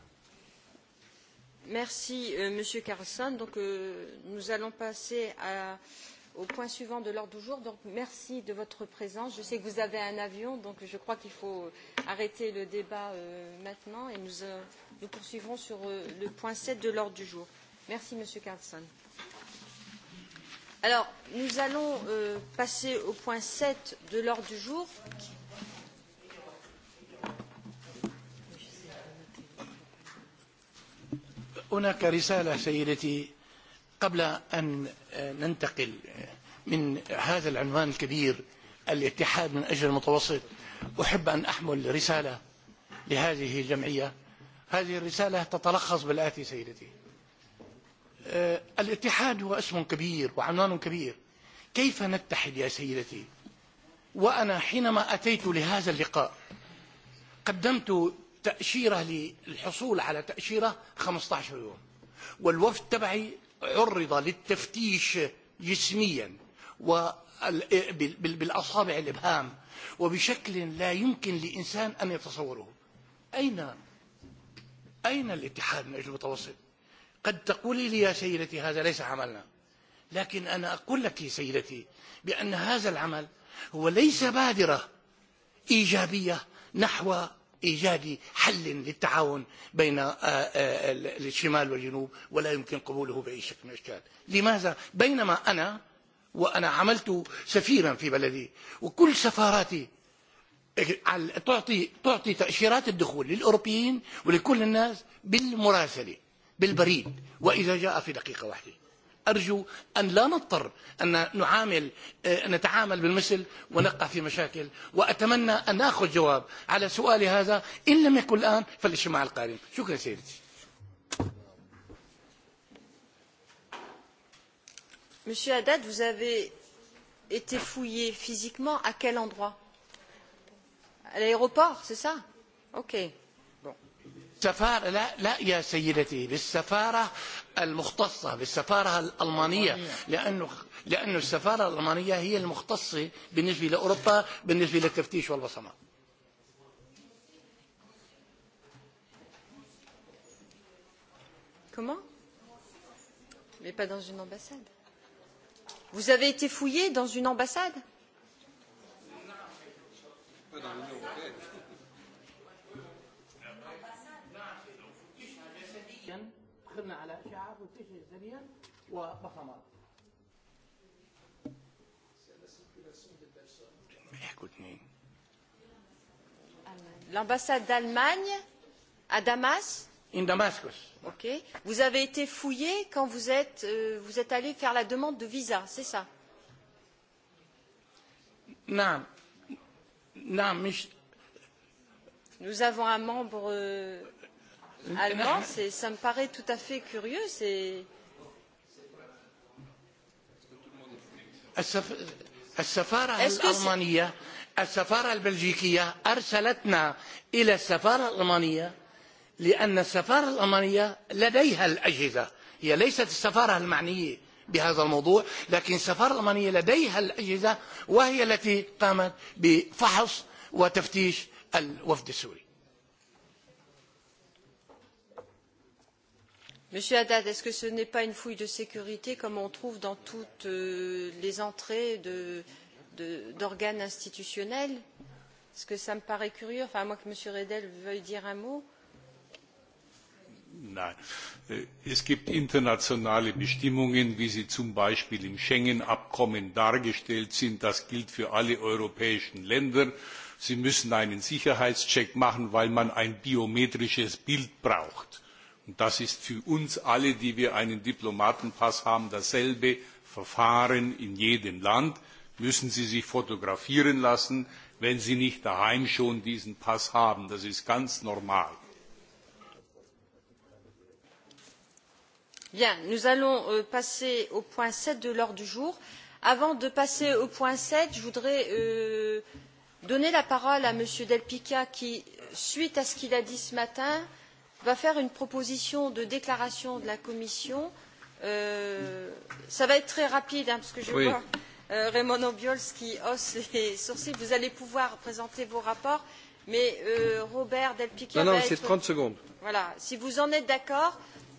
Merci, euh, Monsieur Carlson. Donc, euh, nous allons passer à, au point suivant de l'ordre du jour. Donc, merci de votre présence. Je sais que vous avez un avion, donc je crois qu'il faut arrêter le débat euh, maintenant et nous, euh, nous poursuivrons sur euh, le point 7 de l'ordre du jour. Merci, Monsieur Carlson. Alors, nous allons euh, passer au point 7 de l'ordre du jour. Qui هناك رسالة سيدتي قبل أن ننتقل من هذا العنوان الكبير الاتحاد من أجل المتوسط أحب أن أحمل رسالة لهذه الجمعية هذه الرسالة تتلخص بالآتي سيدتي الاتحاد هو اسم كبير وعنوان كبير كيف نتحد يا سيدتي وأنا حينما أتيت لهذا اللقاء قدمت تأشيرة للحصول على تأشيرة 15 يوم والوفد تبعي عرض للتفتيش جسميا بالأصابع الإبهام وبشكل لا يمكن لإنسان أن يتصوره أين أين الاتحاد من أجل المتوسط قد تقولي لي يا سيدتي هذا ليس عملنا لكن أنا أقول لك يا سيدتي بأن هذا العمل هو ليس بادرة إيجابية نحو ايجاد حل للتعاون بين الشمال والجنوب ولا يمكن قبوله بأي شكل من الأشكال لماذا؟ بينما أنا وأنا عملت سفيرا في بلدي وكل سفاراتي تعطي تعطي تأشيرات الدخول للأوروبيين ولكل الناس بالمراسلة بالبريد وإذا جاء في دقيقة واحدة أرجو أن لا نضطر أن نعامل أن نتعامل بالمثل ونقع في مشاكل وأتمنى أن أخذ جواب على سؤال هذا إن لم يكن الآن فالاجتماع القادم شكرا سيدتي Monsieur Haddad, vous avez été fouillé physiquement à quel endroit À l'aéroport, c'est ça Ok. السفارة لا لا يا سيدتي بالسفارة المختصة بالسفارة الألمانية لأنه لأنه السفارة الألمانية هي المختصة بالنسبة لأوروبا بالنسبة للتفتيش والبصمة Comment Mais pas dans une ambassade. Vous avez été fouillé dans une ambassade Pas dans l'Union européenne. دخلنا على أشعة منتشرة ثانيا وبصمات L'ambassade d'Allemagne à Damas In Damascus. Ok. Vous avez été fouillé quand vous êtes, euh, vous êtes allé faire la demande de visa, c'est ça Non. Non, mais... Nous avons un membre. Euh allemand, ça me paraît tout à fait curieux. C'est... السفارة الألمانية السفارة البلجيكية أرسلتنا إلى السفارة الألمانية لأن السفارة الألمانية لديها الأجهزة هي ليست السفارة المعنية بهذا الموضوع لكن السفارة الألمانية لديها الأجهزة وهي التي قامت بفحص وتفتيش الوفد السوري monsieur haddad est ce que ce n'est pas une fouille de sécurité comme on trouve dans toutes euh, les entrées d'organes institutionnels? parce que cela me paraît curieux à moins que m. redel veuille dire un mot. Nein. Äh, es gibt internationale Bestimmungen, wie sie zum Beispiel im Schengen-Abkommen dargestellt sind. Das gilt für alle europäischen Länder. Sie müssen einen Sicherheitscheck machen, weil man ein biometrisches Bild braucht Und das ist für uns alle, die wir einen Diplomatenpass haben, dasselbe Verfahren in jedem Land. Müssen Sie sich fotografieren lassen, wenn Sie nicht daheim schon diesen Pass haben. Das ist ganz normal. Bien, nous allons euh, passer au point 7 de l'ordre du jour. Avant de passer au point 7, je voudrais euh, donner la parole à M. Delpica qui, suite à ce qu'il a dit ce matin, euh, va faire une proposition de déclaration de la commission euh, ça va être très rapide hein, parce que je oui. vois euh, Raymond Obiols qui hausse les sourcils vous allez pouvoir présenter vos rapports mais euh, Robert Delpica non non c'est 30 secondes voilà si vous en êtes d'accord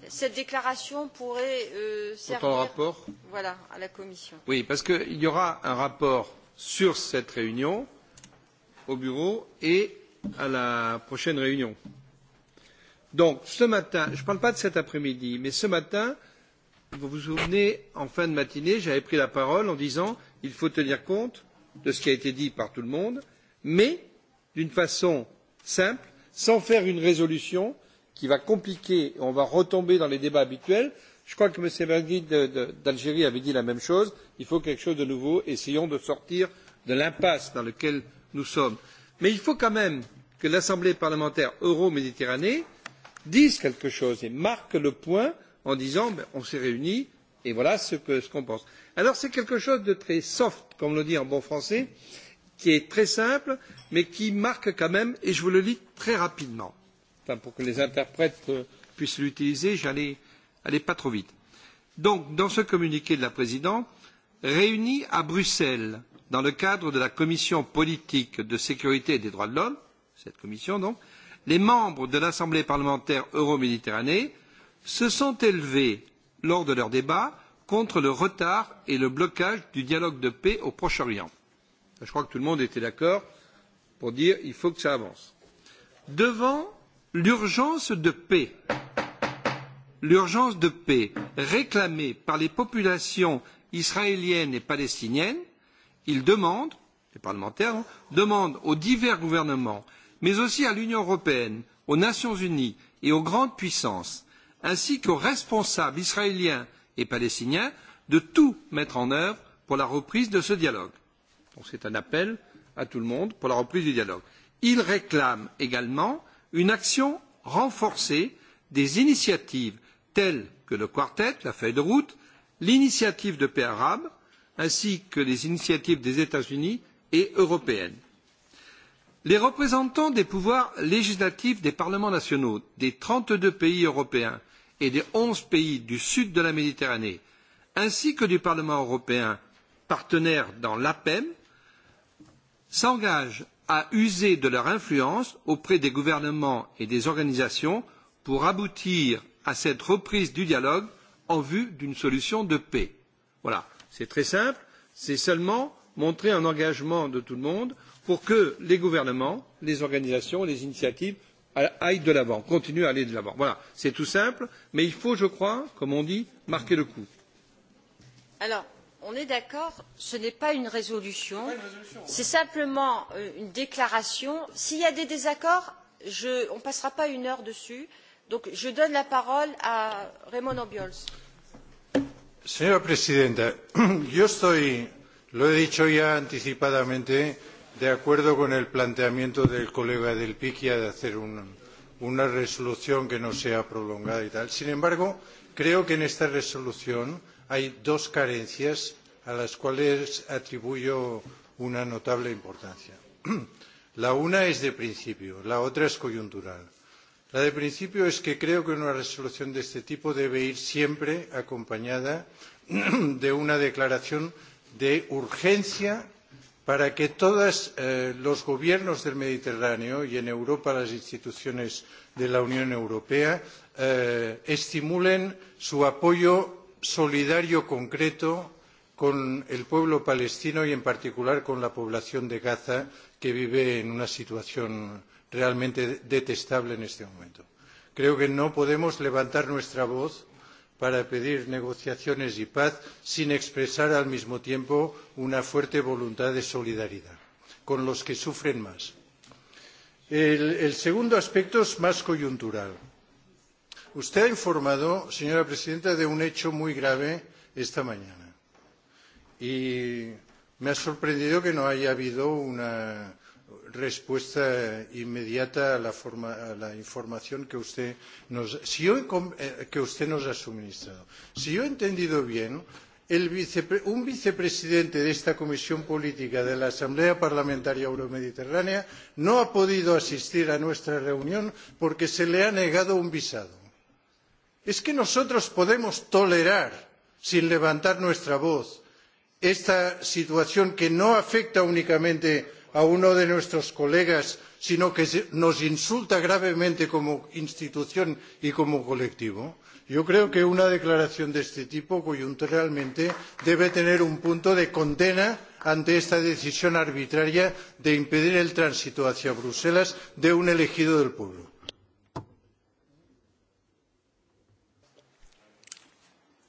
cette déclaration pourrait euh, servir Pour rapport voilà, à la Commission. Oui, parce qu'il y aura un rapport sur cette réunion au bureau et à la prochaine réunion. Donc ce matin, je ne parle pas de cet après-midi, mais ce matin, vous vous souvenez, en fin de matinée, j'avais pris la parole en disant il faut tenir compte de ce qui a été dit par tout le monde, mais d'une façon simple, sans faire une résolution qui va compliquer, on va retomber dans les débats habituels. Je crois que M. Bergui d'Algérie avait dit la même chose. Il faut quelque chose de nouveau. Essayons de sortir de l'impasse dans laquelle nous sommes. Mais il faut quand même que l'Assemblée parlementaire euro-méditerranée disent quelque chose et marquent le point en disant ben, on s'est réunis et voilà ce qu'on ce qu pense. Alors c'est quelque chose de très soft, comme le dit en bon français, qui est très simple, mais qui marque quand même, et je vous le lis très rapidement, enfin, pour que les interprètes euh, puissent l'utiliser, j'allais aller pas trop vite. Donc, dans ce communiqué de la présidente, réunie à Bruxelles dans le cadre de la commission politique de sécurité et des droits de l'homme, cette commission donc, les membres de l'Assemblée parlementaire euro méditerranée se sont élevés lors de leurs débats contre le retard et le blocage du dialogue de paix au Proche-Orient. Je crois que tout le monde était d'accord pour dire qu'il faut que ça avance. Devant l'urgence de paix, l'urgence de paix réclamée par les populations israéliennes et palestiniennes, ils demandent, les parlementaires, demandent aux divers gouvernements mais aussi à l'Union européenne, aux Nations unies et aux grandes puissances, ainsi qu'aux responsables israéliens et palestiniens de tout mettre en œuvre pour la reprise de ce dialogue. Donc c'est un appel à tout le monde pour la reprise du dialogue. Il réclame également une action renforcée des initiatives telles que le quartet, la feuille de route, l'initiative de paix arabe, ainsi que les initiatives des États-Unis et européennes les représentants des pouvoirs législatifs des parlements nationaux des trente deux pays européens et des onze pays du sud de la méditerranée ainsi que du parlement européen partenaire dans l'apem s'engagent à user de leur influence auprès des gouvernements et des organisations pour aboutir à cette reprise du dialogue en vue d'une solution de paix. voilà c'est très simple c'est seulement montrer un engagement de tout le monde pour que les gouvernements, les organisations, les initiatives aillent de l'avant, continuent à aller de l'avant. Voilà, c'est tout simple, mais il faut, je crois, comme on dit, marquer le coup. Alors, on est d'accord, ce n'est pas une résolution, c'est simplement euh, une déclaration. S'il y a des désaccords, je, on ne passera pas une heure dessus. Donc, je donne la parole à Raymond Obiols. Señora Presidenta, yo estoy, lo he dicho ya anticipadamente, de acuerdo con el planteamiento del colega del Piquia de hacer un, una resolución que no sea prolongada y tal. Sin embargo, creo que en esta resolución hay dos carencias a las cuales atribuyo una notable importancia. La una es de principio, la otra es coyuntural. La de principio es que creo que una resolución de este tipo debe ir siempre acompañada de una declaración de urgencia para que todos eh, los gobiernos del Mediterráneo y en Europa las instituciones de la Unión Europea eh, estimulen su apoyo solidario concreto con el pueblo palestino y en particular con la población de Gaza que vive en una situación realmente detestable en este momento. Creo que no podemos levantar nuestra voz para pedir negociaciones y paz sin expresar al mismo tiempo una fuerte voluntad de solidaridad con los que sufren más. El, el segundo aspecto es más coyuntural. Usted ha informado, señora presidenta, de un hecho muy grave esta mañana. Y me ha sorprendido que no haya habido una respuesta inmediata a la, forma, a la información que usted, nos, si yo, eh, que usted nos ha suministrado. Si yo he entendido bien, el vicepre, un vicepresidente de esta Comisión Política de la Asamblea Parlamentaria Euromediterránea no ha podido asistir a nuestra reunión porque se le ha negado un visado. Es que nosotros podemos tolerar, sin levantar nuestra voz, esta situación que no afecta únicamente a a uno de nuestros colegas sino que nos insulta gravemente como institución y como colectivo yo creo que una declaración de este tipo coyunturalmente debe tener un punto de condena ante esta decisión arbitraria de impedir el tránsito hacia bruselas de un elegido del pueblo.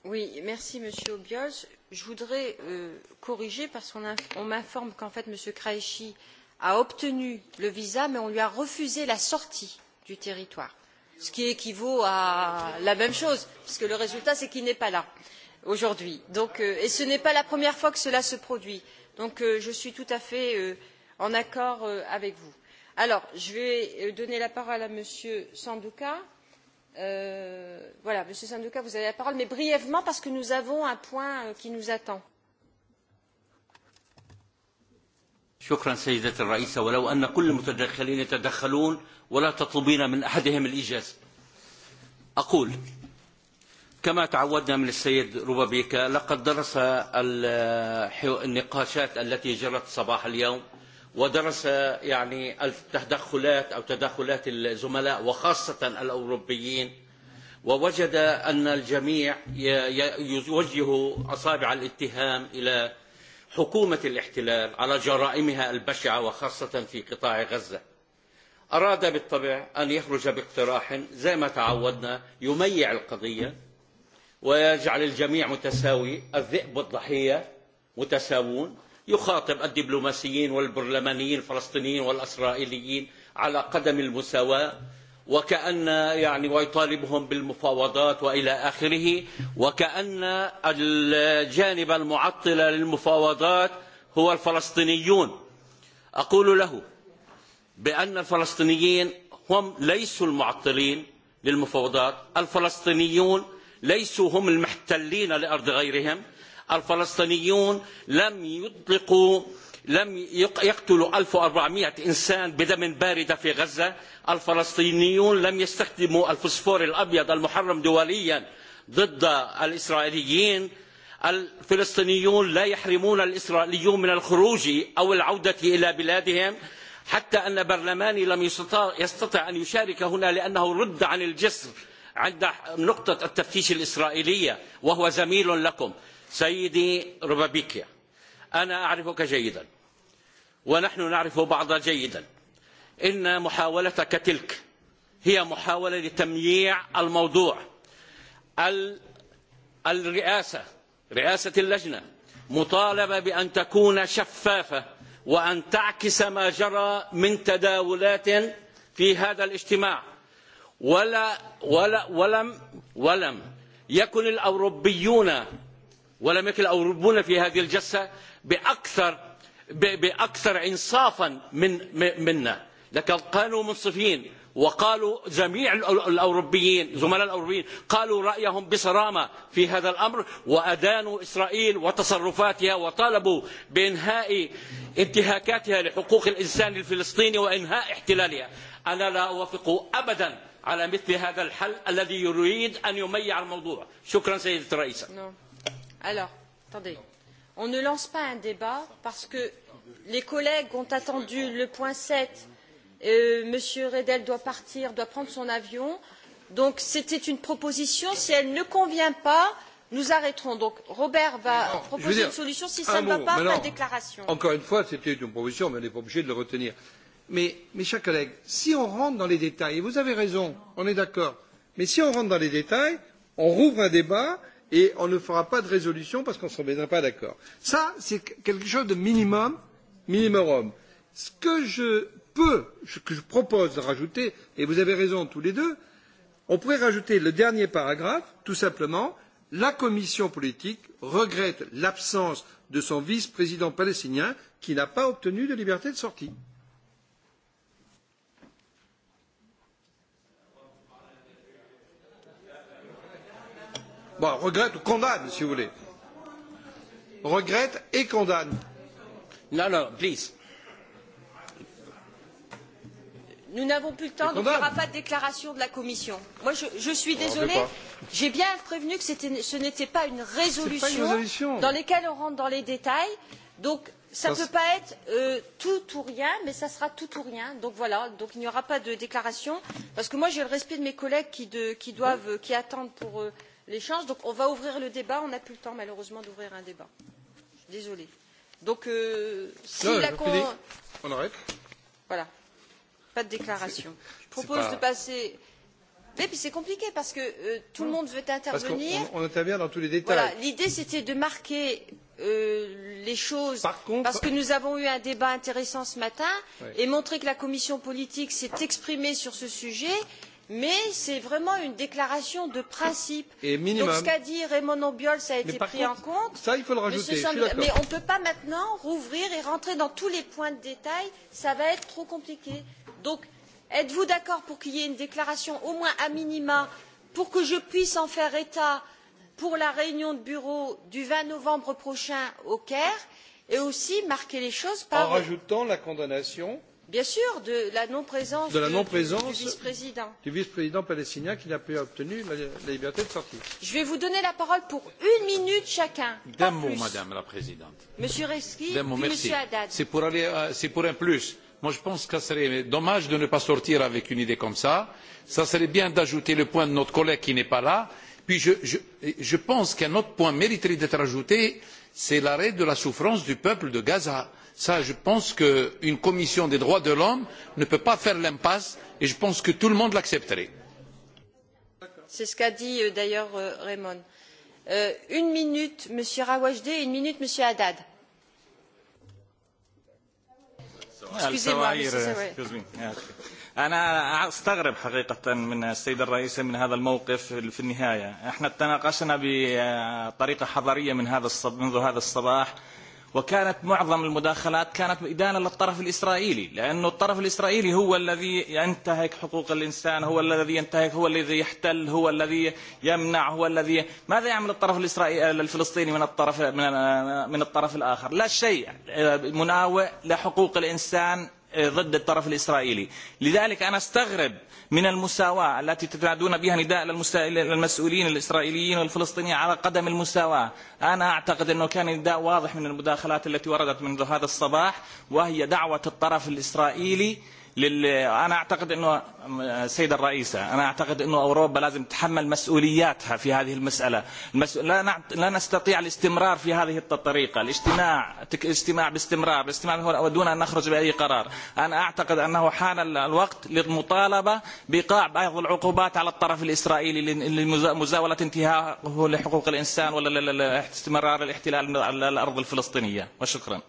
Oui, merci, monsieur obiols je voudrais euh, corriger parce qu'on m'informe qu'en fait M. Kraichi a obtenu le visa, mais on lui a refusé la sortie du territoire, ce qui équivaut à la même chose, puisque le résultat, c'est qu'il n'est pas là aujourd'hui. Euh, et ce n'est pas la première fois que cela se produit. Donc, euh, je suis tout à fait en accord avec vous. je vais donner la parole à m. Sanduka Euh, monsieur sanduka vous avez la parole mais brièvement parce que nous avons un point euh, qui nous attend. أقول كما تعودنا من السيد روبابيكا لقد درس النقاشات التي جرت صباح اليوم ودرس يعني التدخلات أو تدخلات الزملاء وخاصة الأوروبيين ووجد أن الجميع يوجه أصابع الاتهام إلى حكومة الاحتلال على جرائمها البشعة وخاصة في قطاع غزة أراد بالطبع أن يخرج باقتراح زي ما تعودنا يميع القضية ويجعل الجميع متساوي الذئب والضحية متساوون يخاطب الدبلوماسيين والبرلمانيين الفلسطينيين والاسرائيليين على قدم المساواه وكأن يعني ويطالبهم بالمفاوضات وإلى آخره وكأن الجانب المعطل للمفاوضات هو الفلسطينيون أقول له بأن الفلسطينيين هم ليسوا المعطلين للمفاوضات الفلسطينيون ليسوا هم المحتلين لأرض غيرهم الفلسطينيون لم يطلقوا لم يقتلوا 1400 إنسان بدم بارد في غزة الفلسطينيون لم يستخدموا الفسفور الأبيض المحرم دوليا ضد الإسرائيليين الفلسطينيون لا يحرمون الإسرائيليون من الخروج أو العودة إلى بلادهم حتى أن برلماني لم يستطع أن يشارك هنا لأنه رد عن الجسر عند نقطة التفتيش الإسرائيلية وهو زميل لكم سيدي روبابيكيا أنا أعرفك جيدا ونحن نعرف بعض جيدا إن محاولتك تلك هي محاولة لتمييع الموضوع الرئاسة رئاسة اللجنة مطالبة بأن تكون شفافة وأن تعكس ما جرى من تداولات في هذا الاجتماع ولا ولا ولم ولم يكن الأوروبيون ولم يكن الأوروبيون في هذه الجلسة بأكثر بأكثر إنصافا من منا لكن كانوا منصفين وقالوا جميع الأوروبيين زملاء الأوروبيين قالوا رأيهم بصرامة في هذا الأمر وأدانوا إسرائيل وتصرفاتها وطالبوا بإنهاء انتهاكاتها لحقوق الإنسان الفلسطيني وإنهاء احتلالها أنا لا أوافق أبدا على مثل هذا الحل الذي يريد أن يميع الموضوع شكرا سيدة الرئيسة no. Alors, attendez. On ne lance pas un débat parce que les collègues ont attendu le point sept Euh, Monsieur Redel doit partir, doit prendre son avion. Donc c'était une proposition. Si elle ne convient pas, nous arrêterons. Donc Robert va non, proposer dire, une solution. Si un ça ne va pas, pas de déclaration. Encore une fois, c'était une proposition, mais on n'est pas obligé de le retenir. Mais mes chers collègues, si on rentre dans les détails, et vous avez raison, on est d'accord, mais si on rentre dans les détails, on rouvre un débat et on ne fera pas de résolution parce qu'on ne se mettra pas d'accord. Ça, c'est quelque chose de minimum, minimum. Ce que je peux, ce que je propose de rajouter, et vous avez raison tous les deux, on pourrait rajouter le dernier paragraphe, tout simplement, la commission politique regrette l'absence de son vice-président palestinien qui n'a pas obtenu de liberté de sortie. bon, regrette ou condamne, si vous voulez. Regrette et condamne. Non, non, please. Nous n'avons plus le temps, donc il n'y aura pas de déclaration de la Commission. Moi, je, je suis désolée. J'ai bien prévenu que ce n'était pas une résolution, pas une résolution dans laquelle on rentre dans les détails. Donc, ça ne peut pas être euh, tout ou rien mais ça sera tout ou rien donc voilà donc il n'y aura pas de déclaration parce que moi j'ai le respect de mes collègues qui, de, qui doivent qui attendent pour euh, l'échange. Donc on va ouvrir le débat. On n'a plus le temps malheureusement d'ouvrir un débat. Désolée. Donc euh, si la con... on arrête. Voilà. Pas de déclaration. Je propose de passer. Mais puis c'est compliqué parce que euh, tout le monde veut intervenir. on, intervient dans tous les détails. Voilà. L'idée c'était de marquer euh, les choses Par contre... parce que nous avons eu un débat intéressant ce matin et montrer que la commission politique s'est exprimée sur ce sujet mais c'est vraiment une déclaration de principe. donc ce qu'a dit raymond obiols a été pris contre, en compte. Ça, il faut le rajouter, mais on ne peut pas maintenant rouvrir et rentrer dans tous les points de détail ça va être trop compliqué. donc êtes vous d'accord pour qu'il y ait une déclaration au moins a minima pour que je puisse en faire état pour la réunion de bureau du vingt novembre prochain au caire et aussi marquer les choses par. en rajoutant la condamnation euh, Bien sûr, de la non-présence de la non -présence du, du, du vice-président. Du vice-président palestinien qui n'a pas obtenu la, la liberté de sortie. Je vais vous donner la parole pour une minute chacun. D'un mot, plus. Madame la Présidente. Monsieur Reski, puis merci. Monsieur Haddad. C'est pour, aller, euh, c'est pour un plus. Moi, je pense que ce serait dommage de ne pas sortir avec une idée comme ça. Ça serait bien d'ajouter le point de notre collègue qui n'est pas là. Puis je, je, je pense qu'un autre point mériterait d'être ajouté, c'est l'arrêt de la souffrance du peuple de Gaza je pense qu'une commission des droits de l'homme ne peut pas faire l'impasse et je pense que tout le monde l'accepterait. C'est ce qu'a dit euh, d'ailleurs euh, Raymond. Euh, une minute, Monsieur Rawajdi, et une minute, Monsieur Haddad. أنا أستغرب حقيقة من السيدة الرئيسة من هذا الموقف في النهاية. احنا تناقشنا بطريقة حضارية من هذا منذ هذا الصباح وكانت معظم المداخلات كانت إدانة للطرف الإسرائيلي لأن الطرف الإسرائيلي هو الذي ينتهك حقوق الإنسان هو الذي ينتهك هو الذي يحتل هو الذي يمنع هو الذي ماذا يعمل الطرف الإسرائيلي الفلسطيني من الطرف من, من الطرف الآخر لا شيء مناوئ لحقوق الإنسان ضد الطرف الإسرائيلي لذلك أنا استغرب من المساواة التي تتعدون بها نداء للمسؤولين الإسرائيليين والفلسطينيين على قدم المساواة أنا أعتقد أنه كان نداء واضح من المداخلات التي وردت منذ هذا الصباح وهي دعوة الطرف الإسرائيلي لل... أنا أعتقد أنه سيد الرئيسة أنا أعتقد أنه أوروبا لازم تحمل مسؤولياتها في هذه المسألة المس... لا, نع... لا نستطيع الاستمرار في هذه الطريقة الاجتماع تك... الاجتماع باستمرار الاجتماع دون أن نخرج بأي قرار أنا أعتقد أنه حان الوقت للمطالبة بإيقاع بعض العقوبات على الطرف الإسرائيلي لمزاولة انتهاءه لحقوق الإنسان ولا استمرار الاحتلال على الأرض الفلسطينية وشكرا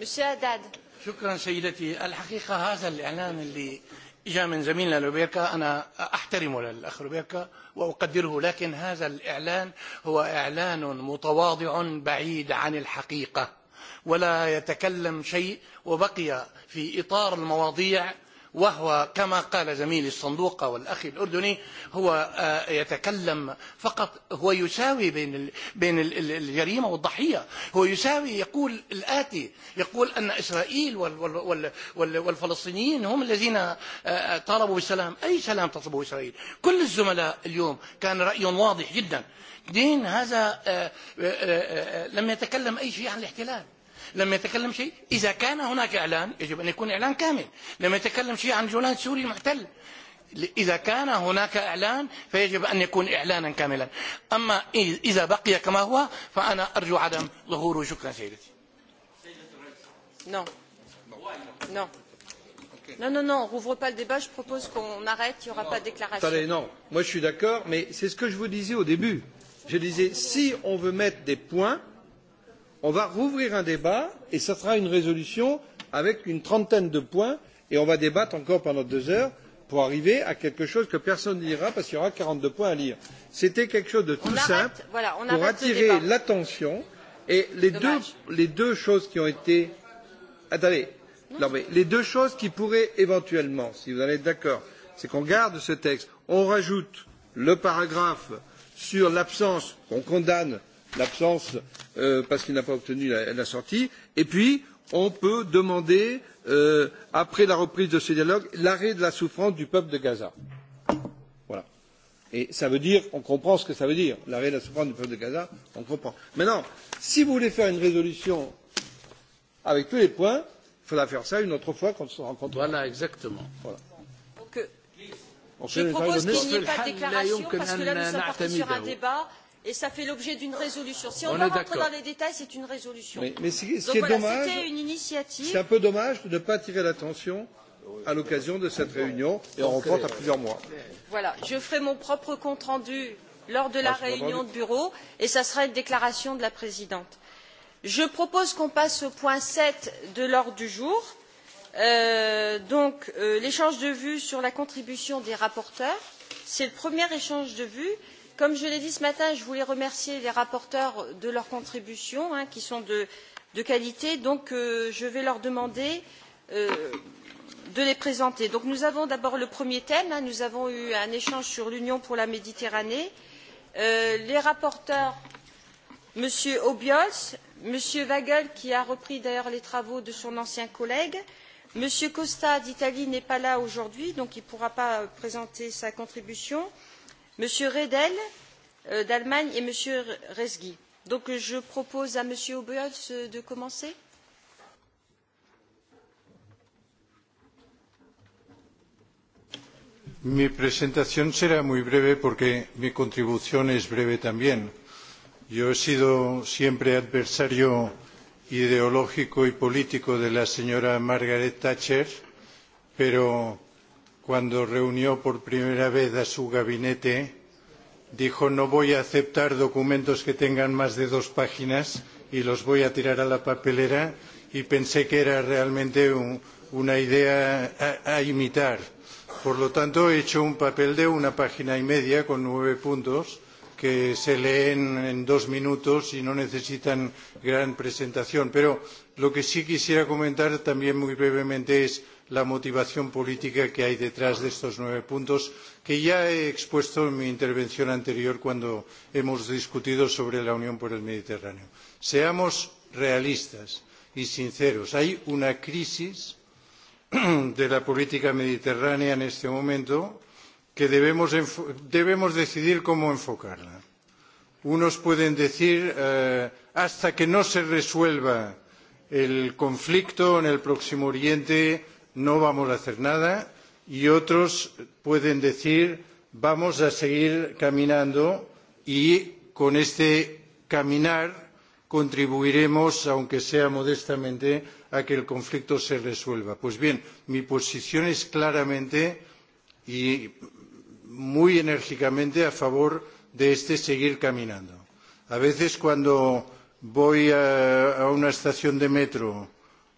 Monsieur Haddad. شكرا سيدتي الحقيقة هذا الإعلان اللي جاء من زميلنا لوبيركا أنا أحترمه للأخ لوبيركا وأقدره لكن هذا الإعلان هو إعلان متواضع بعيد عن الحقيقة ولا يتكلم شيء وبقي في إطار المواضيع وهو كما قال زميلي الصندوق والأخي الأردني هو يتكلم فقط هو يساوي بين بين الجريمة والضحية هو يساوي يقول الآتي يقول أن إسرائيل والفلسطينيين هم الذين طالبوا بالسلام أي سلام تطلبه إسرائيل كل الزملاء اليوم كان رأي واضح جدا دين هذا لم يتكلم أي شيء عن الاحتلال لم يتكلم شيء إذا كان هناك إعلان يجب أن يكون إعلان كامل لم يتكلم شيء عن جولان سوري المحتل إذا كان هناك إعلان فيجب أن يكون إعلانا كاملا أما إذا بقي كما هو فأنا أرجو عدم ظهوره شكرا سيدتي Non. Non. Non, non, non, on rouvre pas le débat, je propose qu'on arrête, il n'y aura non. pas de déclaration. Attendez, non, moi je suis d'accord, mais c'est ce que je vous disais au début. Je disais, si on veut mettre des points, on va rouvrir un débat et ce sera une résolution avec une trentaine de points et on va débattre encore pendant deux heures pour arriver à quelque chose que personne ne lira parce qu'il y aura quarante deux points à lire. C'était quelque chose de tout on simple arrête, voilà, on pour attirer l'attention et les deux, les deux choses qui ont été attendez non, mais les deux choses qui pourraient éventuellement, si vous allez être d'accord, c'est qu'on garde ce texte, on rajoute le paragraphe sur l'absence qu'on condamne l'absence euh, parce qu'il n'a pas obtenu la, la sortie et puis on peut demander euh, après la reprise de ce dialogue l'arrêt de la souffrance du peuple de gaza. voilà. et ça veut dire on comprend ce que ça veut dire l'arrêt de la souffrance du peuple de gaza on comprend. maintenant si vous voulez faire une résolution avec tous les points il faudra faire ça une autre fois quand on se rencontrera. voilà exactement. Voilà. Donc, euh, je propose qu'il n'y ait pas de déclaration parce que là nous sommes partis sur un débat et ça fait l'objet d'une résolution. Si on, on veut rentrer dans les détails, c'est une résolution. Oui, mais ce qui est dommage, C'est un peu dommage de ne pas attirer l'attention à l'occasion de cette réunion et on reporte à plusieurs mois. Voilà, je ferai mon propre compte rendu lors de la ah, réunion de bureau et ça sera une déclaration de la présidente. Je propose qu'on passe au point 7 de l'ordre du jour. Euh, donc euh, l'échange de vues sur la contribution des rapporteurs. C'est le premier échange de vues comme je l'ai dit ce matin je voulais remercier les rapporteurs de leurs contributions qui sont de, qualité donc euh, je vais leur demander euh, de les présenter. Donc, nous avons d'abord le premier thème nous avons eu un échange sur l'union pour la méditerranée. Euh, les rapporteurs m. obiols m. vajgl qui a repris d'ailleurs les travaux de son ancien collègue m. costa d'italie n'est pas là aujourd'hui donc il ne pourra pas présenter sa contribution et m. redel euh, d'allemagne et m. rezgui. je propose à m. obiols de commencer. mi presentación será muy breve porque mi contribución es breve también. yo he sido siempre adversario ideológico y político de la señora margaret thatcher pero cuando reunió por primera vez a su gabinete, dijo no voy a aceptar documentos que tengan más de dos páginas y los voy a tirar a la papelera y pensé que era realmente un, una idea a, a imitar. Por lo tanto, he hecho un papel de una página y media con nueve puntos que se leen en dos minutos y no necesitan gran presentación. Pero Lo que sí quisiera comentar también muy brevemente es la motivación política que hay detrás de estos nueve puntos, que ya he expuesto en mi intervención anterior cuando hemos discutido sobre la Unión por el Mediterráneo. Seamos realistas y sinceros. Hay una crisis de la política mediterránea en este momento que debemos, debemos decidir cómo enfocarla. Unos pueden decir eh, hasta que no se resuelva el conflicto en el próximo oriente no vamos a hacer nada y otros pueden decir vamos a seguir caminando y con este caminar contribuiremos aunque sea modestamente a que el conflicto se resuelva. pues bien mi posición es claramente y muy enérgicamente a favor de este seguir caminando. a veces cuando voy eh, a, una estación de metro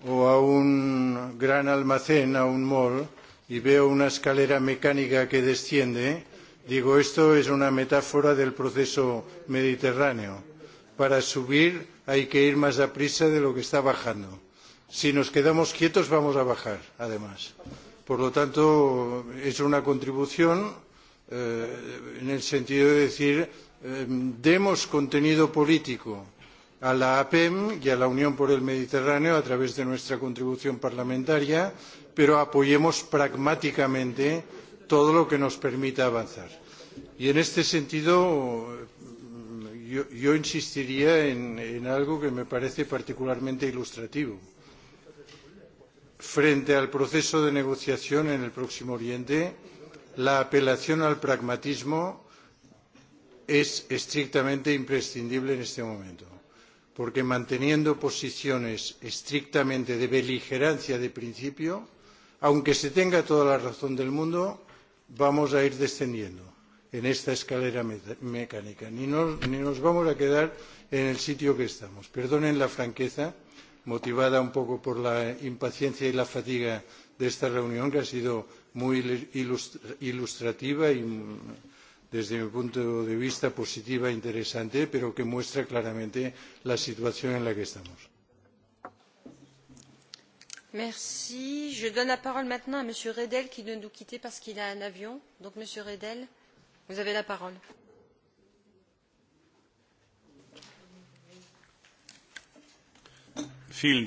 o a un gran almacén, a un mall, y veo una escalera mecánica que desciende, digo, esto es una metáfora del proceso mediterráneo. Para subir hay que ir más a prisa de lo que está bajando. Si nos quedamos quietos vamos a bajar, además. Por lo tanto, es una contribución eh, en el sentido de decir, eh, demos contenido político a la apem y a la unión por el mediterráneo a través de nuestra contribución parlamentaria pero apoyemos pragmáticamente todo lo que nos permita avanzar. y en este sentido yo, yo insistiría en, en algo que me parece particularmente ilustrativo frente al proceso de negociación en el próximo oriente la apelación al pragmatismo es estrictamente imprescindible en este momento porque manteniendo posiciones estrictamente de beligerancia de principio, aunque se tenga toda la razón del mundo, vamos a ir descendiendo en esta escalera mecánica, ni nos, ni nos vamos a quedar en el sitio que estamos. Perdonen la franqueza, motivada un poco por la impaciencia y la fatiga de esta reunión, que ha sido muy ilustrativa y desde mi punto de vista positiva e interesante pero que muestra claramente la situación en la que estamos. Merci. je donne la parole maintenant à redel qui doit nous quitter parce qu'il a un avion. donc monsieur redel vous avez la parole.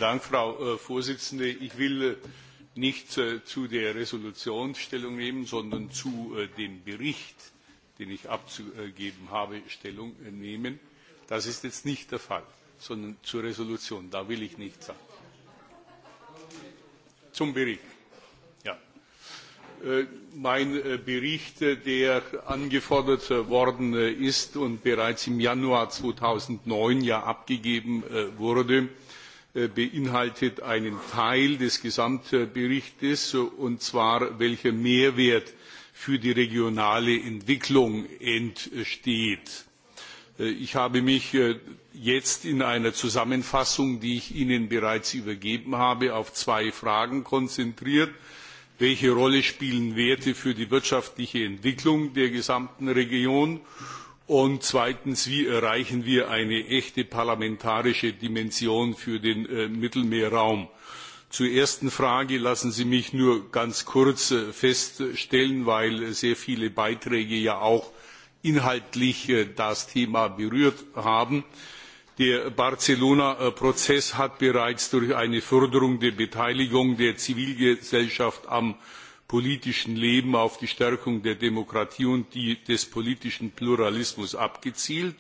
Dank, frau präsidentin! Äh, ich will äh, nicht äh, zu der entschließung stellung nehmen sondern zu dem bericht den ich abzugeben habe, Stellung nehmen. Das ist jetzt nicht der Fall, sondern zur Resolution. Da will ich nichts sagen. Zum Bericht. Ja. Äh, mein äh, Bericht, äh, der angefordert worden ist und bereits im Januar 2009 ja abgegeben wurde, beinhaltet einen Teil des Gesamtberichtes, und zwar welcher Mehrwert für die regionale Entwicklung entsteht. Äh, ich habe mich äh, jetzt in einer Zusammenfassung, die ich Ihnen bereits übergeben habe, auf zwei Fragen konzentriert. Welche Rolle spielen Werte für die wirtschaftliche Entwicklung der gesamten Region? Und zweitens, wie erreichen wir eine echte parlamentarische Dimension für den äh, Mittelmeerraum? Zur ersten Frage lassen Sie mich nur ganz kurz äh, feststellen, weil äh, sehr viele Beiträge ja auch inhaltlich äh, das Thema berührt haben. Der Barcelona-Prozess hat bereits durch eine Förderung der Beteiligung der Zivilgesellschaft am politischen Leben auf die Stärkung der Demokratie und die, des politischen Pluralismus abgezielt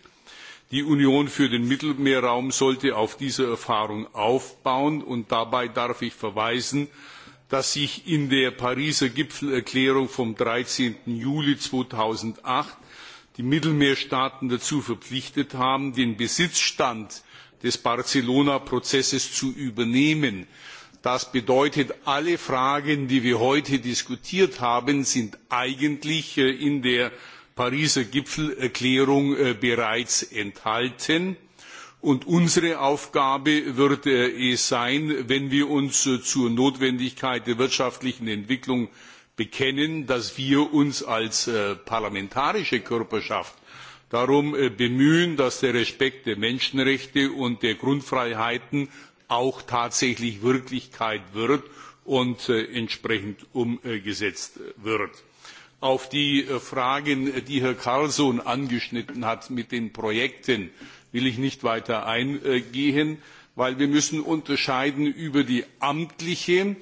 die union für den mittelmeerraum sollte auf dieser erfahrung aufbauen und dabei darf ich verweisen dass sich in der pariser gipfelerklärung vom. dreizehn juli zweitausendacht die mittelmeerstaaten dazu verpflichtet haben den besitzstand des barcelona prozesses zu übernehmen. das bedeutet alle fragen die wir heute diskutiert haben sind eigentlich äh, in der Pariser Gipfelerklärung äh, bereits enthalten. Und unsere Aufgabe wird äh, es sein, wenn wir uns äh, zur Notwendigkeit der wirtschaftlichen Entwicklung bekennen, dass wir uns als parlamentarische Körperschaft darum bemühen, dass der Respekt der Menschenrechte und der Grundfreiheiten auch tatsächlich Wirklichkeit wird und entsprechend umgesetzt wird auf die äh, Fragen, äh, die Herr Carlson angeschnitten hat mit den Projekten, will ich nicht weiter eingehen, weil wir müssen unterscheiden über die amtliche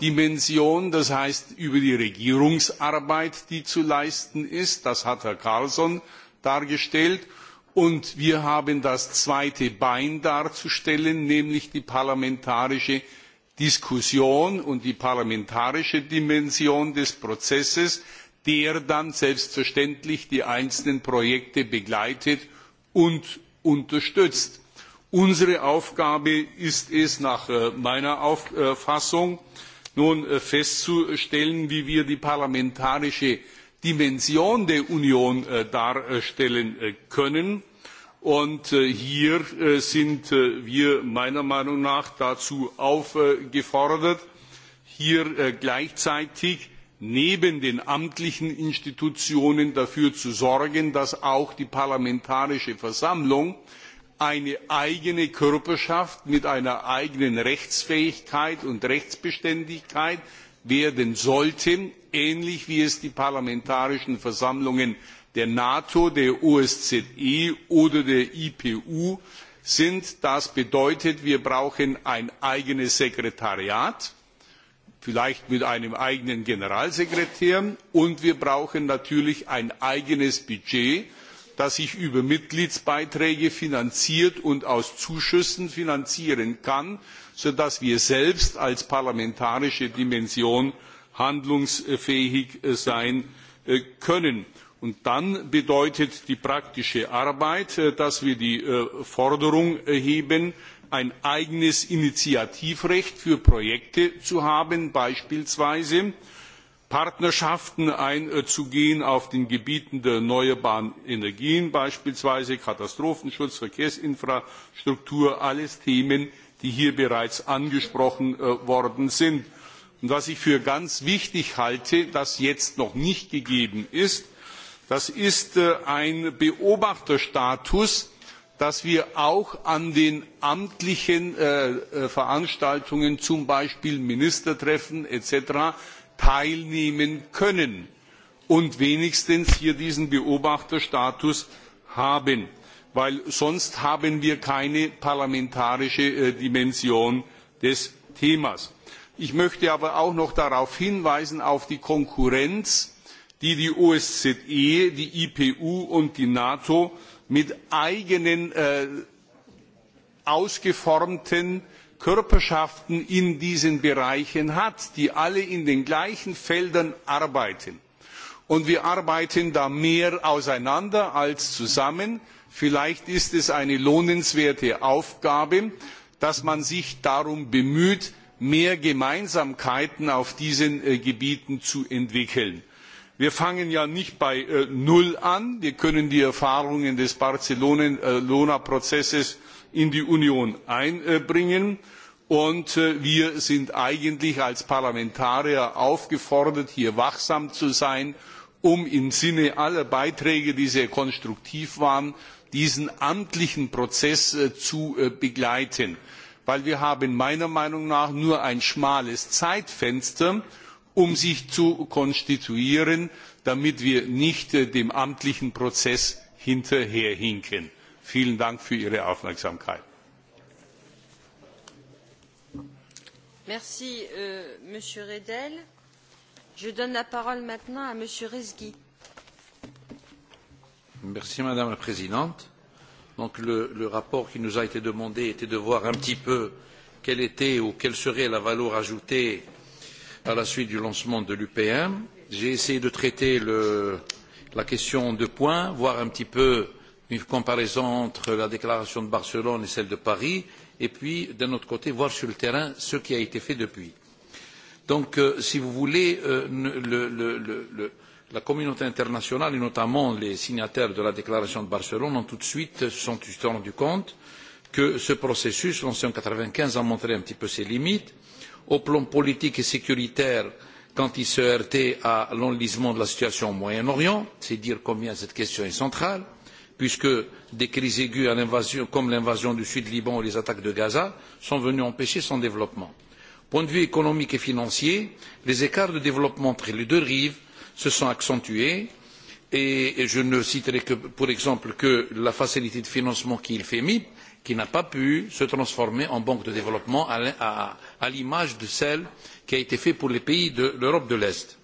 Dimension, das heißt über die Regierungsarbeit, die zu leisten ist. Das hat Herr Carlson dargestellt. Und wir haben das zweite Bein darzustellen, nämlich die parlamentarische Diskussion und die parlamentarische Dimension des Prozesses der dann selbstverständlich die einzelnen projekte begleitet und unterstützt. unsere aufgabe ist es nach äh, meiner auffassung nun äh, festzustellen wie wir die parlamentarische dimension der union äh, darstellen können und hier sind wir meiner meinung nach dazu aufgefordert hier gleichzeitig neben den amtlichen institutionen dafür zu sorgen dass auch die parlamentarische versammlung eine eigene körperschaft mit einer eigenen rechtsfähigkeit und rechtsbeständigkeit werden sollte ähnlich wie es die parlamentarischen versammlungen der nato der osze oder der ipu sind. das bedeutet wir brauchen ein eigenes sekretariat vielleicht mit einem eigenen generalsekretär und wir brauchen natürlich ein eigenes budget das sich über mitgliedsbeiträge finanziert und aus zuschüssen finanzieren kann sodass wir selbst als parlamentarische dimension handlungsfähig äh, sein äh, können. und dann bedeutet die praktische arbeit äh, dass wir die forderung erheben ein eigenes initiativrecht für projekte zu haben beispielsweise partnerschaften einzugehen auf den gebieten der erneuerbaren energien beispielsweise katastrophenschutz verkehrsinfrastruktur alles themen die hier bereits angesprochen äh, worden sind. Und was ich für ganz wichtig halte das jetzt noch nicht gegeben ist das ist äh, ein beobachterstatus dass wir auch an den amtlichen äh, äh, veranstaltungen zum beispiel ministertreffen etc. teilnehmen können und wenigstens hier diesen beobachterstatus haben denn sonst haben wir keine parlamentarische äh, dimension des themas. ich möchte aber auch noch darauf hinweisen auf die konkurrenz die die osze die ipu und die nato mit eigenen äh, ausgeformten körperschaften in diesen bereichen hat die alle in den gleichen feldern arbeiten. und wir arbeiten da mehr auseinander als zusammen. vielleicht ist es eine lohnenswerte aufgabe dass man sich darum bemüht mehr gemeinsamkeiten auf diesen äh, gebieten zu entwickeln wir fangen ja nicht bei äh, null an wir können die erfahrungen des barcelona äh, prozesses in die union einbringen und äh, wir sind eigentlich als parlamentarier aufgefordert hier wachsam zu sein um im sinne aller beiträge die sehr konstruktiv waren diesen amtlichen prozess zu begleiten denn wir haben meiner meinung nach nur ein schmales zeitfenster um sich zu konstituieren damit wir nicht äh, dem amtlichen prozess hinterherhinken. vielen dank für ihre aufmerksamkeit. Merci, euh, monsieur Je donne la parole maintenant à le, rapport qui nous a été demandé était de voir un petit peu quelle était ou quelle serait la valeur ajoutée à la suite du lancement de l'upm. j'ai essayé de traiter le, la question de points voir un petit peu une comparaison entre la déclaration de barcelone et celle de paris et puis d'un autre côté voir sur le terrain ce qui a été fait depuis. donc euh, si vous voulez euh, le, le, la communauté internationale et notamment les signataires de la déclaration de barcelone ont tout de suite se sont rendus compte que ce processus lancé en mille neuf cent quatre vingt quinze a montré un petit peu ses limites au plan politique et sécuritaire quand il se heurtait à l'enlisement de la situation au moyen orient c'est dire combien cette question est centrale puisque des crises aiguës comme l'invasion du sud liban ou les attaques de gaza sont venues empêcher son développement. du point de vue économique et financier les écarts de développement entre les deux rives se sont accentués et je ne citerai que pour exemple que la facilité de financement qui est le fmip qui n'a pas pu se transformer en banque de développement à, à, à l'image de celle qui a été faite pour les pays de l'europe de l'est.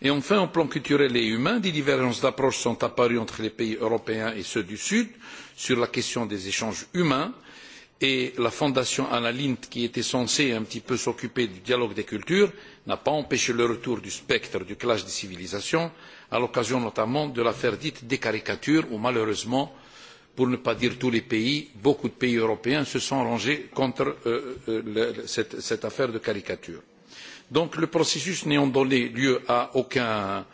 Et enfin le plan culturel et humain des divergences d'approche sont apparues entre les pays européens et ceux du sud sur la question des échanges humains et la fondation anna lindh qui était censée un petit peu s'occuper du dialogue des cultures n'a pas empêché le retour du spectre du clash des civilisations à l'occasion notamment de l'affaire dite des caricatures où malheureusement pour ne pas dire tous les pays beaucoup de pays européens se sont rangés contre euh, euh, cette, affaire de caricature. le processus n'ayant donné lieu à aucun,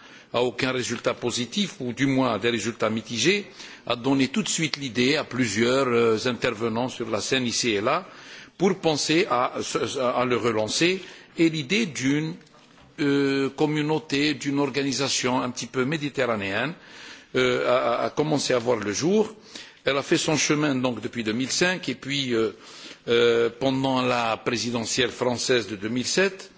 résultat positif ou du moins à des résultats mitigés a donné tout de suite l'idée à plusieurs euh, intervenants sur la scène ici et là de penser à, le relancer et l'idée d'une communauté d'une organisation un petit peu méditerranéenne a, commencé à voir le jour elle a fait son chemin donc depuis deux mille cinq et puis euh, euh, pendant la présidentielle française de deux mille sept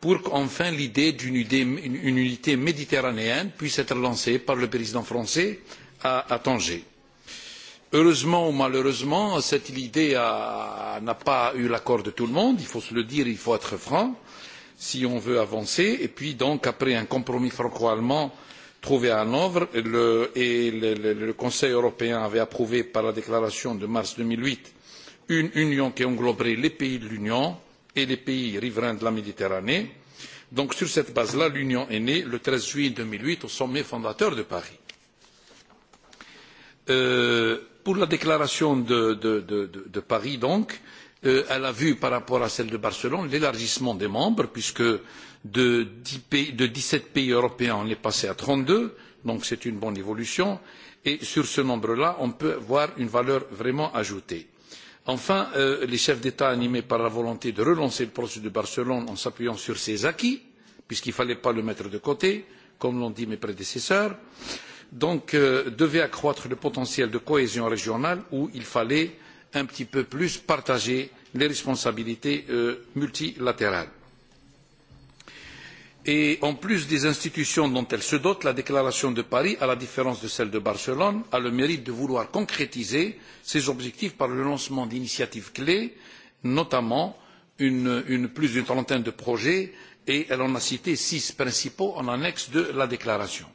pour qu'enfin l'idée d'une unité méditerranéenne puisse être lancée par le président français à tanger. heureusement ou malheureusement cette idée n'a pas eu l'accord de tout le monde il faut se le dire il faut être franc si on veut avancer et puis donc après un compromis franco allemand trouvé à Hanovre et le, Conseil européen avait approuvé par la déclaration de mars deux mille huit une union qui engloberait les pays de l'Union et les pays riverains de la Méditerranée. sur cette base-là, l'Union est née le treize juillet deux mille huit au sommet fondateur de Paris. Euh, pour la déclaration de, Paris, donc, euh, elle a vu par rapport à celle de Barcelone l'élargissement des membres, puisque de dix sept pays européens on est passé à trente deux donc c'est une bonne évolution et sur ce nombre là on peut voir une valeur vraiment ajoutée. enfin euh, les chefs d'état animés par la volonté de relancer le processus de barcelone en s'appuyant sur ses acquis puisqu'il ne fallait pas le mettre de côté comme l'ont dit mes prédécesseurs donc, euh, devaient accroître le potentiel de cohésion régionale où il fallait un petit peu plus partager les responsabilités euh, multilatérales et en plus des institutions dont elle se dote la déclaration de paris à la différence de celle de barcelone a le mérite de vouloir concrétiser ses objectifs par le lancement d'initiatives clés notamment plus d'une trentaine de projets et elle en a cité six principaux en annexe de la déclaration.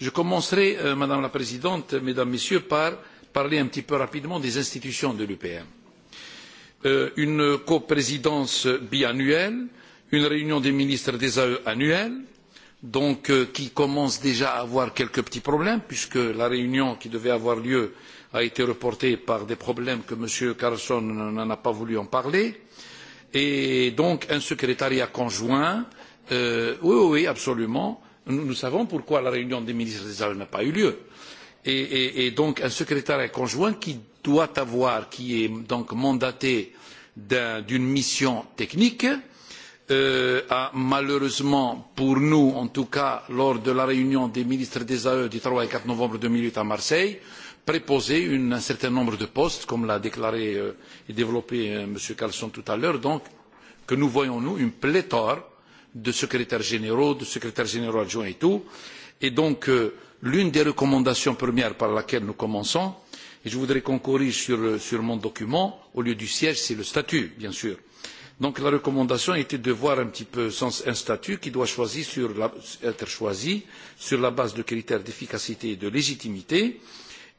je commencerai euh, madame la présidente mesdames messieurs par parler un petit peu rapidement des institutions de l'upm. Euh, une coprésidence biannuelle une réunion des ministres des ae annuelle euh, qui commence déjà à avoir quelques petits problèmes puisque la réunion qui devait avoir lieu a été reportée par des problèmes que m. carlsson n'a pas voulu en parler et donc un secrétariat conjoint euh, oui oui absolument nous, savons pourquoi la réunion des ministres des ae n'a pas eu lieu et, et, et donc un secrétariat conjoint qui doit avoir qui est donc mandaté d'une mission technique Euh, a malheureusement pour nous en tout cas lors de la réunion des ministres des ae du trois et quatre novembre deux mille huit à marseille préposé un certain nombre de postes comme l'a déclaré euh, et développé euh, m. carlsson tout à l'heure donc que nous voyons nous une pléthore de secrétaires généraux de secrétaires généraux adjoints et tout et donc l'une des recommandations premières par laquelle nous commençons et je voudrais qu'on corrige sur, sur mon document au lieu du siège c'est le statut bien sûr Donc la recommandation était de voir un petit peu sans un statut qui doit choisir sur la, être choisi sur la base de critères d'efficacité et de légitimité.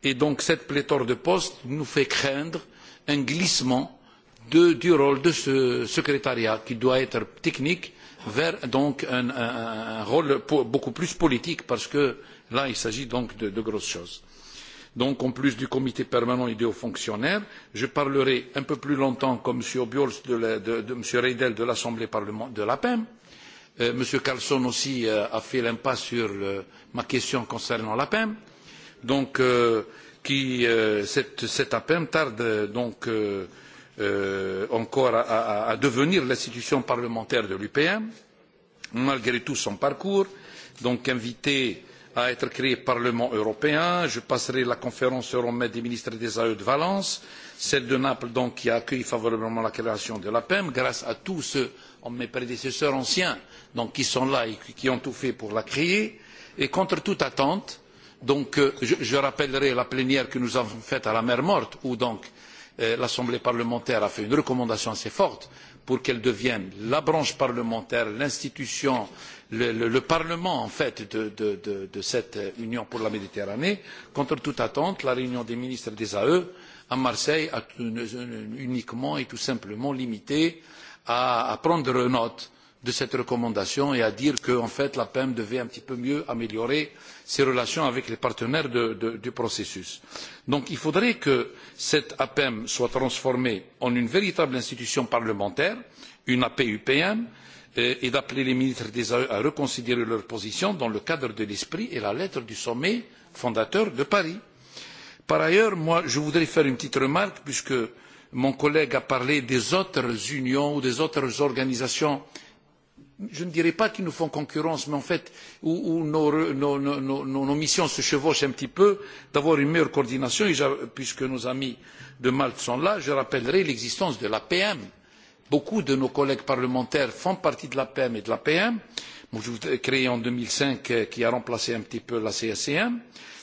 Et donc cette pléthore de postes nous fait craindre un glissement de, du rôle de ce secrétariat qui doit être technique vers donc un, un, un rôle beaucoup plus politique parce que là il s'agit donc de, de grosses choses donc en plus du comité permanent et des hauts fonctionnaires je parlerai un peu plus longtemps comme m. obiols m. reidel de l'assemblée de l'apem euh, m. carlsson aussi euh, a fait l'impasse sur ma question concernant l'apem donc euh, qui cette, cette apem tarde donc encore à, devenir l'institution parlementaire de l'upm malgré tout son parcours donc invité à être créé Parlement européen. Je passerai la conférence Euromed des ministres des AE de Valence, celle de Naples donc qui a accueilli favorablement la création de l'APEM, grâce à tous ceux, mes prédécesseurs anciens, donc, qui sont là et qui ont tout fait pour la créer. Et contre toute attente, donc, euh, je, rappellerai la plénière que nous avons faite à la mer Morte, où donc Euh, l'assemblée parlementaire a fait une recommandation assez forte pour qu'elle devienne la branche parlementaire l'institution le, parlement en fait de, cette union pour la méditerranée contre toute attente la réunion des ministres des ae à marseille a uniquement et tout simplement limité à, à prendre note de cette recommandation et à dire qu'en fait la pem devait un petit peu mieux améliorer ses relations avec les partenaires du processus. donc il faudrait que cette apem soit transformée en une véritable institution parlementaire une apupm et d'appeler les ministres des ae à reconsidérer leur position dans le cadre de l'esprit et la lettre du sommet fondateur de paris. par ailleurs je voudrais faire une petite remarque puisque mon collègue a parlé des autres unions ou des autres organisations je ne dirais pas qu'ils nous font concurrence, mais en fait, où, où nos, nos, nos, nos, missions se chevauchent un petit peu, d'avoir une meilleure coordination. Et puisque nos amis de Malte sont là, je rappellerai l'existence de l'APM. Beaucoup de nos collègues parlementaires font partie de l'APM et de l'APM, créée en 2005, euh, qui a remplacé un petit peu la CSCM,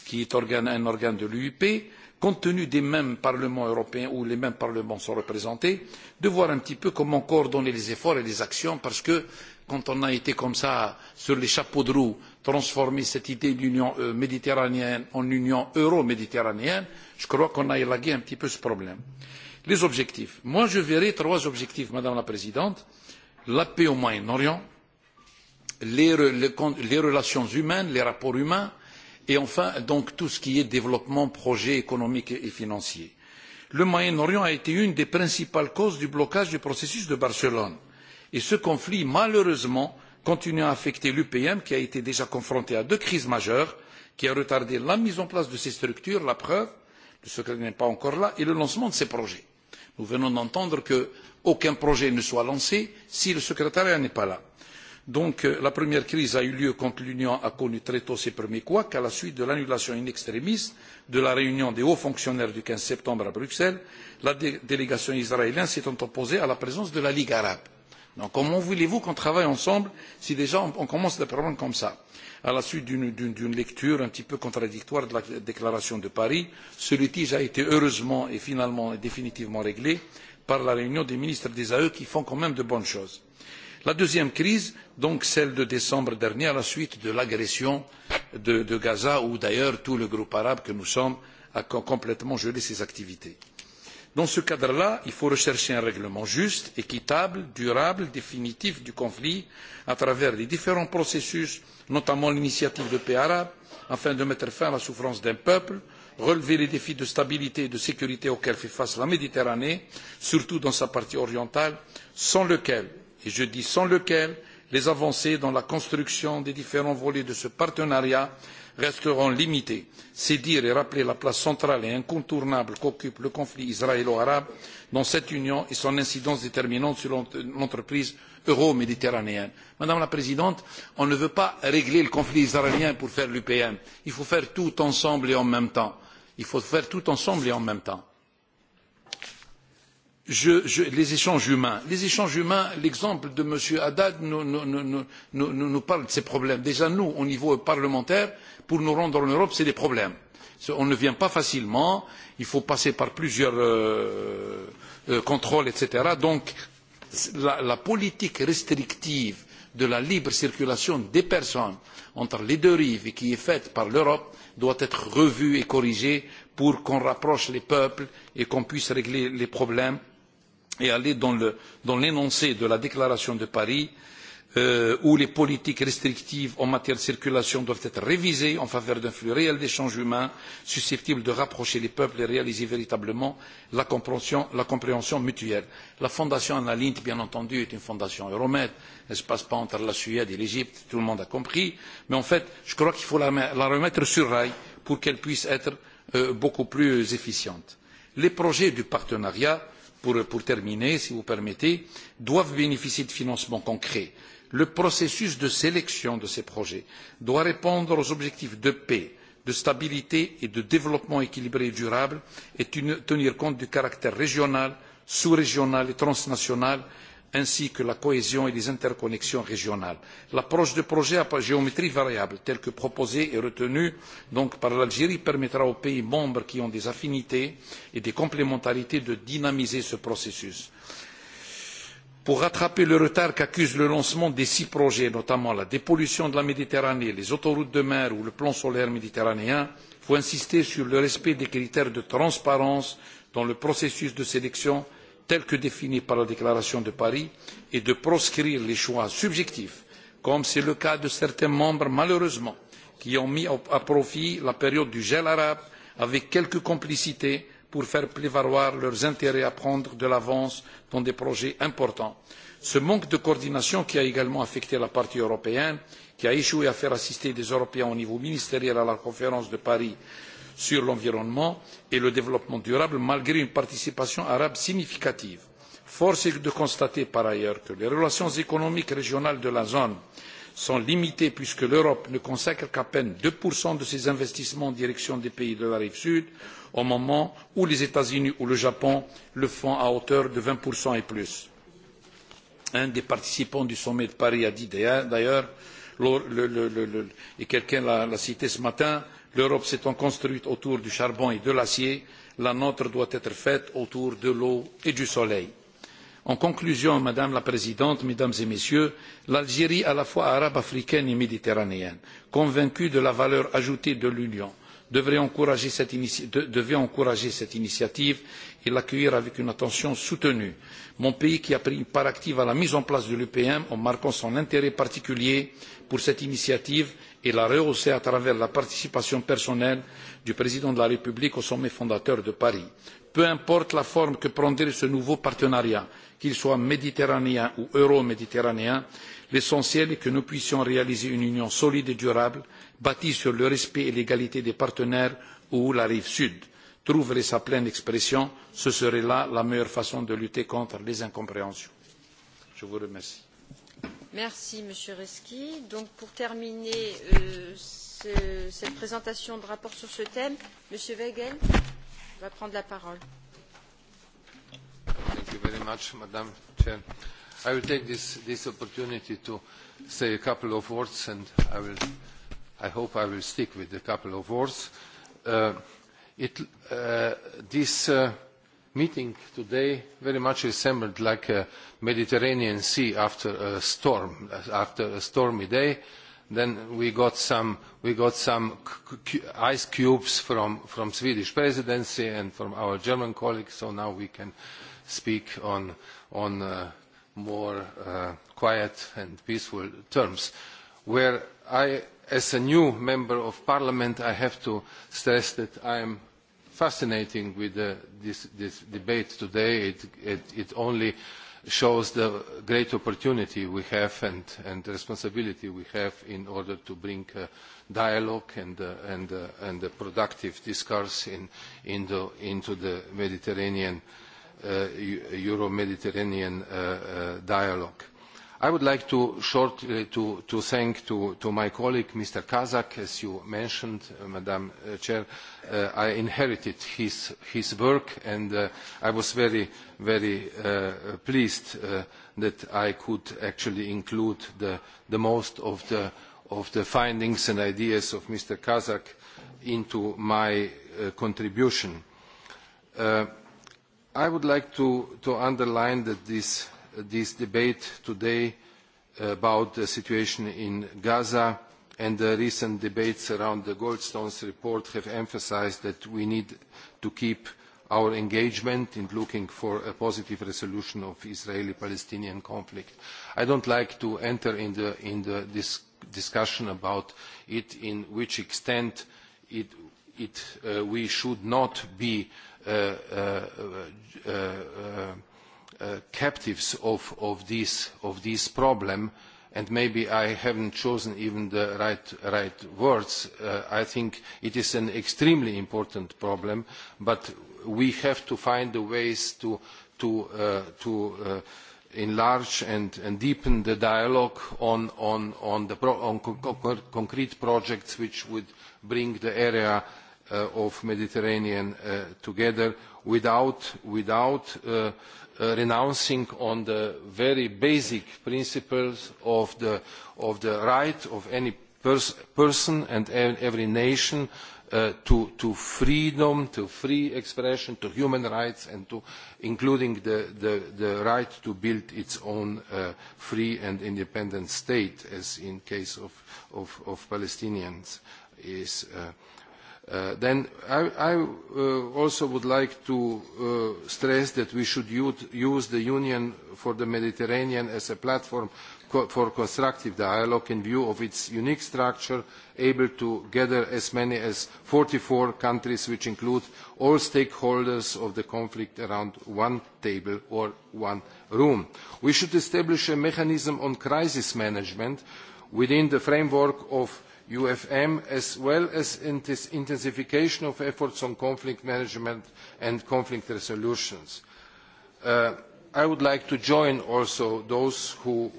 qui est organe, un organe de l'UIP compte tenu des mêmes parlements européens où les mêmes parlements sont représentés de voir un petit peu comment coordonner les efforts et les actions parce que quand on a été comme ça sur les chapeaux de roue transformer cette idée d'union euh, méditerranéenne en union euro méditerranéenne je crois qu'on a élagué un petit peu ce problème. les objectifs moi je verrais trois objectifs madame la présidente la paix au moyen orient les, les, les relations humaines les rapports humains et enfin donc tout ce qui est développement projet économique et financier. le moyen orient a été une des principales causes du blocage du processus de barcelone et ce conflit malheureusement continue à affecter l'upm qui a été déjà confronté à deux crises majeures qui ont retardé la mise en place de ses structures la preuve le secret n'est pas encore là et le lancement de ses projets. nous venons d'entendre qu'aucun projet ne sera lancé si le secrétariat n'est pas là. Donc, euh, la première crise a eu lieu quand l'union a connu très tôt ses premiers couacs à la suite de l'annulation in extremis de la réunion des hauts fonctionnaires du quinze septembre à bruxelles la délégation israélienne s'étant opposée à la présence de la ligue arabe. Donc comment voulez-vous qu'on travaille ensemble si déjà on, on commence des problèmes comme ça À la suite d'une lecture un petit peu contradictoire de la déclaration de Paris, ce litige a été heureusement et finalement et définitivement réglé par la réunion des ministres des AE qui font quand même de bonnes choses. La deuxième crise, donc celle de décembre dernier à la suite de l'agression de, de Gaza où d'ailleurs tout le groupe arabe que nous sommes a complètement gelé ses activités dans ce cadre là il faut rechercher un règlement juste équitable durable définitif du conflit à travers les différents processus notamment l'initiative de paix arabe afin de mettre fin à la souffrance d'un peuple relever les défis de stabilité et de sécurité auxquels fait face la méditerranée surtout dans sa partie orientale sans lequel et je dis sans lequel les avancées dans la construction des différents volets de ce partenariat resteront limitées. c'est dire et rappeler la place centrale et incontournable qu'occupe le conflit israélo arabe dans cette union et son incidence déterminante sur l'entreprise euro méditerranéenne. madame la présidente on ne veut pas régler le conflit israélien pour faire l'upm il faut faire tout ensemble et en même temps. il faut faire tout ensemble et en même temps. les échanges humains les échanges humains l'exemple de m. haddad nous parle de ces problèmes. déjà nous au niveau parlementaire pour nous rendre en Europe, c'est des problèmes. On ne vient pas facilement, il faut passer par plusieurs euh, euh, contrôles, etc. Donc, la, la politique restrictive de la libre circulation des personnes entre les deux rives qui est faite par l'Europe doit être revue et corrigée pour qu'on rapproche les peuples et qu'on puisse régler les problèmes et aller dans l'énoncé de la déclaration de Paris euh, Euh, où les politiques restrictives en matière de circulation doivent être révisées en faveur d'un flux réel d'échanges humains susceptible de rapprocher les peuples et réaliser véritablement la compréhension, mutuelle. La fondation lindh bien entendu, est une fondation Euromed. Elle ne se passe pas entre la Suède et l'Égypte, tout le monde a compris. Mais en fait, je crois qu'il faut la, remettre sur rail pour qu'elle puisse être euh, beaucoup plus efficiente. Les projets du partenariat, pour, pour terminer, si vous permettez, doivent bénéficier de financements concrets le processus de sélection de ces projets doit répondre aux objectifs de paix de stabilité et de développement équilibré et durable et tenir compte du caractère régional sous régional et transnational ainsi que de la cohésion et des interconnexions régionales. l'approche de projets à géométrie variable telle que proposée et retenue par l'algérie permettra aux pays membres qui ont des affinités et des complémentarités de dynamiser ce processus pour rattraper le retard qu'accuse le lancement des six projets notamment la dépollution de la méditerranée les autoroutes de mer ou le plan solaire méditerranéen il faut insister sur le respect des critères de transparence dans le processus de sélection tels que définis par la déclaration de paris et de proscrire les choix subjectifs comme c'est le cas de certains membres malheureusement qui ont mis à profit la période du gel arabe avec quelques complicités pour faire prévaloir leurs intérêts à prendre de l'avance dans des projets importants. ce manque de coordination qui a également affecté la partie européenne qui a échoué à faire assister des européens au niveau ministériel à la conférence de paris sur l'environnement et le développement durable malgré une participation arabe significative. force est de constater par ailleurs que les relations économiques régionales de la zone sont limitées puisque l'europe ne consacre qu'à peine deux de ses investissements en direction des pays de la rive sud au moment où les états unis ou le japon le font à hauteur de vingt et plus. un des participants du sommet de paris a dit d'ailleurs et quelqu'un l'a cité ce matin l'europe s'étant construite autour du charbon et de l'acier la nôtre doit être faite autour de l'eau et du soleil. en conclusion madame la présidente mesdames et messieurs l'algérie à la fois arabe africaine et méditerranéenne convaincue de la valeur ajoutée de l'union devait encourager cette initiative et l'accueillir avec une attention soutenue mon pays qui a pris une part active à la mise en place de l'upm en marquant son intérêt particulier pour cette initiative et l'a rehaussée à travers la participation personnelle du président de la république au sommet fondateur de paris. peu importe la forme que prendrait ce nouveau partenariat qu'il soit méditerranéen ou euro méditerranéen l'essentiel est que nous puissions réaliser une union solide et durable bâtie sur le respect et l'égalité des partenaires où la rive sud trouverait sa pleine expression ce serait là la meilleure façon de lutter contre les incompréhensions. je vous remercie. merci monsieur reski. pour terminer euh, cette présentation de rapport sur ce thème m. wegen va prendre la parole. thank you very i will take this, this opportunity to say a couple of words and i, will, I hope i will stick with a couple of words. Uh, It, uh, this uh, meeting today very much resembled like a Mediterranean Sea after a storm, after a stormy day. Then we got some, we got some ice cubes from, from Swedish presidency and from our German colleagues, so now we can speak on, on uh, more uh, quiet and peaceful terms. Where I, as a new member of parliament, I have to stress that I am fascinating with uh, this, this debate today. It, it, it only shows the great opportunity we have and, and responsibility we have in order to bring uh, dialogue and, uh, and, uh, and a productive discourse in, in the, into the Mediterranean, uh, Euro-Mediterranean uh, uh, dialogue I would like to shortly uh, to, thank to, my colleague, Mr. Kazak, as you mentioned, uh, Madam uh, Chair. I inherited his, work and I was very, very pleased that I could actually include the, most of the, findings and ideas of Mr. Kazak into my contribution. I would like to underline that this this debate today about the situation in Gaza and the recent debates around the goldstone report have emphasised that we need to keep our engagement in looking for a positive resolution of the Israeli-Palestinian conflict. I do not like to enter into in this discussion about it in which extent it, it, uh, we should not be uh, uh, uh, uh Uh, captives of, of, this, of this problem and maybe I haven't chosen even the right, right words. Uh, I think it is an extremely important problem, but we have to find the ways to, to, uh, to uh, enlarge and, and, deepen the dialogue on, on, on, the pro on co concrete projects which would bring the area uh, of Mediterranean uh, together without, without Uh, renouncing on the very basic principles of the, right of any person and e-, every nation uh, to, freedom to free expression to human rights and to including the, right to build its own uh, free and independent state as in case of, palestinians is Uh, then I, I uh, also would like to uh, stress that we should use the Union for the Mediterranean as a platform co for constructive dialogue in view of its unique structure, able to gather as many as 44 countries, which include all stakeholders of the conflict around one table or one room. We should establish a mechanism on crisis management within the framework of UFM, as well as intensification of efforts on conflict management and conflict resolution. Uh, I would like to join also those who,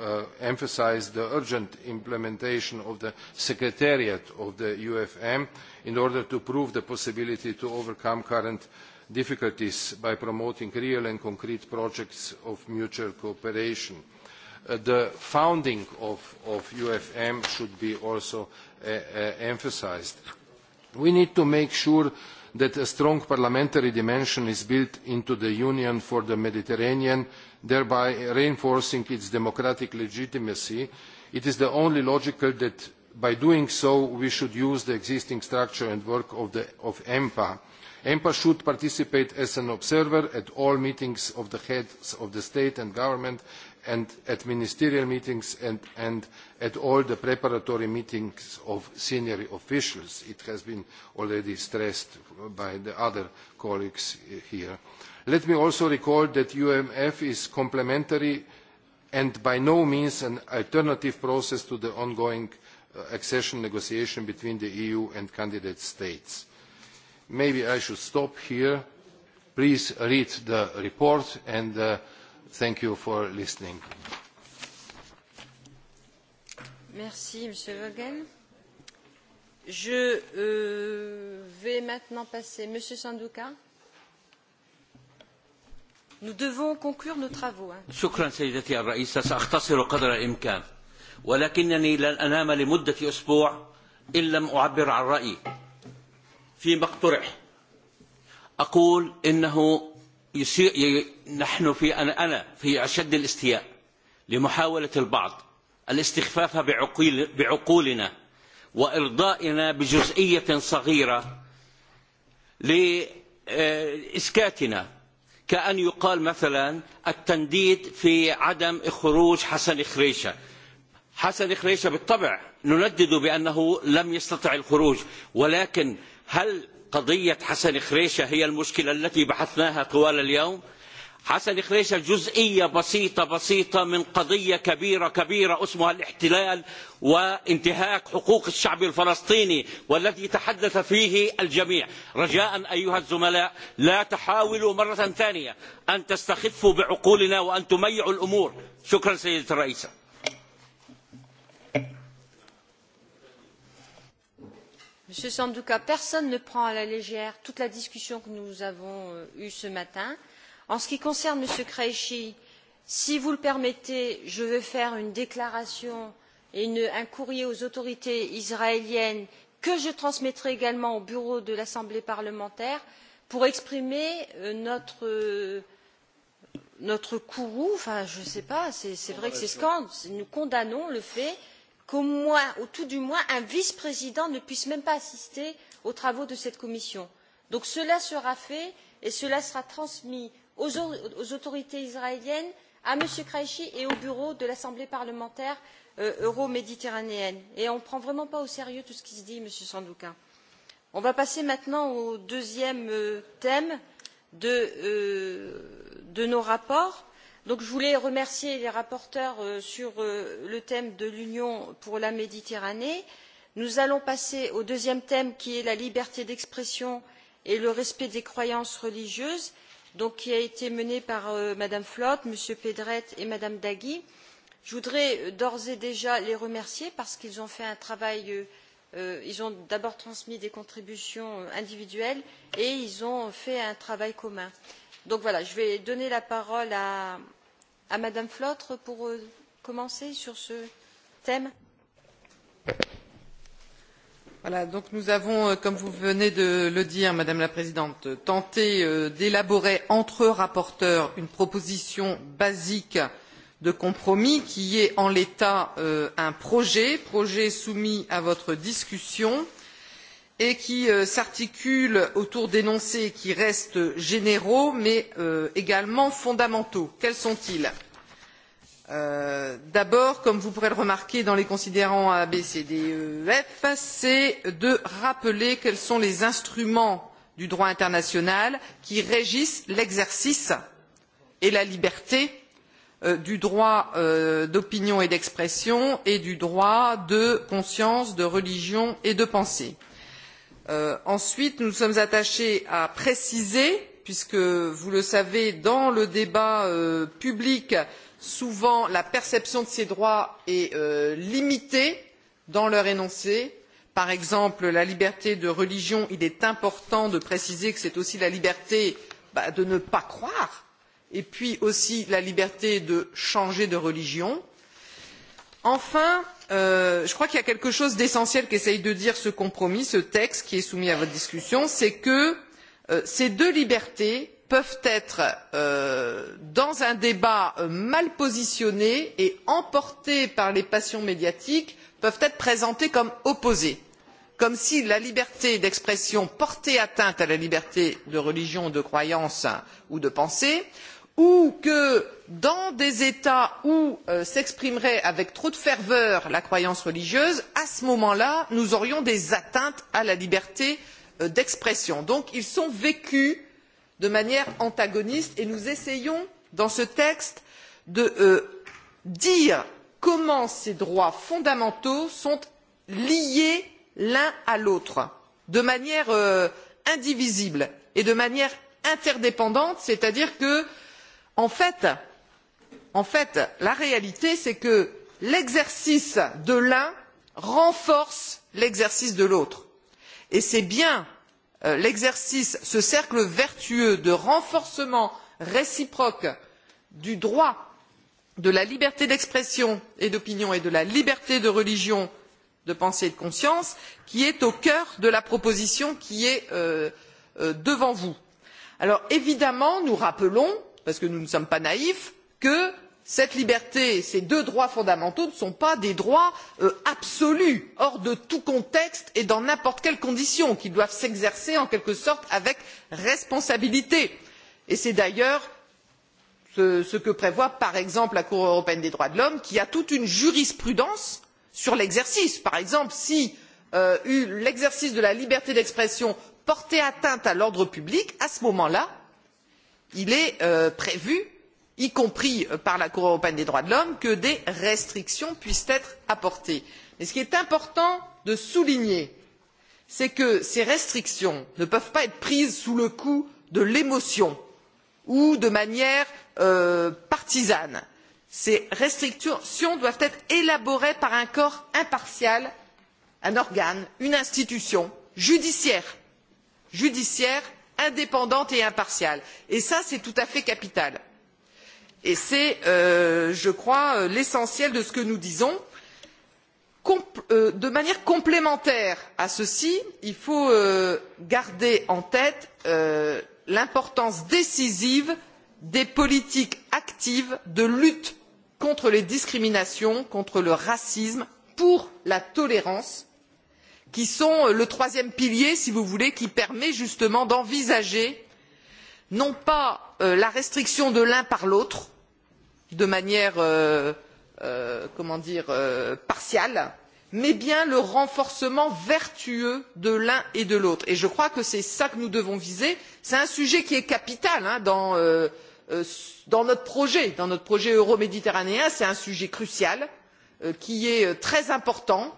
uh, emphasise the urgent implementation of the Secretariat of the UFM in order to prove the possibility to overcome current difficulties by promoting real and concrete projects of mutual cooperation Uh, the founding of, of UFM should be also uh, uh, emphasised. We need to make sure that a strong parliamentary dimension is built into the Union for the Mediterranean, thereby reinforcing its democratic legitimacy. It is the only logical that by doing so we should use the existing structure and work of, the, of EMPA. EMPA should participate as an observer at all meetings of the heads of the state and government and at ministerial meetings and, at all the preparatory meetings of senior officials. as has already been stressed by the other colleagues here. Let me also recall that the UMF is complementary and by no means an alternative process to the ongoing uh, accession negotiations between the EU and candidate states. Maybe I should stop here. Please read the report and uh, Thank you for listening. Merci, Monsieur Vogel. Je euh, vais maintenant passer, Monsieur Sanduka. Nous devons conclure nos travaux. شكرا سيدتي الرئيسة سأختصر قدر الإمكان ولكنني لن أنام لمدة أسبوع إن لم أعبر عن رأيي فيما اقترح أقول إنه نحن في أنا, أنا في أشد الاستياء لمحاولة البعض الاستخفاف بعقول بعقولنا وإرضائنا بجزئية صغيرة لإسكاتنا كأن يقال مثلا التنديد في عدم خروج حسن خريشة حسن خريشة بالطبع نندد بأنه لم يستطع الخروج ولكن هل قضية حسن خريشة هي المشكلة التي بحثناها طوال اليوم حسن خريشة جزئية بسيطة بسيطة من قضية كبيرة كبيرة اسمها الاحتلال وانتهاك حقوق الشعب الفلسطيني والذي تحدث فيه الجميع رجاء أيها الزملاء لا تحاولوا مرة ثانية أن تستخفوا بعقولنا وأن تميعوا الأمور شكرا سيدة الرئيسة monsieur sanduka personne ne prend à la légère toute la discussion que nous avons euh, eue ce matin. en ce qui concerne m. qureshi si vous le permettez je vais faire une déclaration et un courrier aux autorités israéliennes que je transmettrai également au bureau de l'assemblée parlementaire pour exprimer euh, notre, euh, notre courroux enfin je ne sais pas c'est vrai que c'est scandaleux nous condamnons le fait qu'au moins ou tout du moins un vice président ne puisse même pas assister aux travaux de cette commission. Donc, cela sera fait et cela sera transmis aux, autorités israéliennes à m. qureshi et au bureau de l'assemblée parlementaire euh, euroméditerranéenne et on ne prend vraiment pas au sérieux tout ce qui se dit monsieur sandoka. on va passer maintenant au deuxième euh, thème euh, de nos rapports Donc, je voulais remercier les rapporteurs euh, sur euh, le thème de l'union pour la méditerranée. nous allons passer au deuxième thème qui est la liberté d'expression et le respect des croyances religieuses donc, qui a été mené par mme flautre m. pedret et mme dagui. je voudrais euh, d'ores et déjà les remercier parce qu'ils ont fait un travail ils ont d'abord transmis des contributions individuelles et ils ont fait un travail commun je vais donner la parole à, à Madame pour euh, commencer sur ce thème. nous avons, euh, comme vous venez de le dire, Madame la Présidente, tenté euh, d'élaborer entre rapporteurs une proposition basique de compromis qui est en l'état un projet, soumis à votre discussion. Euh, et qui euh, s'articule autour d'énoncés qui restent généraux mais euh, également fondamentaux. quels sont ils? Euh, d'abord comme vous pourrez le remarquer dans les considérants a b c d e f c'est de rappeler quels sont les instruments du droit international qui régissent l'exercice et la liberté du droit d'opinion et d'expression et du droit de conscience de religion et de pensée. Euh, ensuite, nous nous sommes attachés à préciser, puisque vous le savez, dans le débat euh, public, souvent la perception de ces droits est euh, limitée dans leur énoncé. Par exemple, la liberté de religion, il est important de préciser que c'est aussi la liberté de ne pas croire, et puis aussi la liberté de changer de religion enfin euh, je crois qu'il y a quelque chose d'essentiel qu'essaie de dire ce compromis ce texte qui est soumis à votre discussion c'est que euh, ces deux libertés peuvent être euh, dans un débat mal positionné et emportées par les passions médiatiques peuvent être présentées comme opposées comme si la liberté d'expression portait atteinte à la liberté de religion de croyance ou de pensée ou que dans des états où euh, s'exprimerait avec trop de ferveur la croyance religieuse à ce moment là nous aurions des atteintes à la liberté euh, d'expression. donc ils sont vécus de manière antagoniste et nous essayons dans ce texte de euh, dire comment ces droits fondamentaux sont liés l'un à l'autre de manière euh, indivisible et de manière interdépendante c'est à dire que en fait, la réalité c'est que l'exercice de l'un renforce l'exercice de l'autre et c'est bien euh, l'exercice ce cercle vertueux de renforcement réciproque du droit de la liberté d'expression et d'opinion et de la liberté de religion de pensée et de conscience qui est au cœur de la proposition qui est euh, euh, devant vous. alors évidemment nous rappelons parce que nous ne sommes pas naïfs que cette liberté ces deux droits fondamentaux ne sont pas des droits euh, absolus hors de tout contexte et dans n'importe quelle condition qu'ils doivent s'exercer en quelque sorte avec responsabilité et c'est d'ailleurs ce, que prévoit par exemple la cour européenne des droits de l'homme qui a toute une jurisprudence sur l'exercice par exemple si euh, l'exercice de la liberté d'expression portait atteinte à l'ordre public à ce moment là il est euh, prévu y compris euh, par la cour européenne des droits de l'homme que des restrictions puissent être apportées. mais ce qu'il est important de souligner c'est que ces restrictions ne peuvent pas être prises sous le coup de l'émotion ou de manière euh, partisane. ces restrictions doivent être élaborées par un corps impartial un organe une institution judiciaire indépendante et impartiale et ça c'est tout à fait capital et c'est euh, je crois euh, l'essentiel de ce que nous disons. Euh, de manière complémentaire à ceci il faut garder en tête l'importance décisive des politiques actives de lutte contre les discriminations contre le racisme pour la tolérance qui sont euh, le troisième pilier si vous voulez qui permet justement d'envisager non pas euh, la restriction de l'un par l'autre de manière euh, comment dire partiale mais bien le renforcement vertueux de l'un et de l'autre et je crois que c'est cela que nous devons viser. c'est un sujet qui est capital hein, dans, dans notre projet dans notre projet euroméditerranéen c'est un sujet crucial qui est très important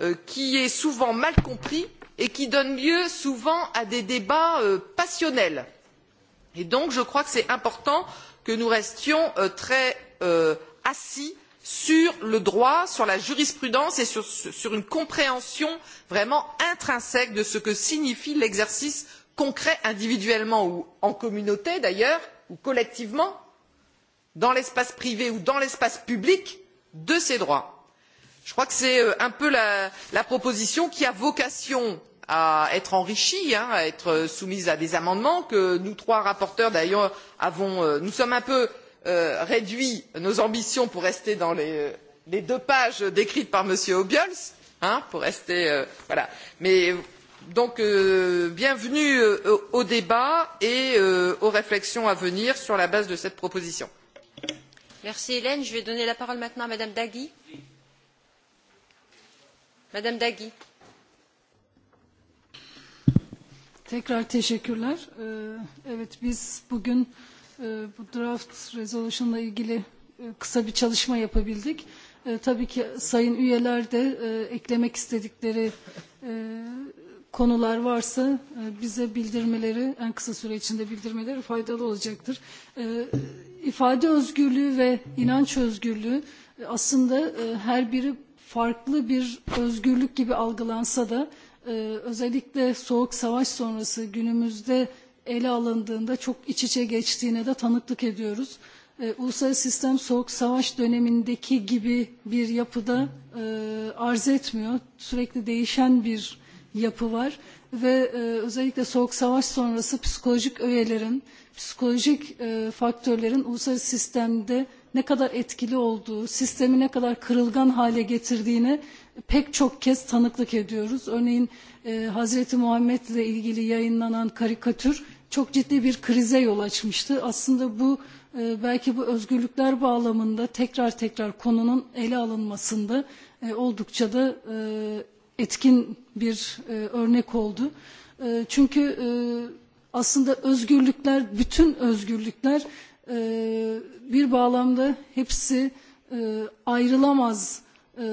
Euh, qui est souvent mal compris et qui donne lieu souvent à des débats euh, passionnels. Et donc, je crois qu'il est important que nous restions euh, très assis sur le droit sur la jurisprudence et sur, sur une compréhension vraiment intrinsèque de ce que signifie l'exercice concret individuellement ou en communauté d'ailleurs ou collectivement dans l'espace privé ou dans l'espace public de ces droits je crois que c'est euh, un peu la, proposition qui a vocation à être enrichie à être euh, soumise à des amendements que nous trois rapporteurs d'ailleurs avons euh, nous sommes un peu réduits nos ambitions pour rester dans les, deux pages décrites par m. obiols hein pour rester voilà mais donc bienvenue au débat et aux réflexions à venir sur la base de cette proposition. merci hélène. je vais donner la parole maintenant à mme dagui. Oui Madame Dagui. Tekrar teşekkürler. Evet biz bugün e, bu draft resolution'la ilgili e, kısa bir çalışma yapabildik. E, tabii ki sayın üyeler de eklemek istedikleri konular varsa bize bildirmeleri en kısa süre içinde bildirmeleri faydalı olacaktır. İfade özgürlüğü ve inanç özgürlüğü aslında her biri farklı bir özgürlük gibi algılansa da e, özellikle soğuk savaş sonrası günümüzde ele alındığında çok iç içe geçtiğine de tanıklık ediyoruz. E, uluslararası sistem soğuk savaş dönemindeki gibi bir yapıda e, arz etmiyor. Sürekli değişen bir yapı var ve e, özellikle soğuk savaş sonrası psikolojik öğelerin, psikolojik e, faktörlerin uluslararası sistemde ne kadar etkili olduğu, sistemi ne kadar kırılgan hale getirdiğini pek çok kez tanıklık ediyoruz. Örneğin e, Hazreti Muhammed ile ilgili yayınlanan karikatür çok ciddi bir krize yol açmıştı. Aslında bu e, belki bu özgürlükler bağlamında tekrar tekrar konunun ele alınmasında e, oldukça da e, etkin bir e, örnek oldu. E, çünkü e, aslında özgürlükler, bütün özgürlükler bir bağlamda hepsi e, ayrılamaz e,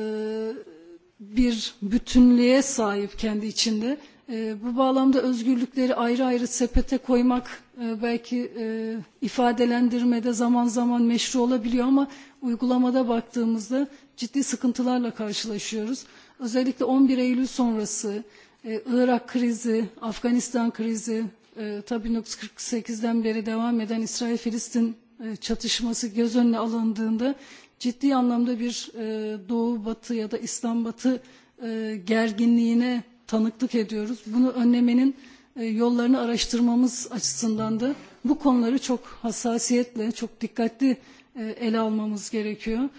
bir bütünlüğe sahip kendi içinde. E, bu bağlamda özgürlükleri ayrı ayrı sepete koymak belki ifadelendirmede zaman zaman meşru olabiliyor ama uygulamada baktığımızda ciddi sıkıntılarla karşılaşıyoruz. Özellikle 11 Eylül sonrası Irak krizi, Afganistan krizi, e, tabii 1948'den beri devam eden İsrail-Filistin e, çatışması göz önüne alındığında ciddi anlamda bir e, Doğu-Batı ya da İslam-Batı e, gerginliğine tanıklık ediyoruz. Bunu önlemenin e, yollarını araştırmamız açısından da bu konuları çok hassasiyetle, çok dikkatli ele almamız gerekiyor.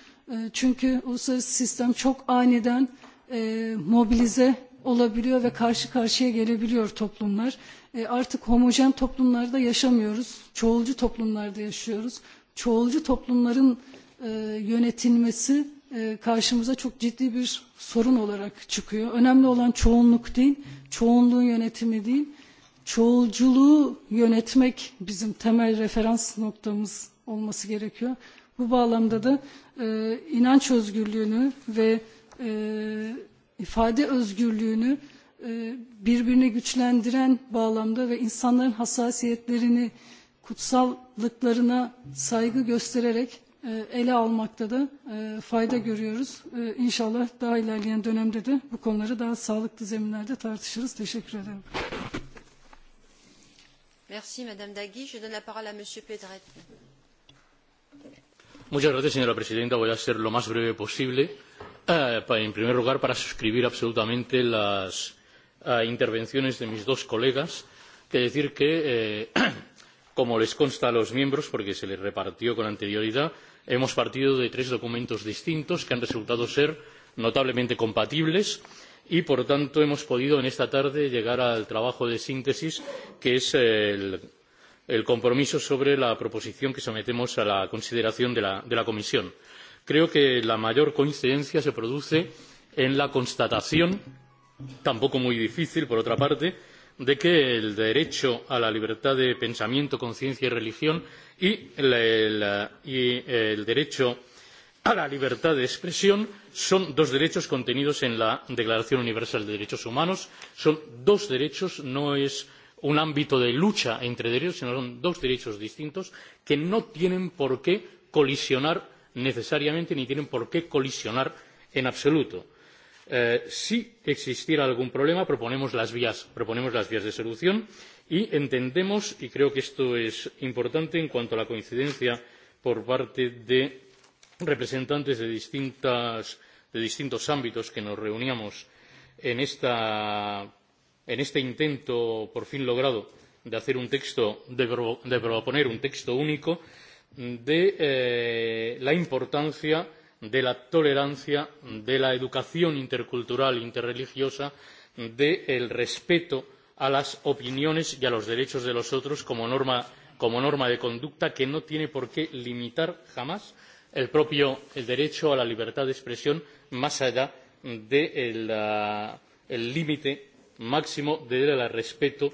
çünkü uluslararası sistem çok aniden mobilize olabiliyor ve karşı karşıya gelebiliyor toplumlar. E, artık homojen toplumlarda yaşamıyoruz. Çoğulcu toplumlarda yaşıyoruz. Çoğulcu toplumların e, yönetilmesi e, karşımıza çok ciddi bir sorun olarak çıkıyor. Önemli olan çoğunluk değil, çoğunluğun yönetimi değil. Çoğulculuğu yönetmek bizim temel referans noktamız olması gerekiyor. Bu bağlamda da e, inanç özgürlüğünü ve e, ifade özgürlüğünü e, E, birbirini güçlendiren bağlamda ve insanların hassasiyetlerini kutsallıklarına saygı göstererek e, ele almakta da e, fayda görüyoruz. İnşallah daha ilerleyen dönemde de bu konuları daha sağlıklı zeminlerde tartışırız. Teşekkür ederim. Merci Madame Dagui. Je donne la parole à Monsieur Pedret. Muchas gracias, señora presidenta. Voy a ser lo más breve posible. Eh, en primer lugar, para suscribir absolutamente las a intervenciones de mis dos colegas que decir que eh, como les consta a los miembros porque se les repartió con anterioridad hemos partido de tres documentos distintos que han resultado ser notablemente compatibles y por tanto hemos podido en esta tarde llegar al trabajo de síntesis que es el, el compromiso sobre la proposición que sometemos a la consideración de la, de la comisión. creo que la mayor coincidencia se produce en la constatación de tampoco muy difícil por otra parte de que el derecho a la libertad de pensamiento conciencia y religión y el, y el derecho a la libertad de expresión son dos derechos contenidos en la declaración universal de derechos humanos son dos derechos no es un ámbito de lucha entre derechos sino son dos derechos distintos que no tienen por qué colisionar necesariamente ni tienen por qué colisionar en absoluto. Eh, si existiera algún problema proponemos las vías, de solución y entendemos y creo que esto es importante en cuanto a la coincidencia por parte de representantes de, distintos ámbitos que nos reuníamos en, este intento por fin logrado de hacer un texto de, proponer un texto único de eh, la importancia de la tolerancia de la educación intercultural e interreligiosa del respeto a las opiniones y a los derechos de los otros como norma, como norma de conducta que no tiene por qué limitar jamás el propio el derecho a la libertad de expresión más allá del de límite máximo del respeto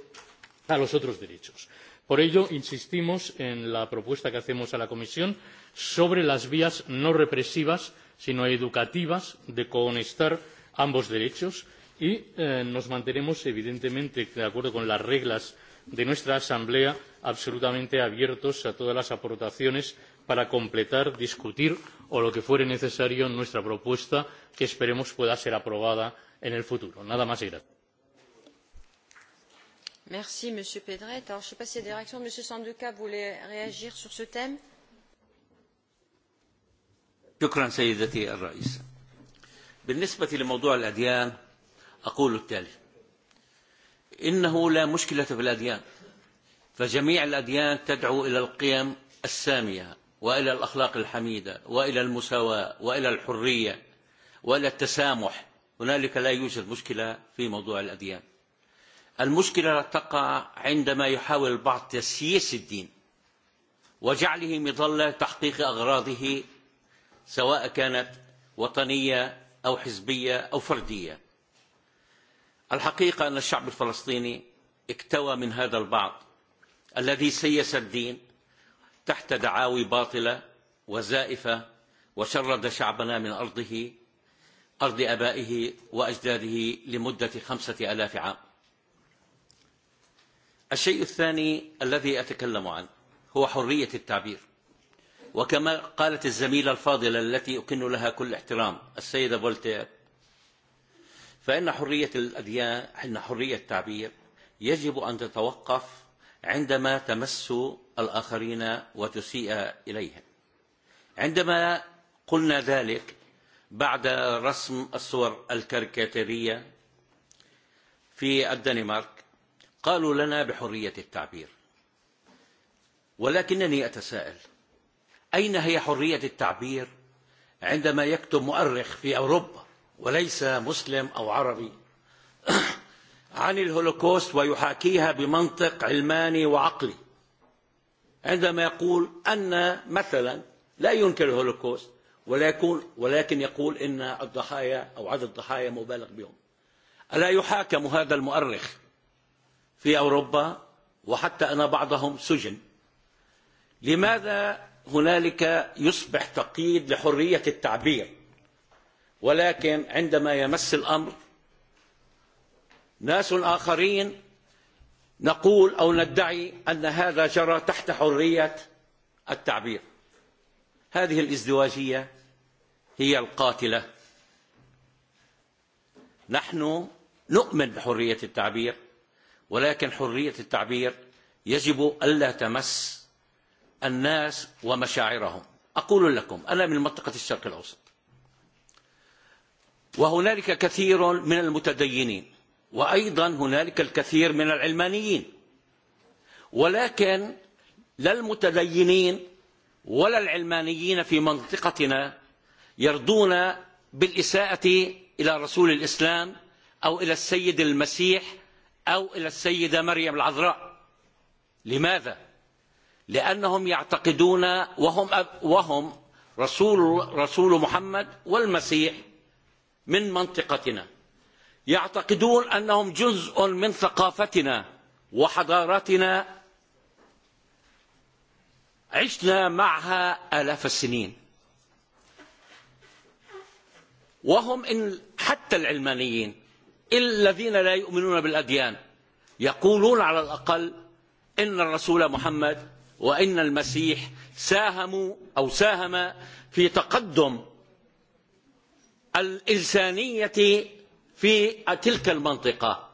a los otros derechos por ello insistimos en la propuesta que hacemos a la comisión sobre las vías no represivas sino educativas de conectar ambos derechos y eh, nos mantenemos evidentemente de acuerdo con las reglas de nuestra asamblea absolutamente abiertos a todas las aportaciones para completar discutir o lo que fuere necesario nuestra propuesta que esperemos pueda ser aprobada en el futuro. nada más y gracias. Merci, Monsieur Pedret. je ne sais pas s'il y a des réactions. Monsieur Sanduka voulait réagir sur ce thème. بالنسبة لموضوع الأديان أقول التالي: إنه لا مشكلة في الأديان، فجميع الأديان تدعو إلى القيم السامية وإلى الأخلاق الحميدة وإلى المساواة وإلى الحرية وإلى التسامح هنالك لا يوجد مشكلة في موضوع الأديان المشكلة تقع عندما يحاول البعض تسييس الدين وجعله مظلة تحقيق أغراضه سواء كانت وطنية أو حزبية أو فردية الحقيقة أن الشعب الفلسطيني اكتوى من هذا البعض الذي سيس الدين تحت دعاوي باطلة وزائفة وشرد شعبنا من أرضه أرض أبائه وأجداده لمدة خمسة ألاف عام الشيء الثاني الذي أتكلم عنه هو حرية التعبير وكما قالت الزميلة الفاضلة التي أكن لها كل احترام السيدة بولتير فإن حرية الأديان إن حرية التعبير يجب أن تتوقف عندما تمس الآخرين وتسيء إليهم عندما قلنا ذلك بعد رسم الصور الكاريكاتيرية في الدنمارك قالوا لنا بحرية التعبير ولكنني أتساءل أين هي حرية التعبير عندما يكتب مؤرخ في أوروبا وليس مسلم أو عربي عن الهولوكوست ويحاكيها بمنطق علماني وعقلي عندما يقول أن مثلا لا ينكر الهولوكوست ولكن, ولكن يقول إن الضحايا أو عدد الضحايا مبالغ بهم ألا يحاكم هذا المؤرخ في أوروبا وحتى أنا بعضهم سجن لماذا هنالك يصبح تقييد لحرية التعبير ولكن عندما يمس الأمر ناس آخرين نقول أو ندعي أن هذا جرى تحت حرية التعبير هذه الإزدواجية هي القاتلة نحن نؤمن بحرية التعبير ولكن حرية التعبير يجب ألا تمس الناس ومشاعرهم أقول لكم أنا من منطقة الشرق الأوسط وهنالك كثير من المتدينين وأيضا هنالك الكثير من العلمانيين ولكن لا المتدينين ولا العلمانيين في منطقتنا يرضون بالإساءة إلى رسول الإسلام أو إلى السيد المسيح أو إلى السيدة مريم العذراء لماذا؟ لأنهم يعتقدون وهم, أب وهم رسول, رسول محمد والمسيح من منطقتنا يعتقدون أنهم جزء من ثقافتنا وحضارتنا عشنا معها آلاف السنين وهم إن حتى العلمانيين إلا الذين لا يؤمنون بالأديان يقولون على الأقل إن الرسول محمد وإن المسيح ساهموا أو ساهم في تقدم الإنسانية في تلك المنطقة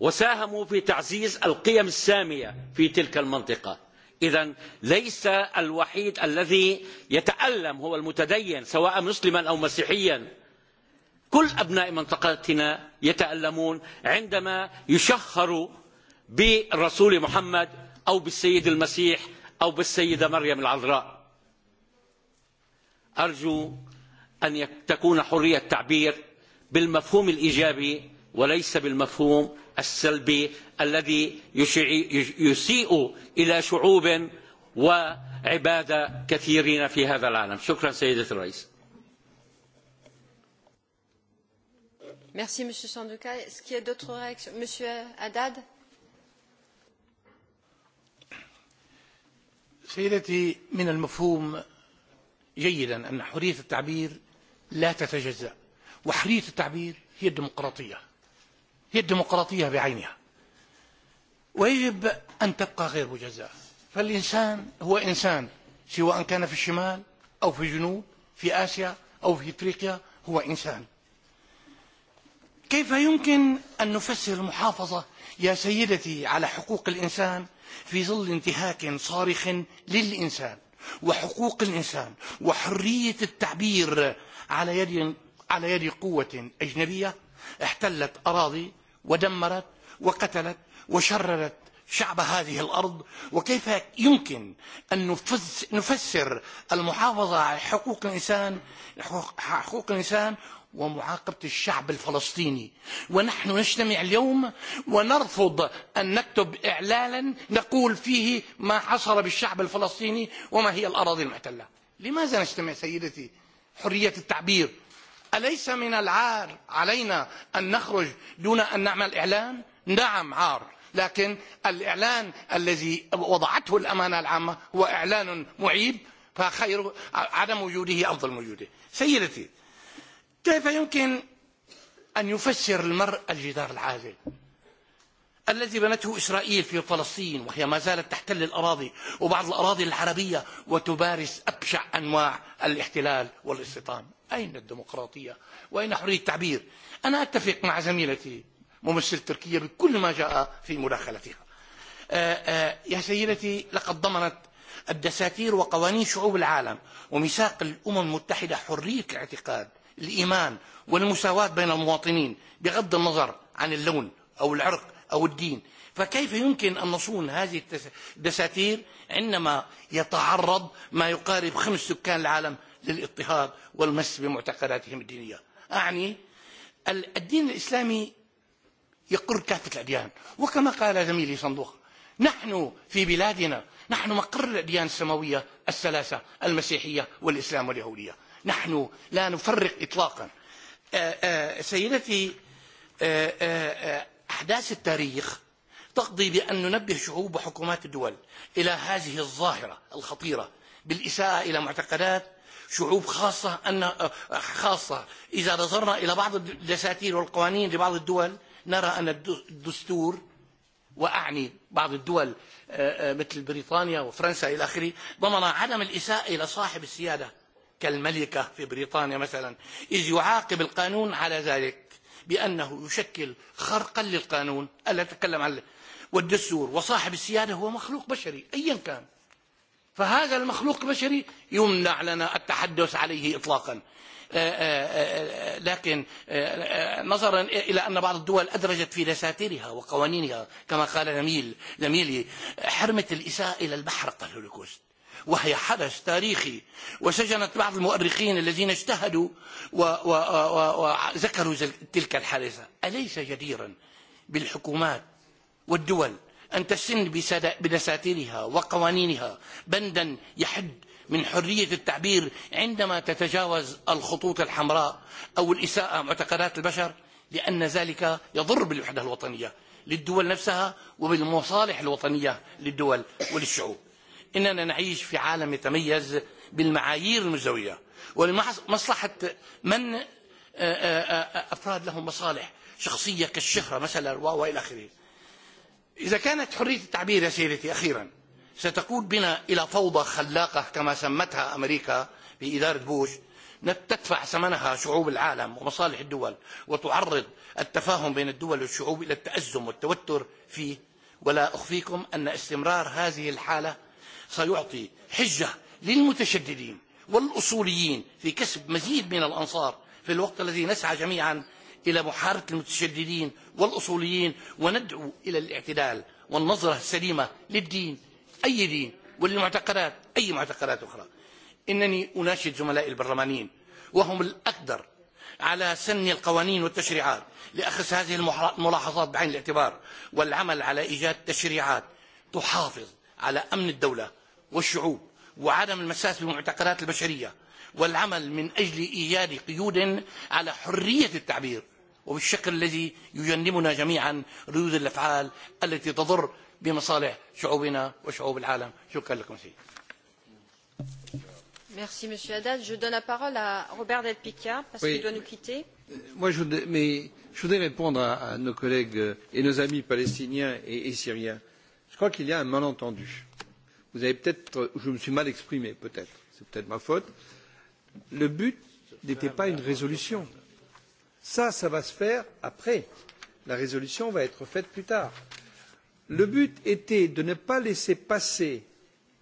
وساهموا في تعزيز القيم السامية في تلك المنطقة إذا ليس الوحيد الذي يتألم هو المتدين سواء مسلما أو مسيحيا كل أبناء منطقتنا يتألمون عندما يشهر بالرسول محمد أو بالسيد المسيح أو بالسيدة مريم العذراء أرجو أن تكون حرية التعبير بالمفهوم الإيجابي وليس بالمفهوم السلبي الذي يسيء إلى شعوب وعبادة كثيرين في هذا العالم شكرا سيدة الرئيس Merci, Monsieur Sanduka. Est-ce qu'il y a d'autres réactions Monsieur Haddad سيدتي من المفهوم جيدا أن حرية التعبير لا تتجزأ وحرية التعبير هي الديمقراطية هي الديمقراطية بعينها ويجب أن تبقى غير مجزأة فالإنسان هو إنسان سواء كان في الشمال أو في الجنوب في آسيا أو في افريقيا هو إنسان كيف يمكن أن نفسر المحافظة يا سيدتي على حقوق الإنسان في ظل انتهاك صارخ للإنسان وحقوق الإنسان وحرية التعبير على يد على يد قوة أجنبية احتلت أراضي ودمرت وقتلت وشررت شعب هذه الأرض وكيف يمكن أن نفسر المحافظة على حقوق الإنسان حقوق الإنسان ومعاقبة الشعب الفلسطيني ونحن نجتمع اليوم ونرفض أن نكتب إعلالا نقول فيه ما حصل بالشعب الفلسطيني وما هي الأراضي المحتلة لماذا نجتمع سيدتي حرية التعبير أليس من العار علينا أن نخرج دون أن نعمل إعلان نعم عار لكن الإعلان الذي وضعته الأمانة العامة هو إعلان معيب فخير عدم وجوده أفضل من وجوده سيدتي كيف يمكن أن يفسر المرء الجدار العازل الذي بنته إسرائيل في فلسطين وهي ما زالت تحتل الأراضي وبعض الأراضي العربية وتبارس أبشع أنواع الاحتلال والاستيطان أين الديمقراطية وأين حرية التعبير أنا أتفق مع زميلتي ممثل تركيا بكل ما جاء في مداخلتها يا سيدتي لقد ضمنت الدساتير وقوانين شعوب العالم وميثاق الأمم المتحدة حرية الاعتقاد الإيمان والمساواة بين المواطنين بغض النظر عن اللون أو العرق أو الدين فكيف يمكن أن نصون هذه الدساتير عندما يتعرض ما يقارب خمس سكان العالم للاضطهاد والمس بمعتقداتهم الدينية أعني الدين الإسلامي يقر كافة الأديان وكما قال زميلي صندوق نحن في بلادنا نحن مقر الأديان السماوية الثلاثة المسيحية والإسلام واليهودية نحن لا نفرق إطلاقا سيدتي أحداث التاريخ تقضي بأن ننبه شعوب وحكومات الدول إلى هذه الظاهرة الخطيرة بالإساءة إلى معتقدات شعوب خاصة أن خاصة إذا نظرنا إلى بعض الدساتير والقوانين لبعض الدول نرى أن الدستور وأعني بعض الدول مثل بريطانيا وفرنسا إلى آخره ضمن عدم الإساءة إلى صاحب السيادة كالملكة في بريطانيا مثلا إذ يعاقب القانون على ذلك بأنه يشكل خرقا للقانون ألا أتكلم عن والدستور وصاحب السيادة هو مخلوق بشري أيا كان فهذا المخلوق البشري يمنع لنا التحدث عليه إطلاقا لكن نظرا إلى أن بعض الدول أدرجت في دساتيرها وقوانينها كما قال نميل نميلي حرمة الإساءة إلى البحر قال هولوكوست وهي حدث تاريخي وسجنت بعض المؤرخين الذين اجتهدوا وذكروا تلك الحادثة أليس جديرا بالحكومات والدول أن تسن بدساتيرها وقوانينها بندا يحد من حرية التعبير عندما تتجاوز الخطوط الحمراء أو الإساءة معتقدات البشر لأن ذلك يضر بالوحدة الوطنية للدول نفسها وبالمصالح الوطنية للدول وللشعوب إننا نعيش في عالم يتميز بالمعايير المزوية ولمصلحة من أفراد لهم مصالح شخصية كالشهرة مثلا وإلى آخره إذا كانت حرية التعبير يا سيدتي أخيرا ستقود بنا إلى فوضى خلاقة كما سمتها أمريكا في إدارة بوش تدفع ثمنها شعوب العالم ومصالح الدول وتعرض التفاهم بين الدول والشعوب إلى التأزم والتوتر فيه ولا أخفيكم أن استمرار هذه الحالة سيعطي حجة للمتشددين والأصوليين في كسب مزيد من الأنصار في الوقت الذي نسعى جميعا إلى محارة المتشددين والأصوليين وندعو إلى الاعتدال والنظرة السليمة للدين أي دين وللمعتقدات أي معتقدات أخرى إنني أناشد زملائي البرلمانيين وهم الأقدر على سن القوانين والتشريعات لأخذ هذه الملاحظات بعين الاعتبار والعمل على إيجاد تشريعات تحافظ على أمن الدولة والشعوب وعدم المساس بمعتقدات البشرية والعمل من أجل إيجاد قيود على حرية التعبير وبالشكل الذي يجنبنا جميعا ردود الأفعال التي تضر بمصالح شعوبنا وشعوب العالم شكرا لكم سيدي Merci Monsieur Haddad. Je donne la parole à Robert Del Picca parce oui. qu'il doit nous quitter. Euh, moi, je voudrais, mais je voudrais répondre à, à nos collègues et nos amis palestiniens et, et syriens je crois qu'il y a un malentendu. Vous avez peut-être, je me suis mal exprimé, peut-être, c'est peut-être ma faute. Le but n'était pas une résolution. Ça, ça va se faire après. La résolution va être faite plus tard. Le but était de ne pas laisser passer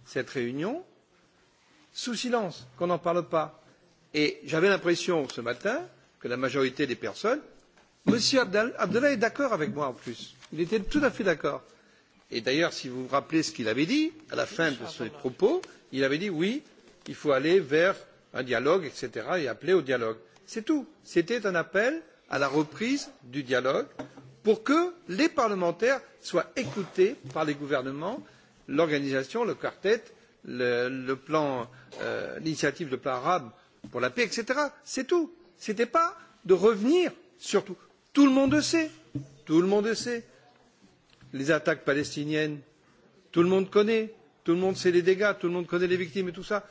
cette réunion sous silence, qu'on n'en parle pas. Et j'avais l'impression ce matin que la majorité des personnes, M. Abdallah est d'accord avec moi en plus. Il était tout à fait d'accord et d'ailleurs si vous vous rappelez ce qu'il avait dit à la fin de ses propos il avait dit oui il faut aller vers un dialogue etc. et appeler au dialogue. c'est tout. c'était un appel à la reprise du dialogue pour que les parlementaires soient écoutés par les gouvernements l'organisation le quartet le, le plan euh, l'initiative de plan arabe pour la paix etc. c'est tout. ce n'était pas de revenir sur tout. tout le monde sait tout le monde le sait les attaques palestiniennes. Tout le monde connaît, tout le monde sait les dégâts, tout le monde connaît les victimes et tout ça.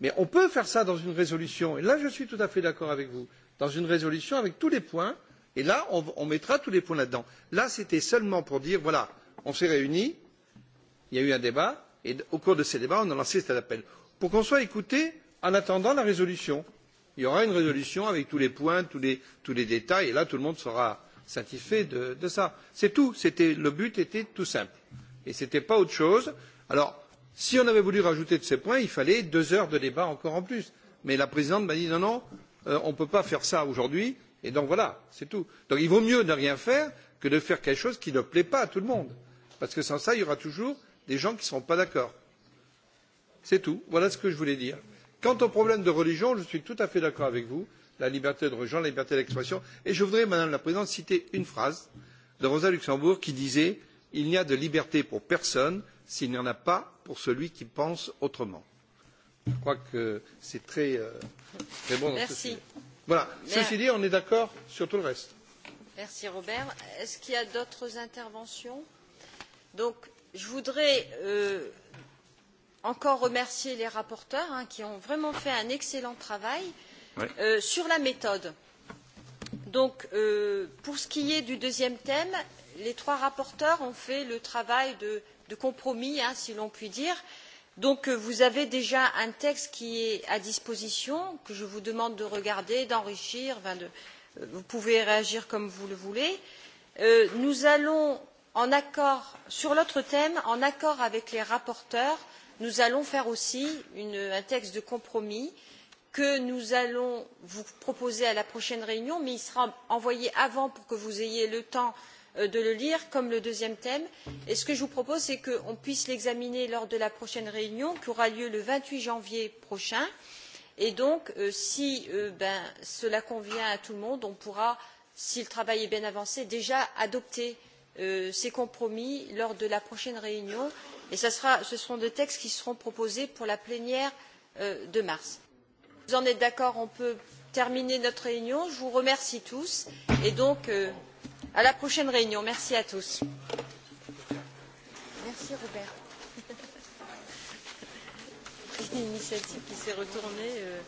Mais on peut faire ça dans une résolution. Et là, je suis tout à fait d'accord avec vous. Dans une résolution avec tous les points. Et là, on, on mettra tous les points là-dedans. Là, c'était seulement pour dire, voilà, on s'est réunis, il y a eu un débat, et au cours de ces débats, on a lancé cet appel. Pour qu'on soit écouté en attendant la résolution. Il y aura une résolution avec tous les points, tous les, tous les détails, et là, tout le monde sera, satisfait de, de ça. C'est tout. C'était, le but était tout simple. Et ce n'était pas autre chose. Alors, si on avait voulu rajouter de ces points, il fallait deux heures de débat encore en plus. Mais la présidente m'a dit non, non, euh, on ne peut pas faire ça aujourd'hui. Et donc voilà, c'est tout. Donc il vaut mieux ne rien faire que de faire quelque chose qui ne plaît pas à tout le monde. Parce que sans ça, il y aura toujours des gens qui ne seront pas d'accord. C'est tout. Voilà ce que je voulais dire. Quant au problème de religion, je suis tout à fait d'accord avec vous la liberté de religion, la liberté d'expression. Et je voudrais, Madame la Présidente, citer une phrase de Rosa Luxembourg qui disait Il n'y a de liberté pour personne s'il n'y en a pas pour celui qui pense autrement. Je crois que c'est très, euh, très bon. Dans Ce sujet. voilà. Merci. Ceci dit, on est d'accord sur tout le reste. Merci Robert. Est-ce qu'il y a d'autres interventions Donc, je voudrais euh, encore remercier les rapporteurs hein, qui ont vraiment fait un excellent travail. Euh, Euh, sur la méthode, donc euh, pour ce qui est du deuxième thème, les trois rapporteurs ont fait le travail de, de compromis, hein, si l'on peut dire. Donc euh, vous avez déjà un texte qui est à disposition, que je vous demande de regarder, d'enrichir, enfin de, euh, vous pouvez réagir comme vous le voulez. Euh, nous allons, en accord sur l'autre thème, en accord avec les rapporteurs, nous allons faire aussi une, un texte de compromis euh, que nous allons vous proposer à la prochaine réunion mais il sera envoyé avant pour que vous ayez le temps euh, de le lire comme le deuxième thème et ce que je vous propose c'est qu'on puisse l'examiner lors de la prochaine réunion qui aura lieu le vingt huit janvier prochain et donc euh, si euh, cela convient à tout le monde on pourra si le travail est bien avancé déjà adopter ces compromis lors de la prochaine réunion et ce, seront des textes qui seront proposés pour la plénière de mars vous en êtes d'accord on peut terminer notre réunion. je vous remercie tous et donc euh, à la prochaine réunion. merci à tous. Euh,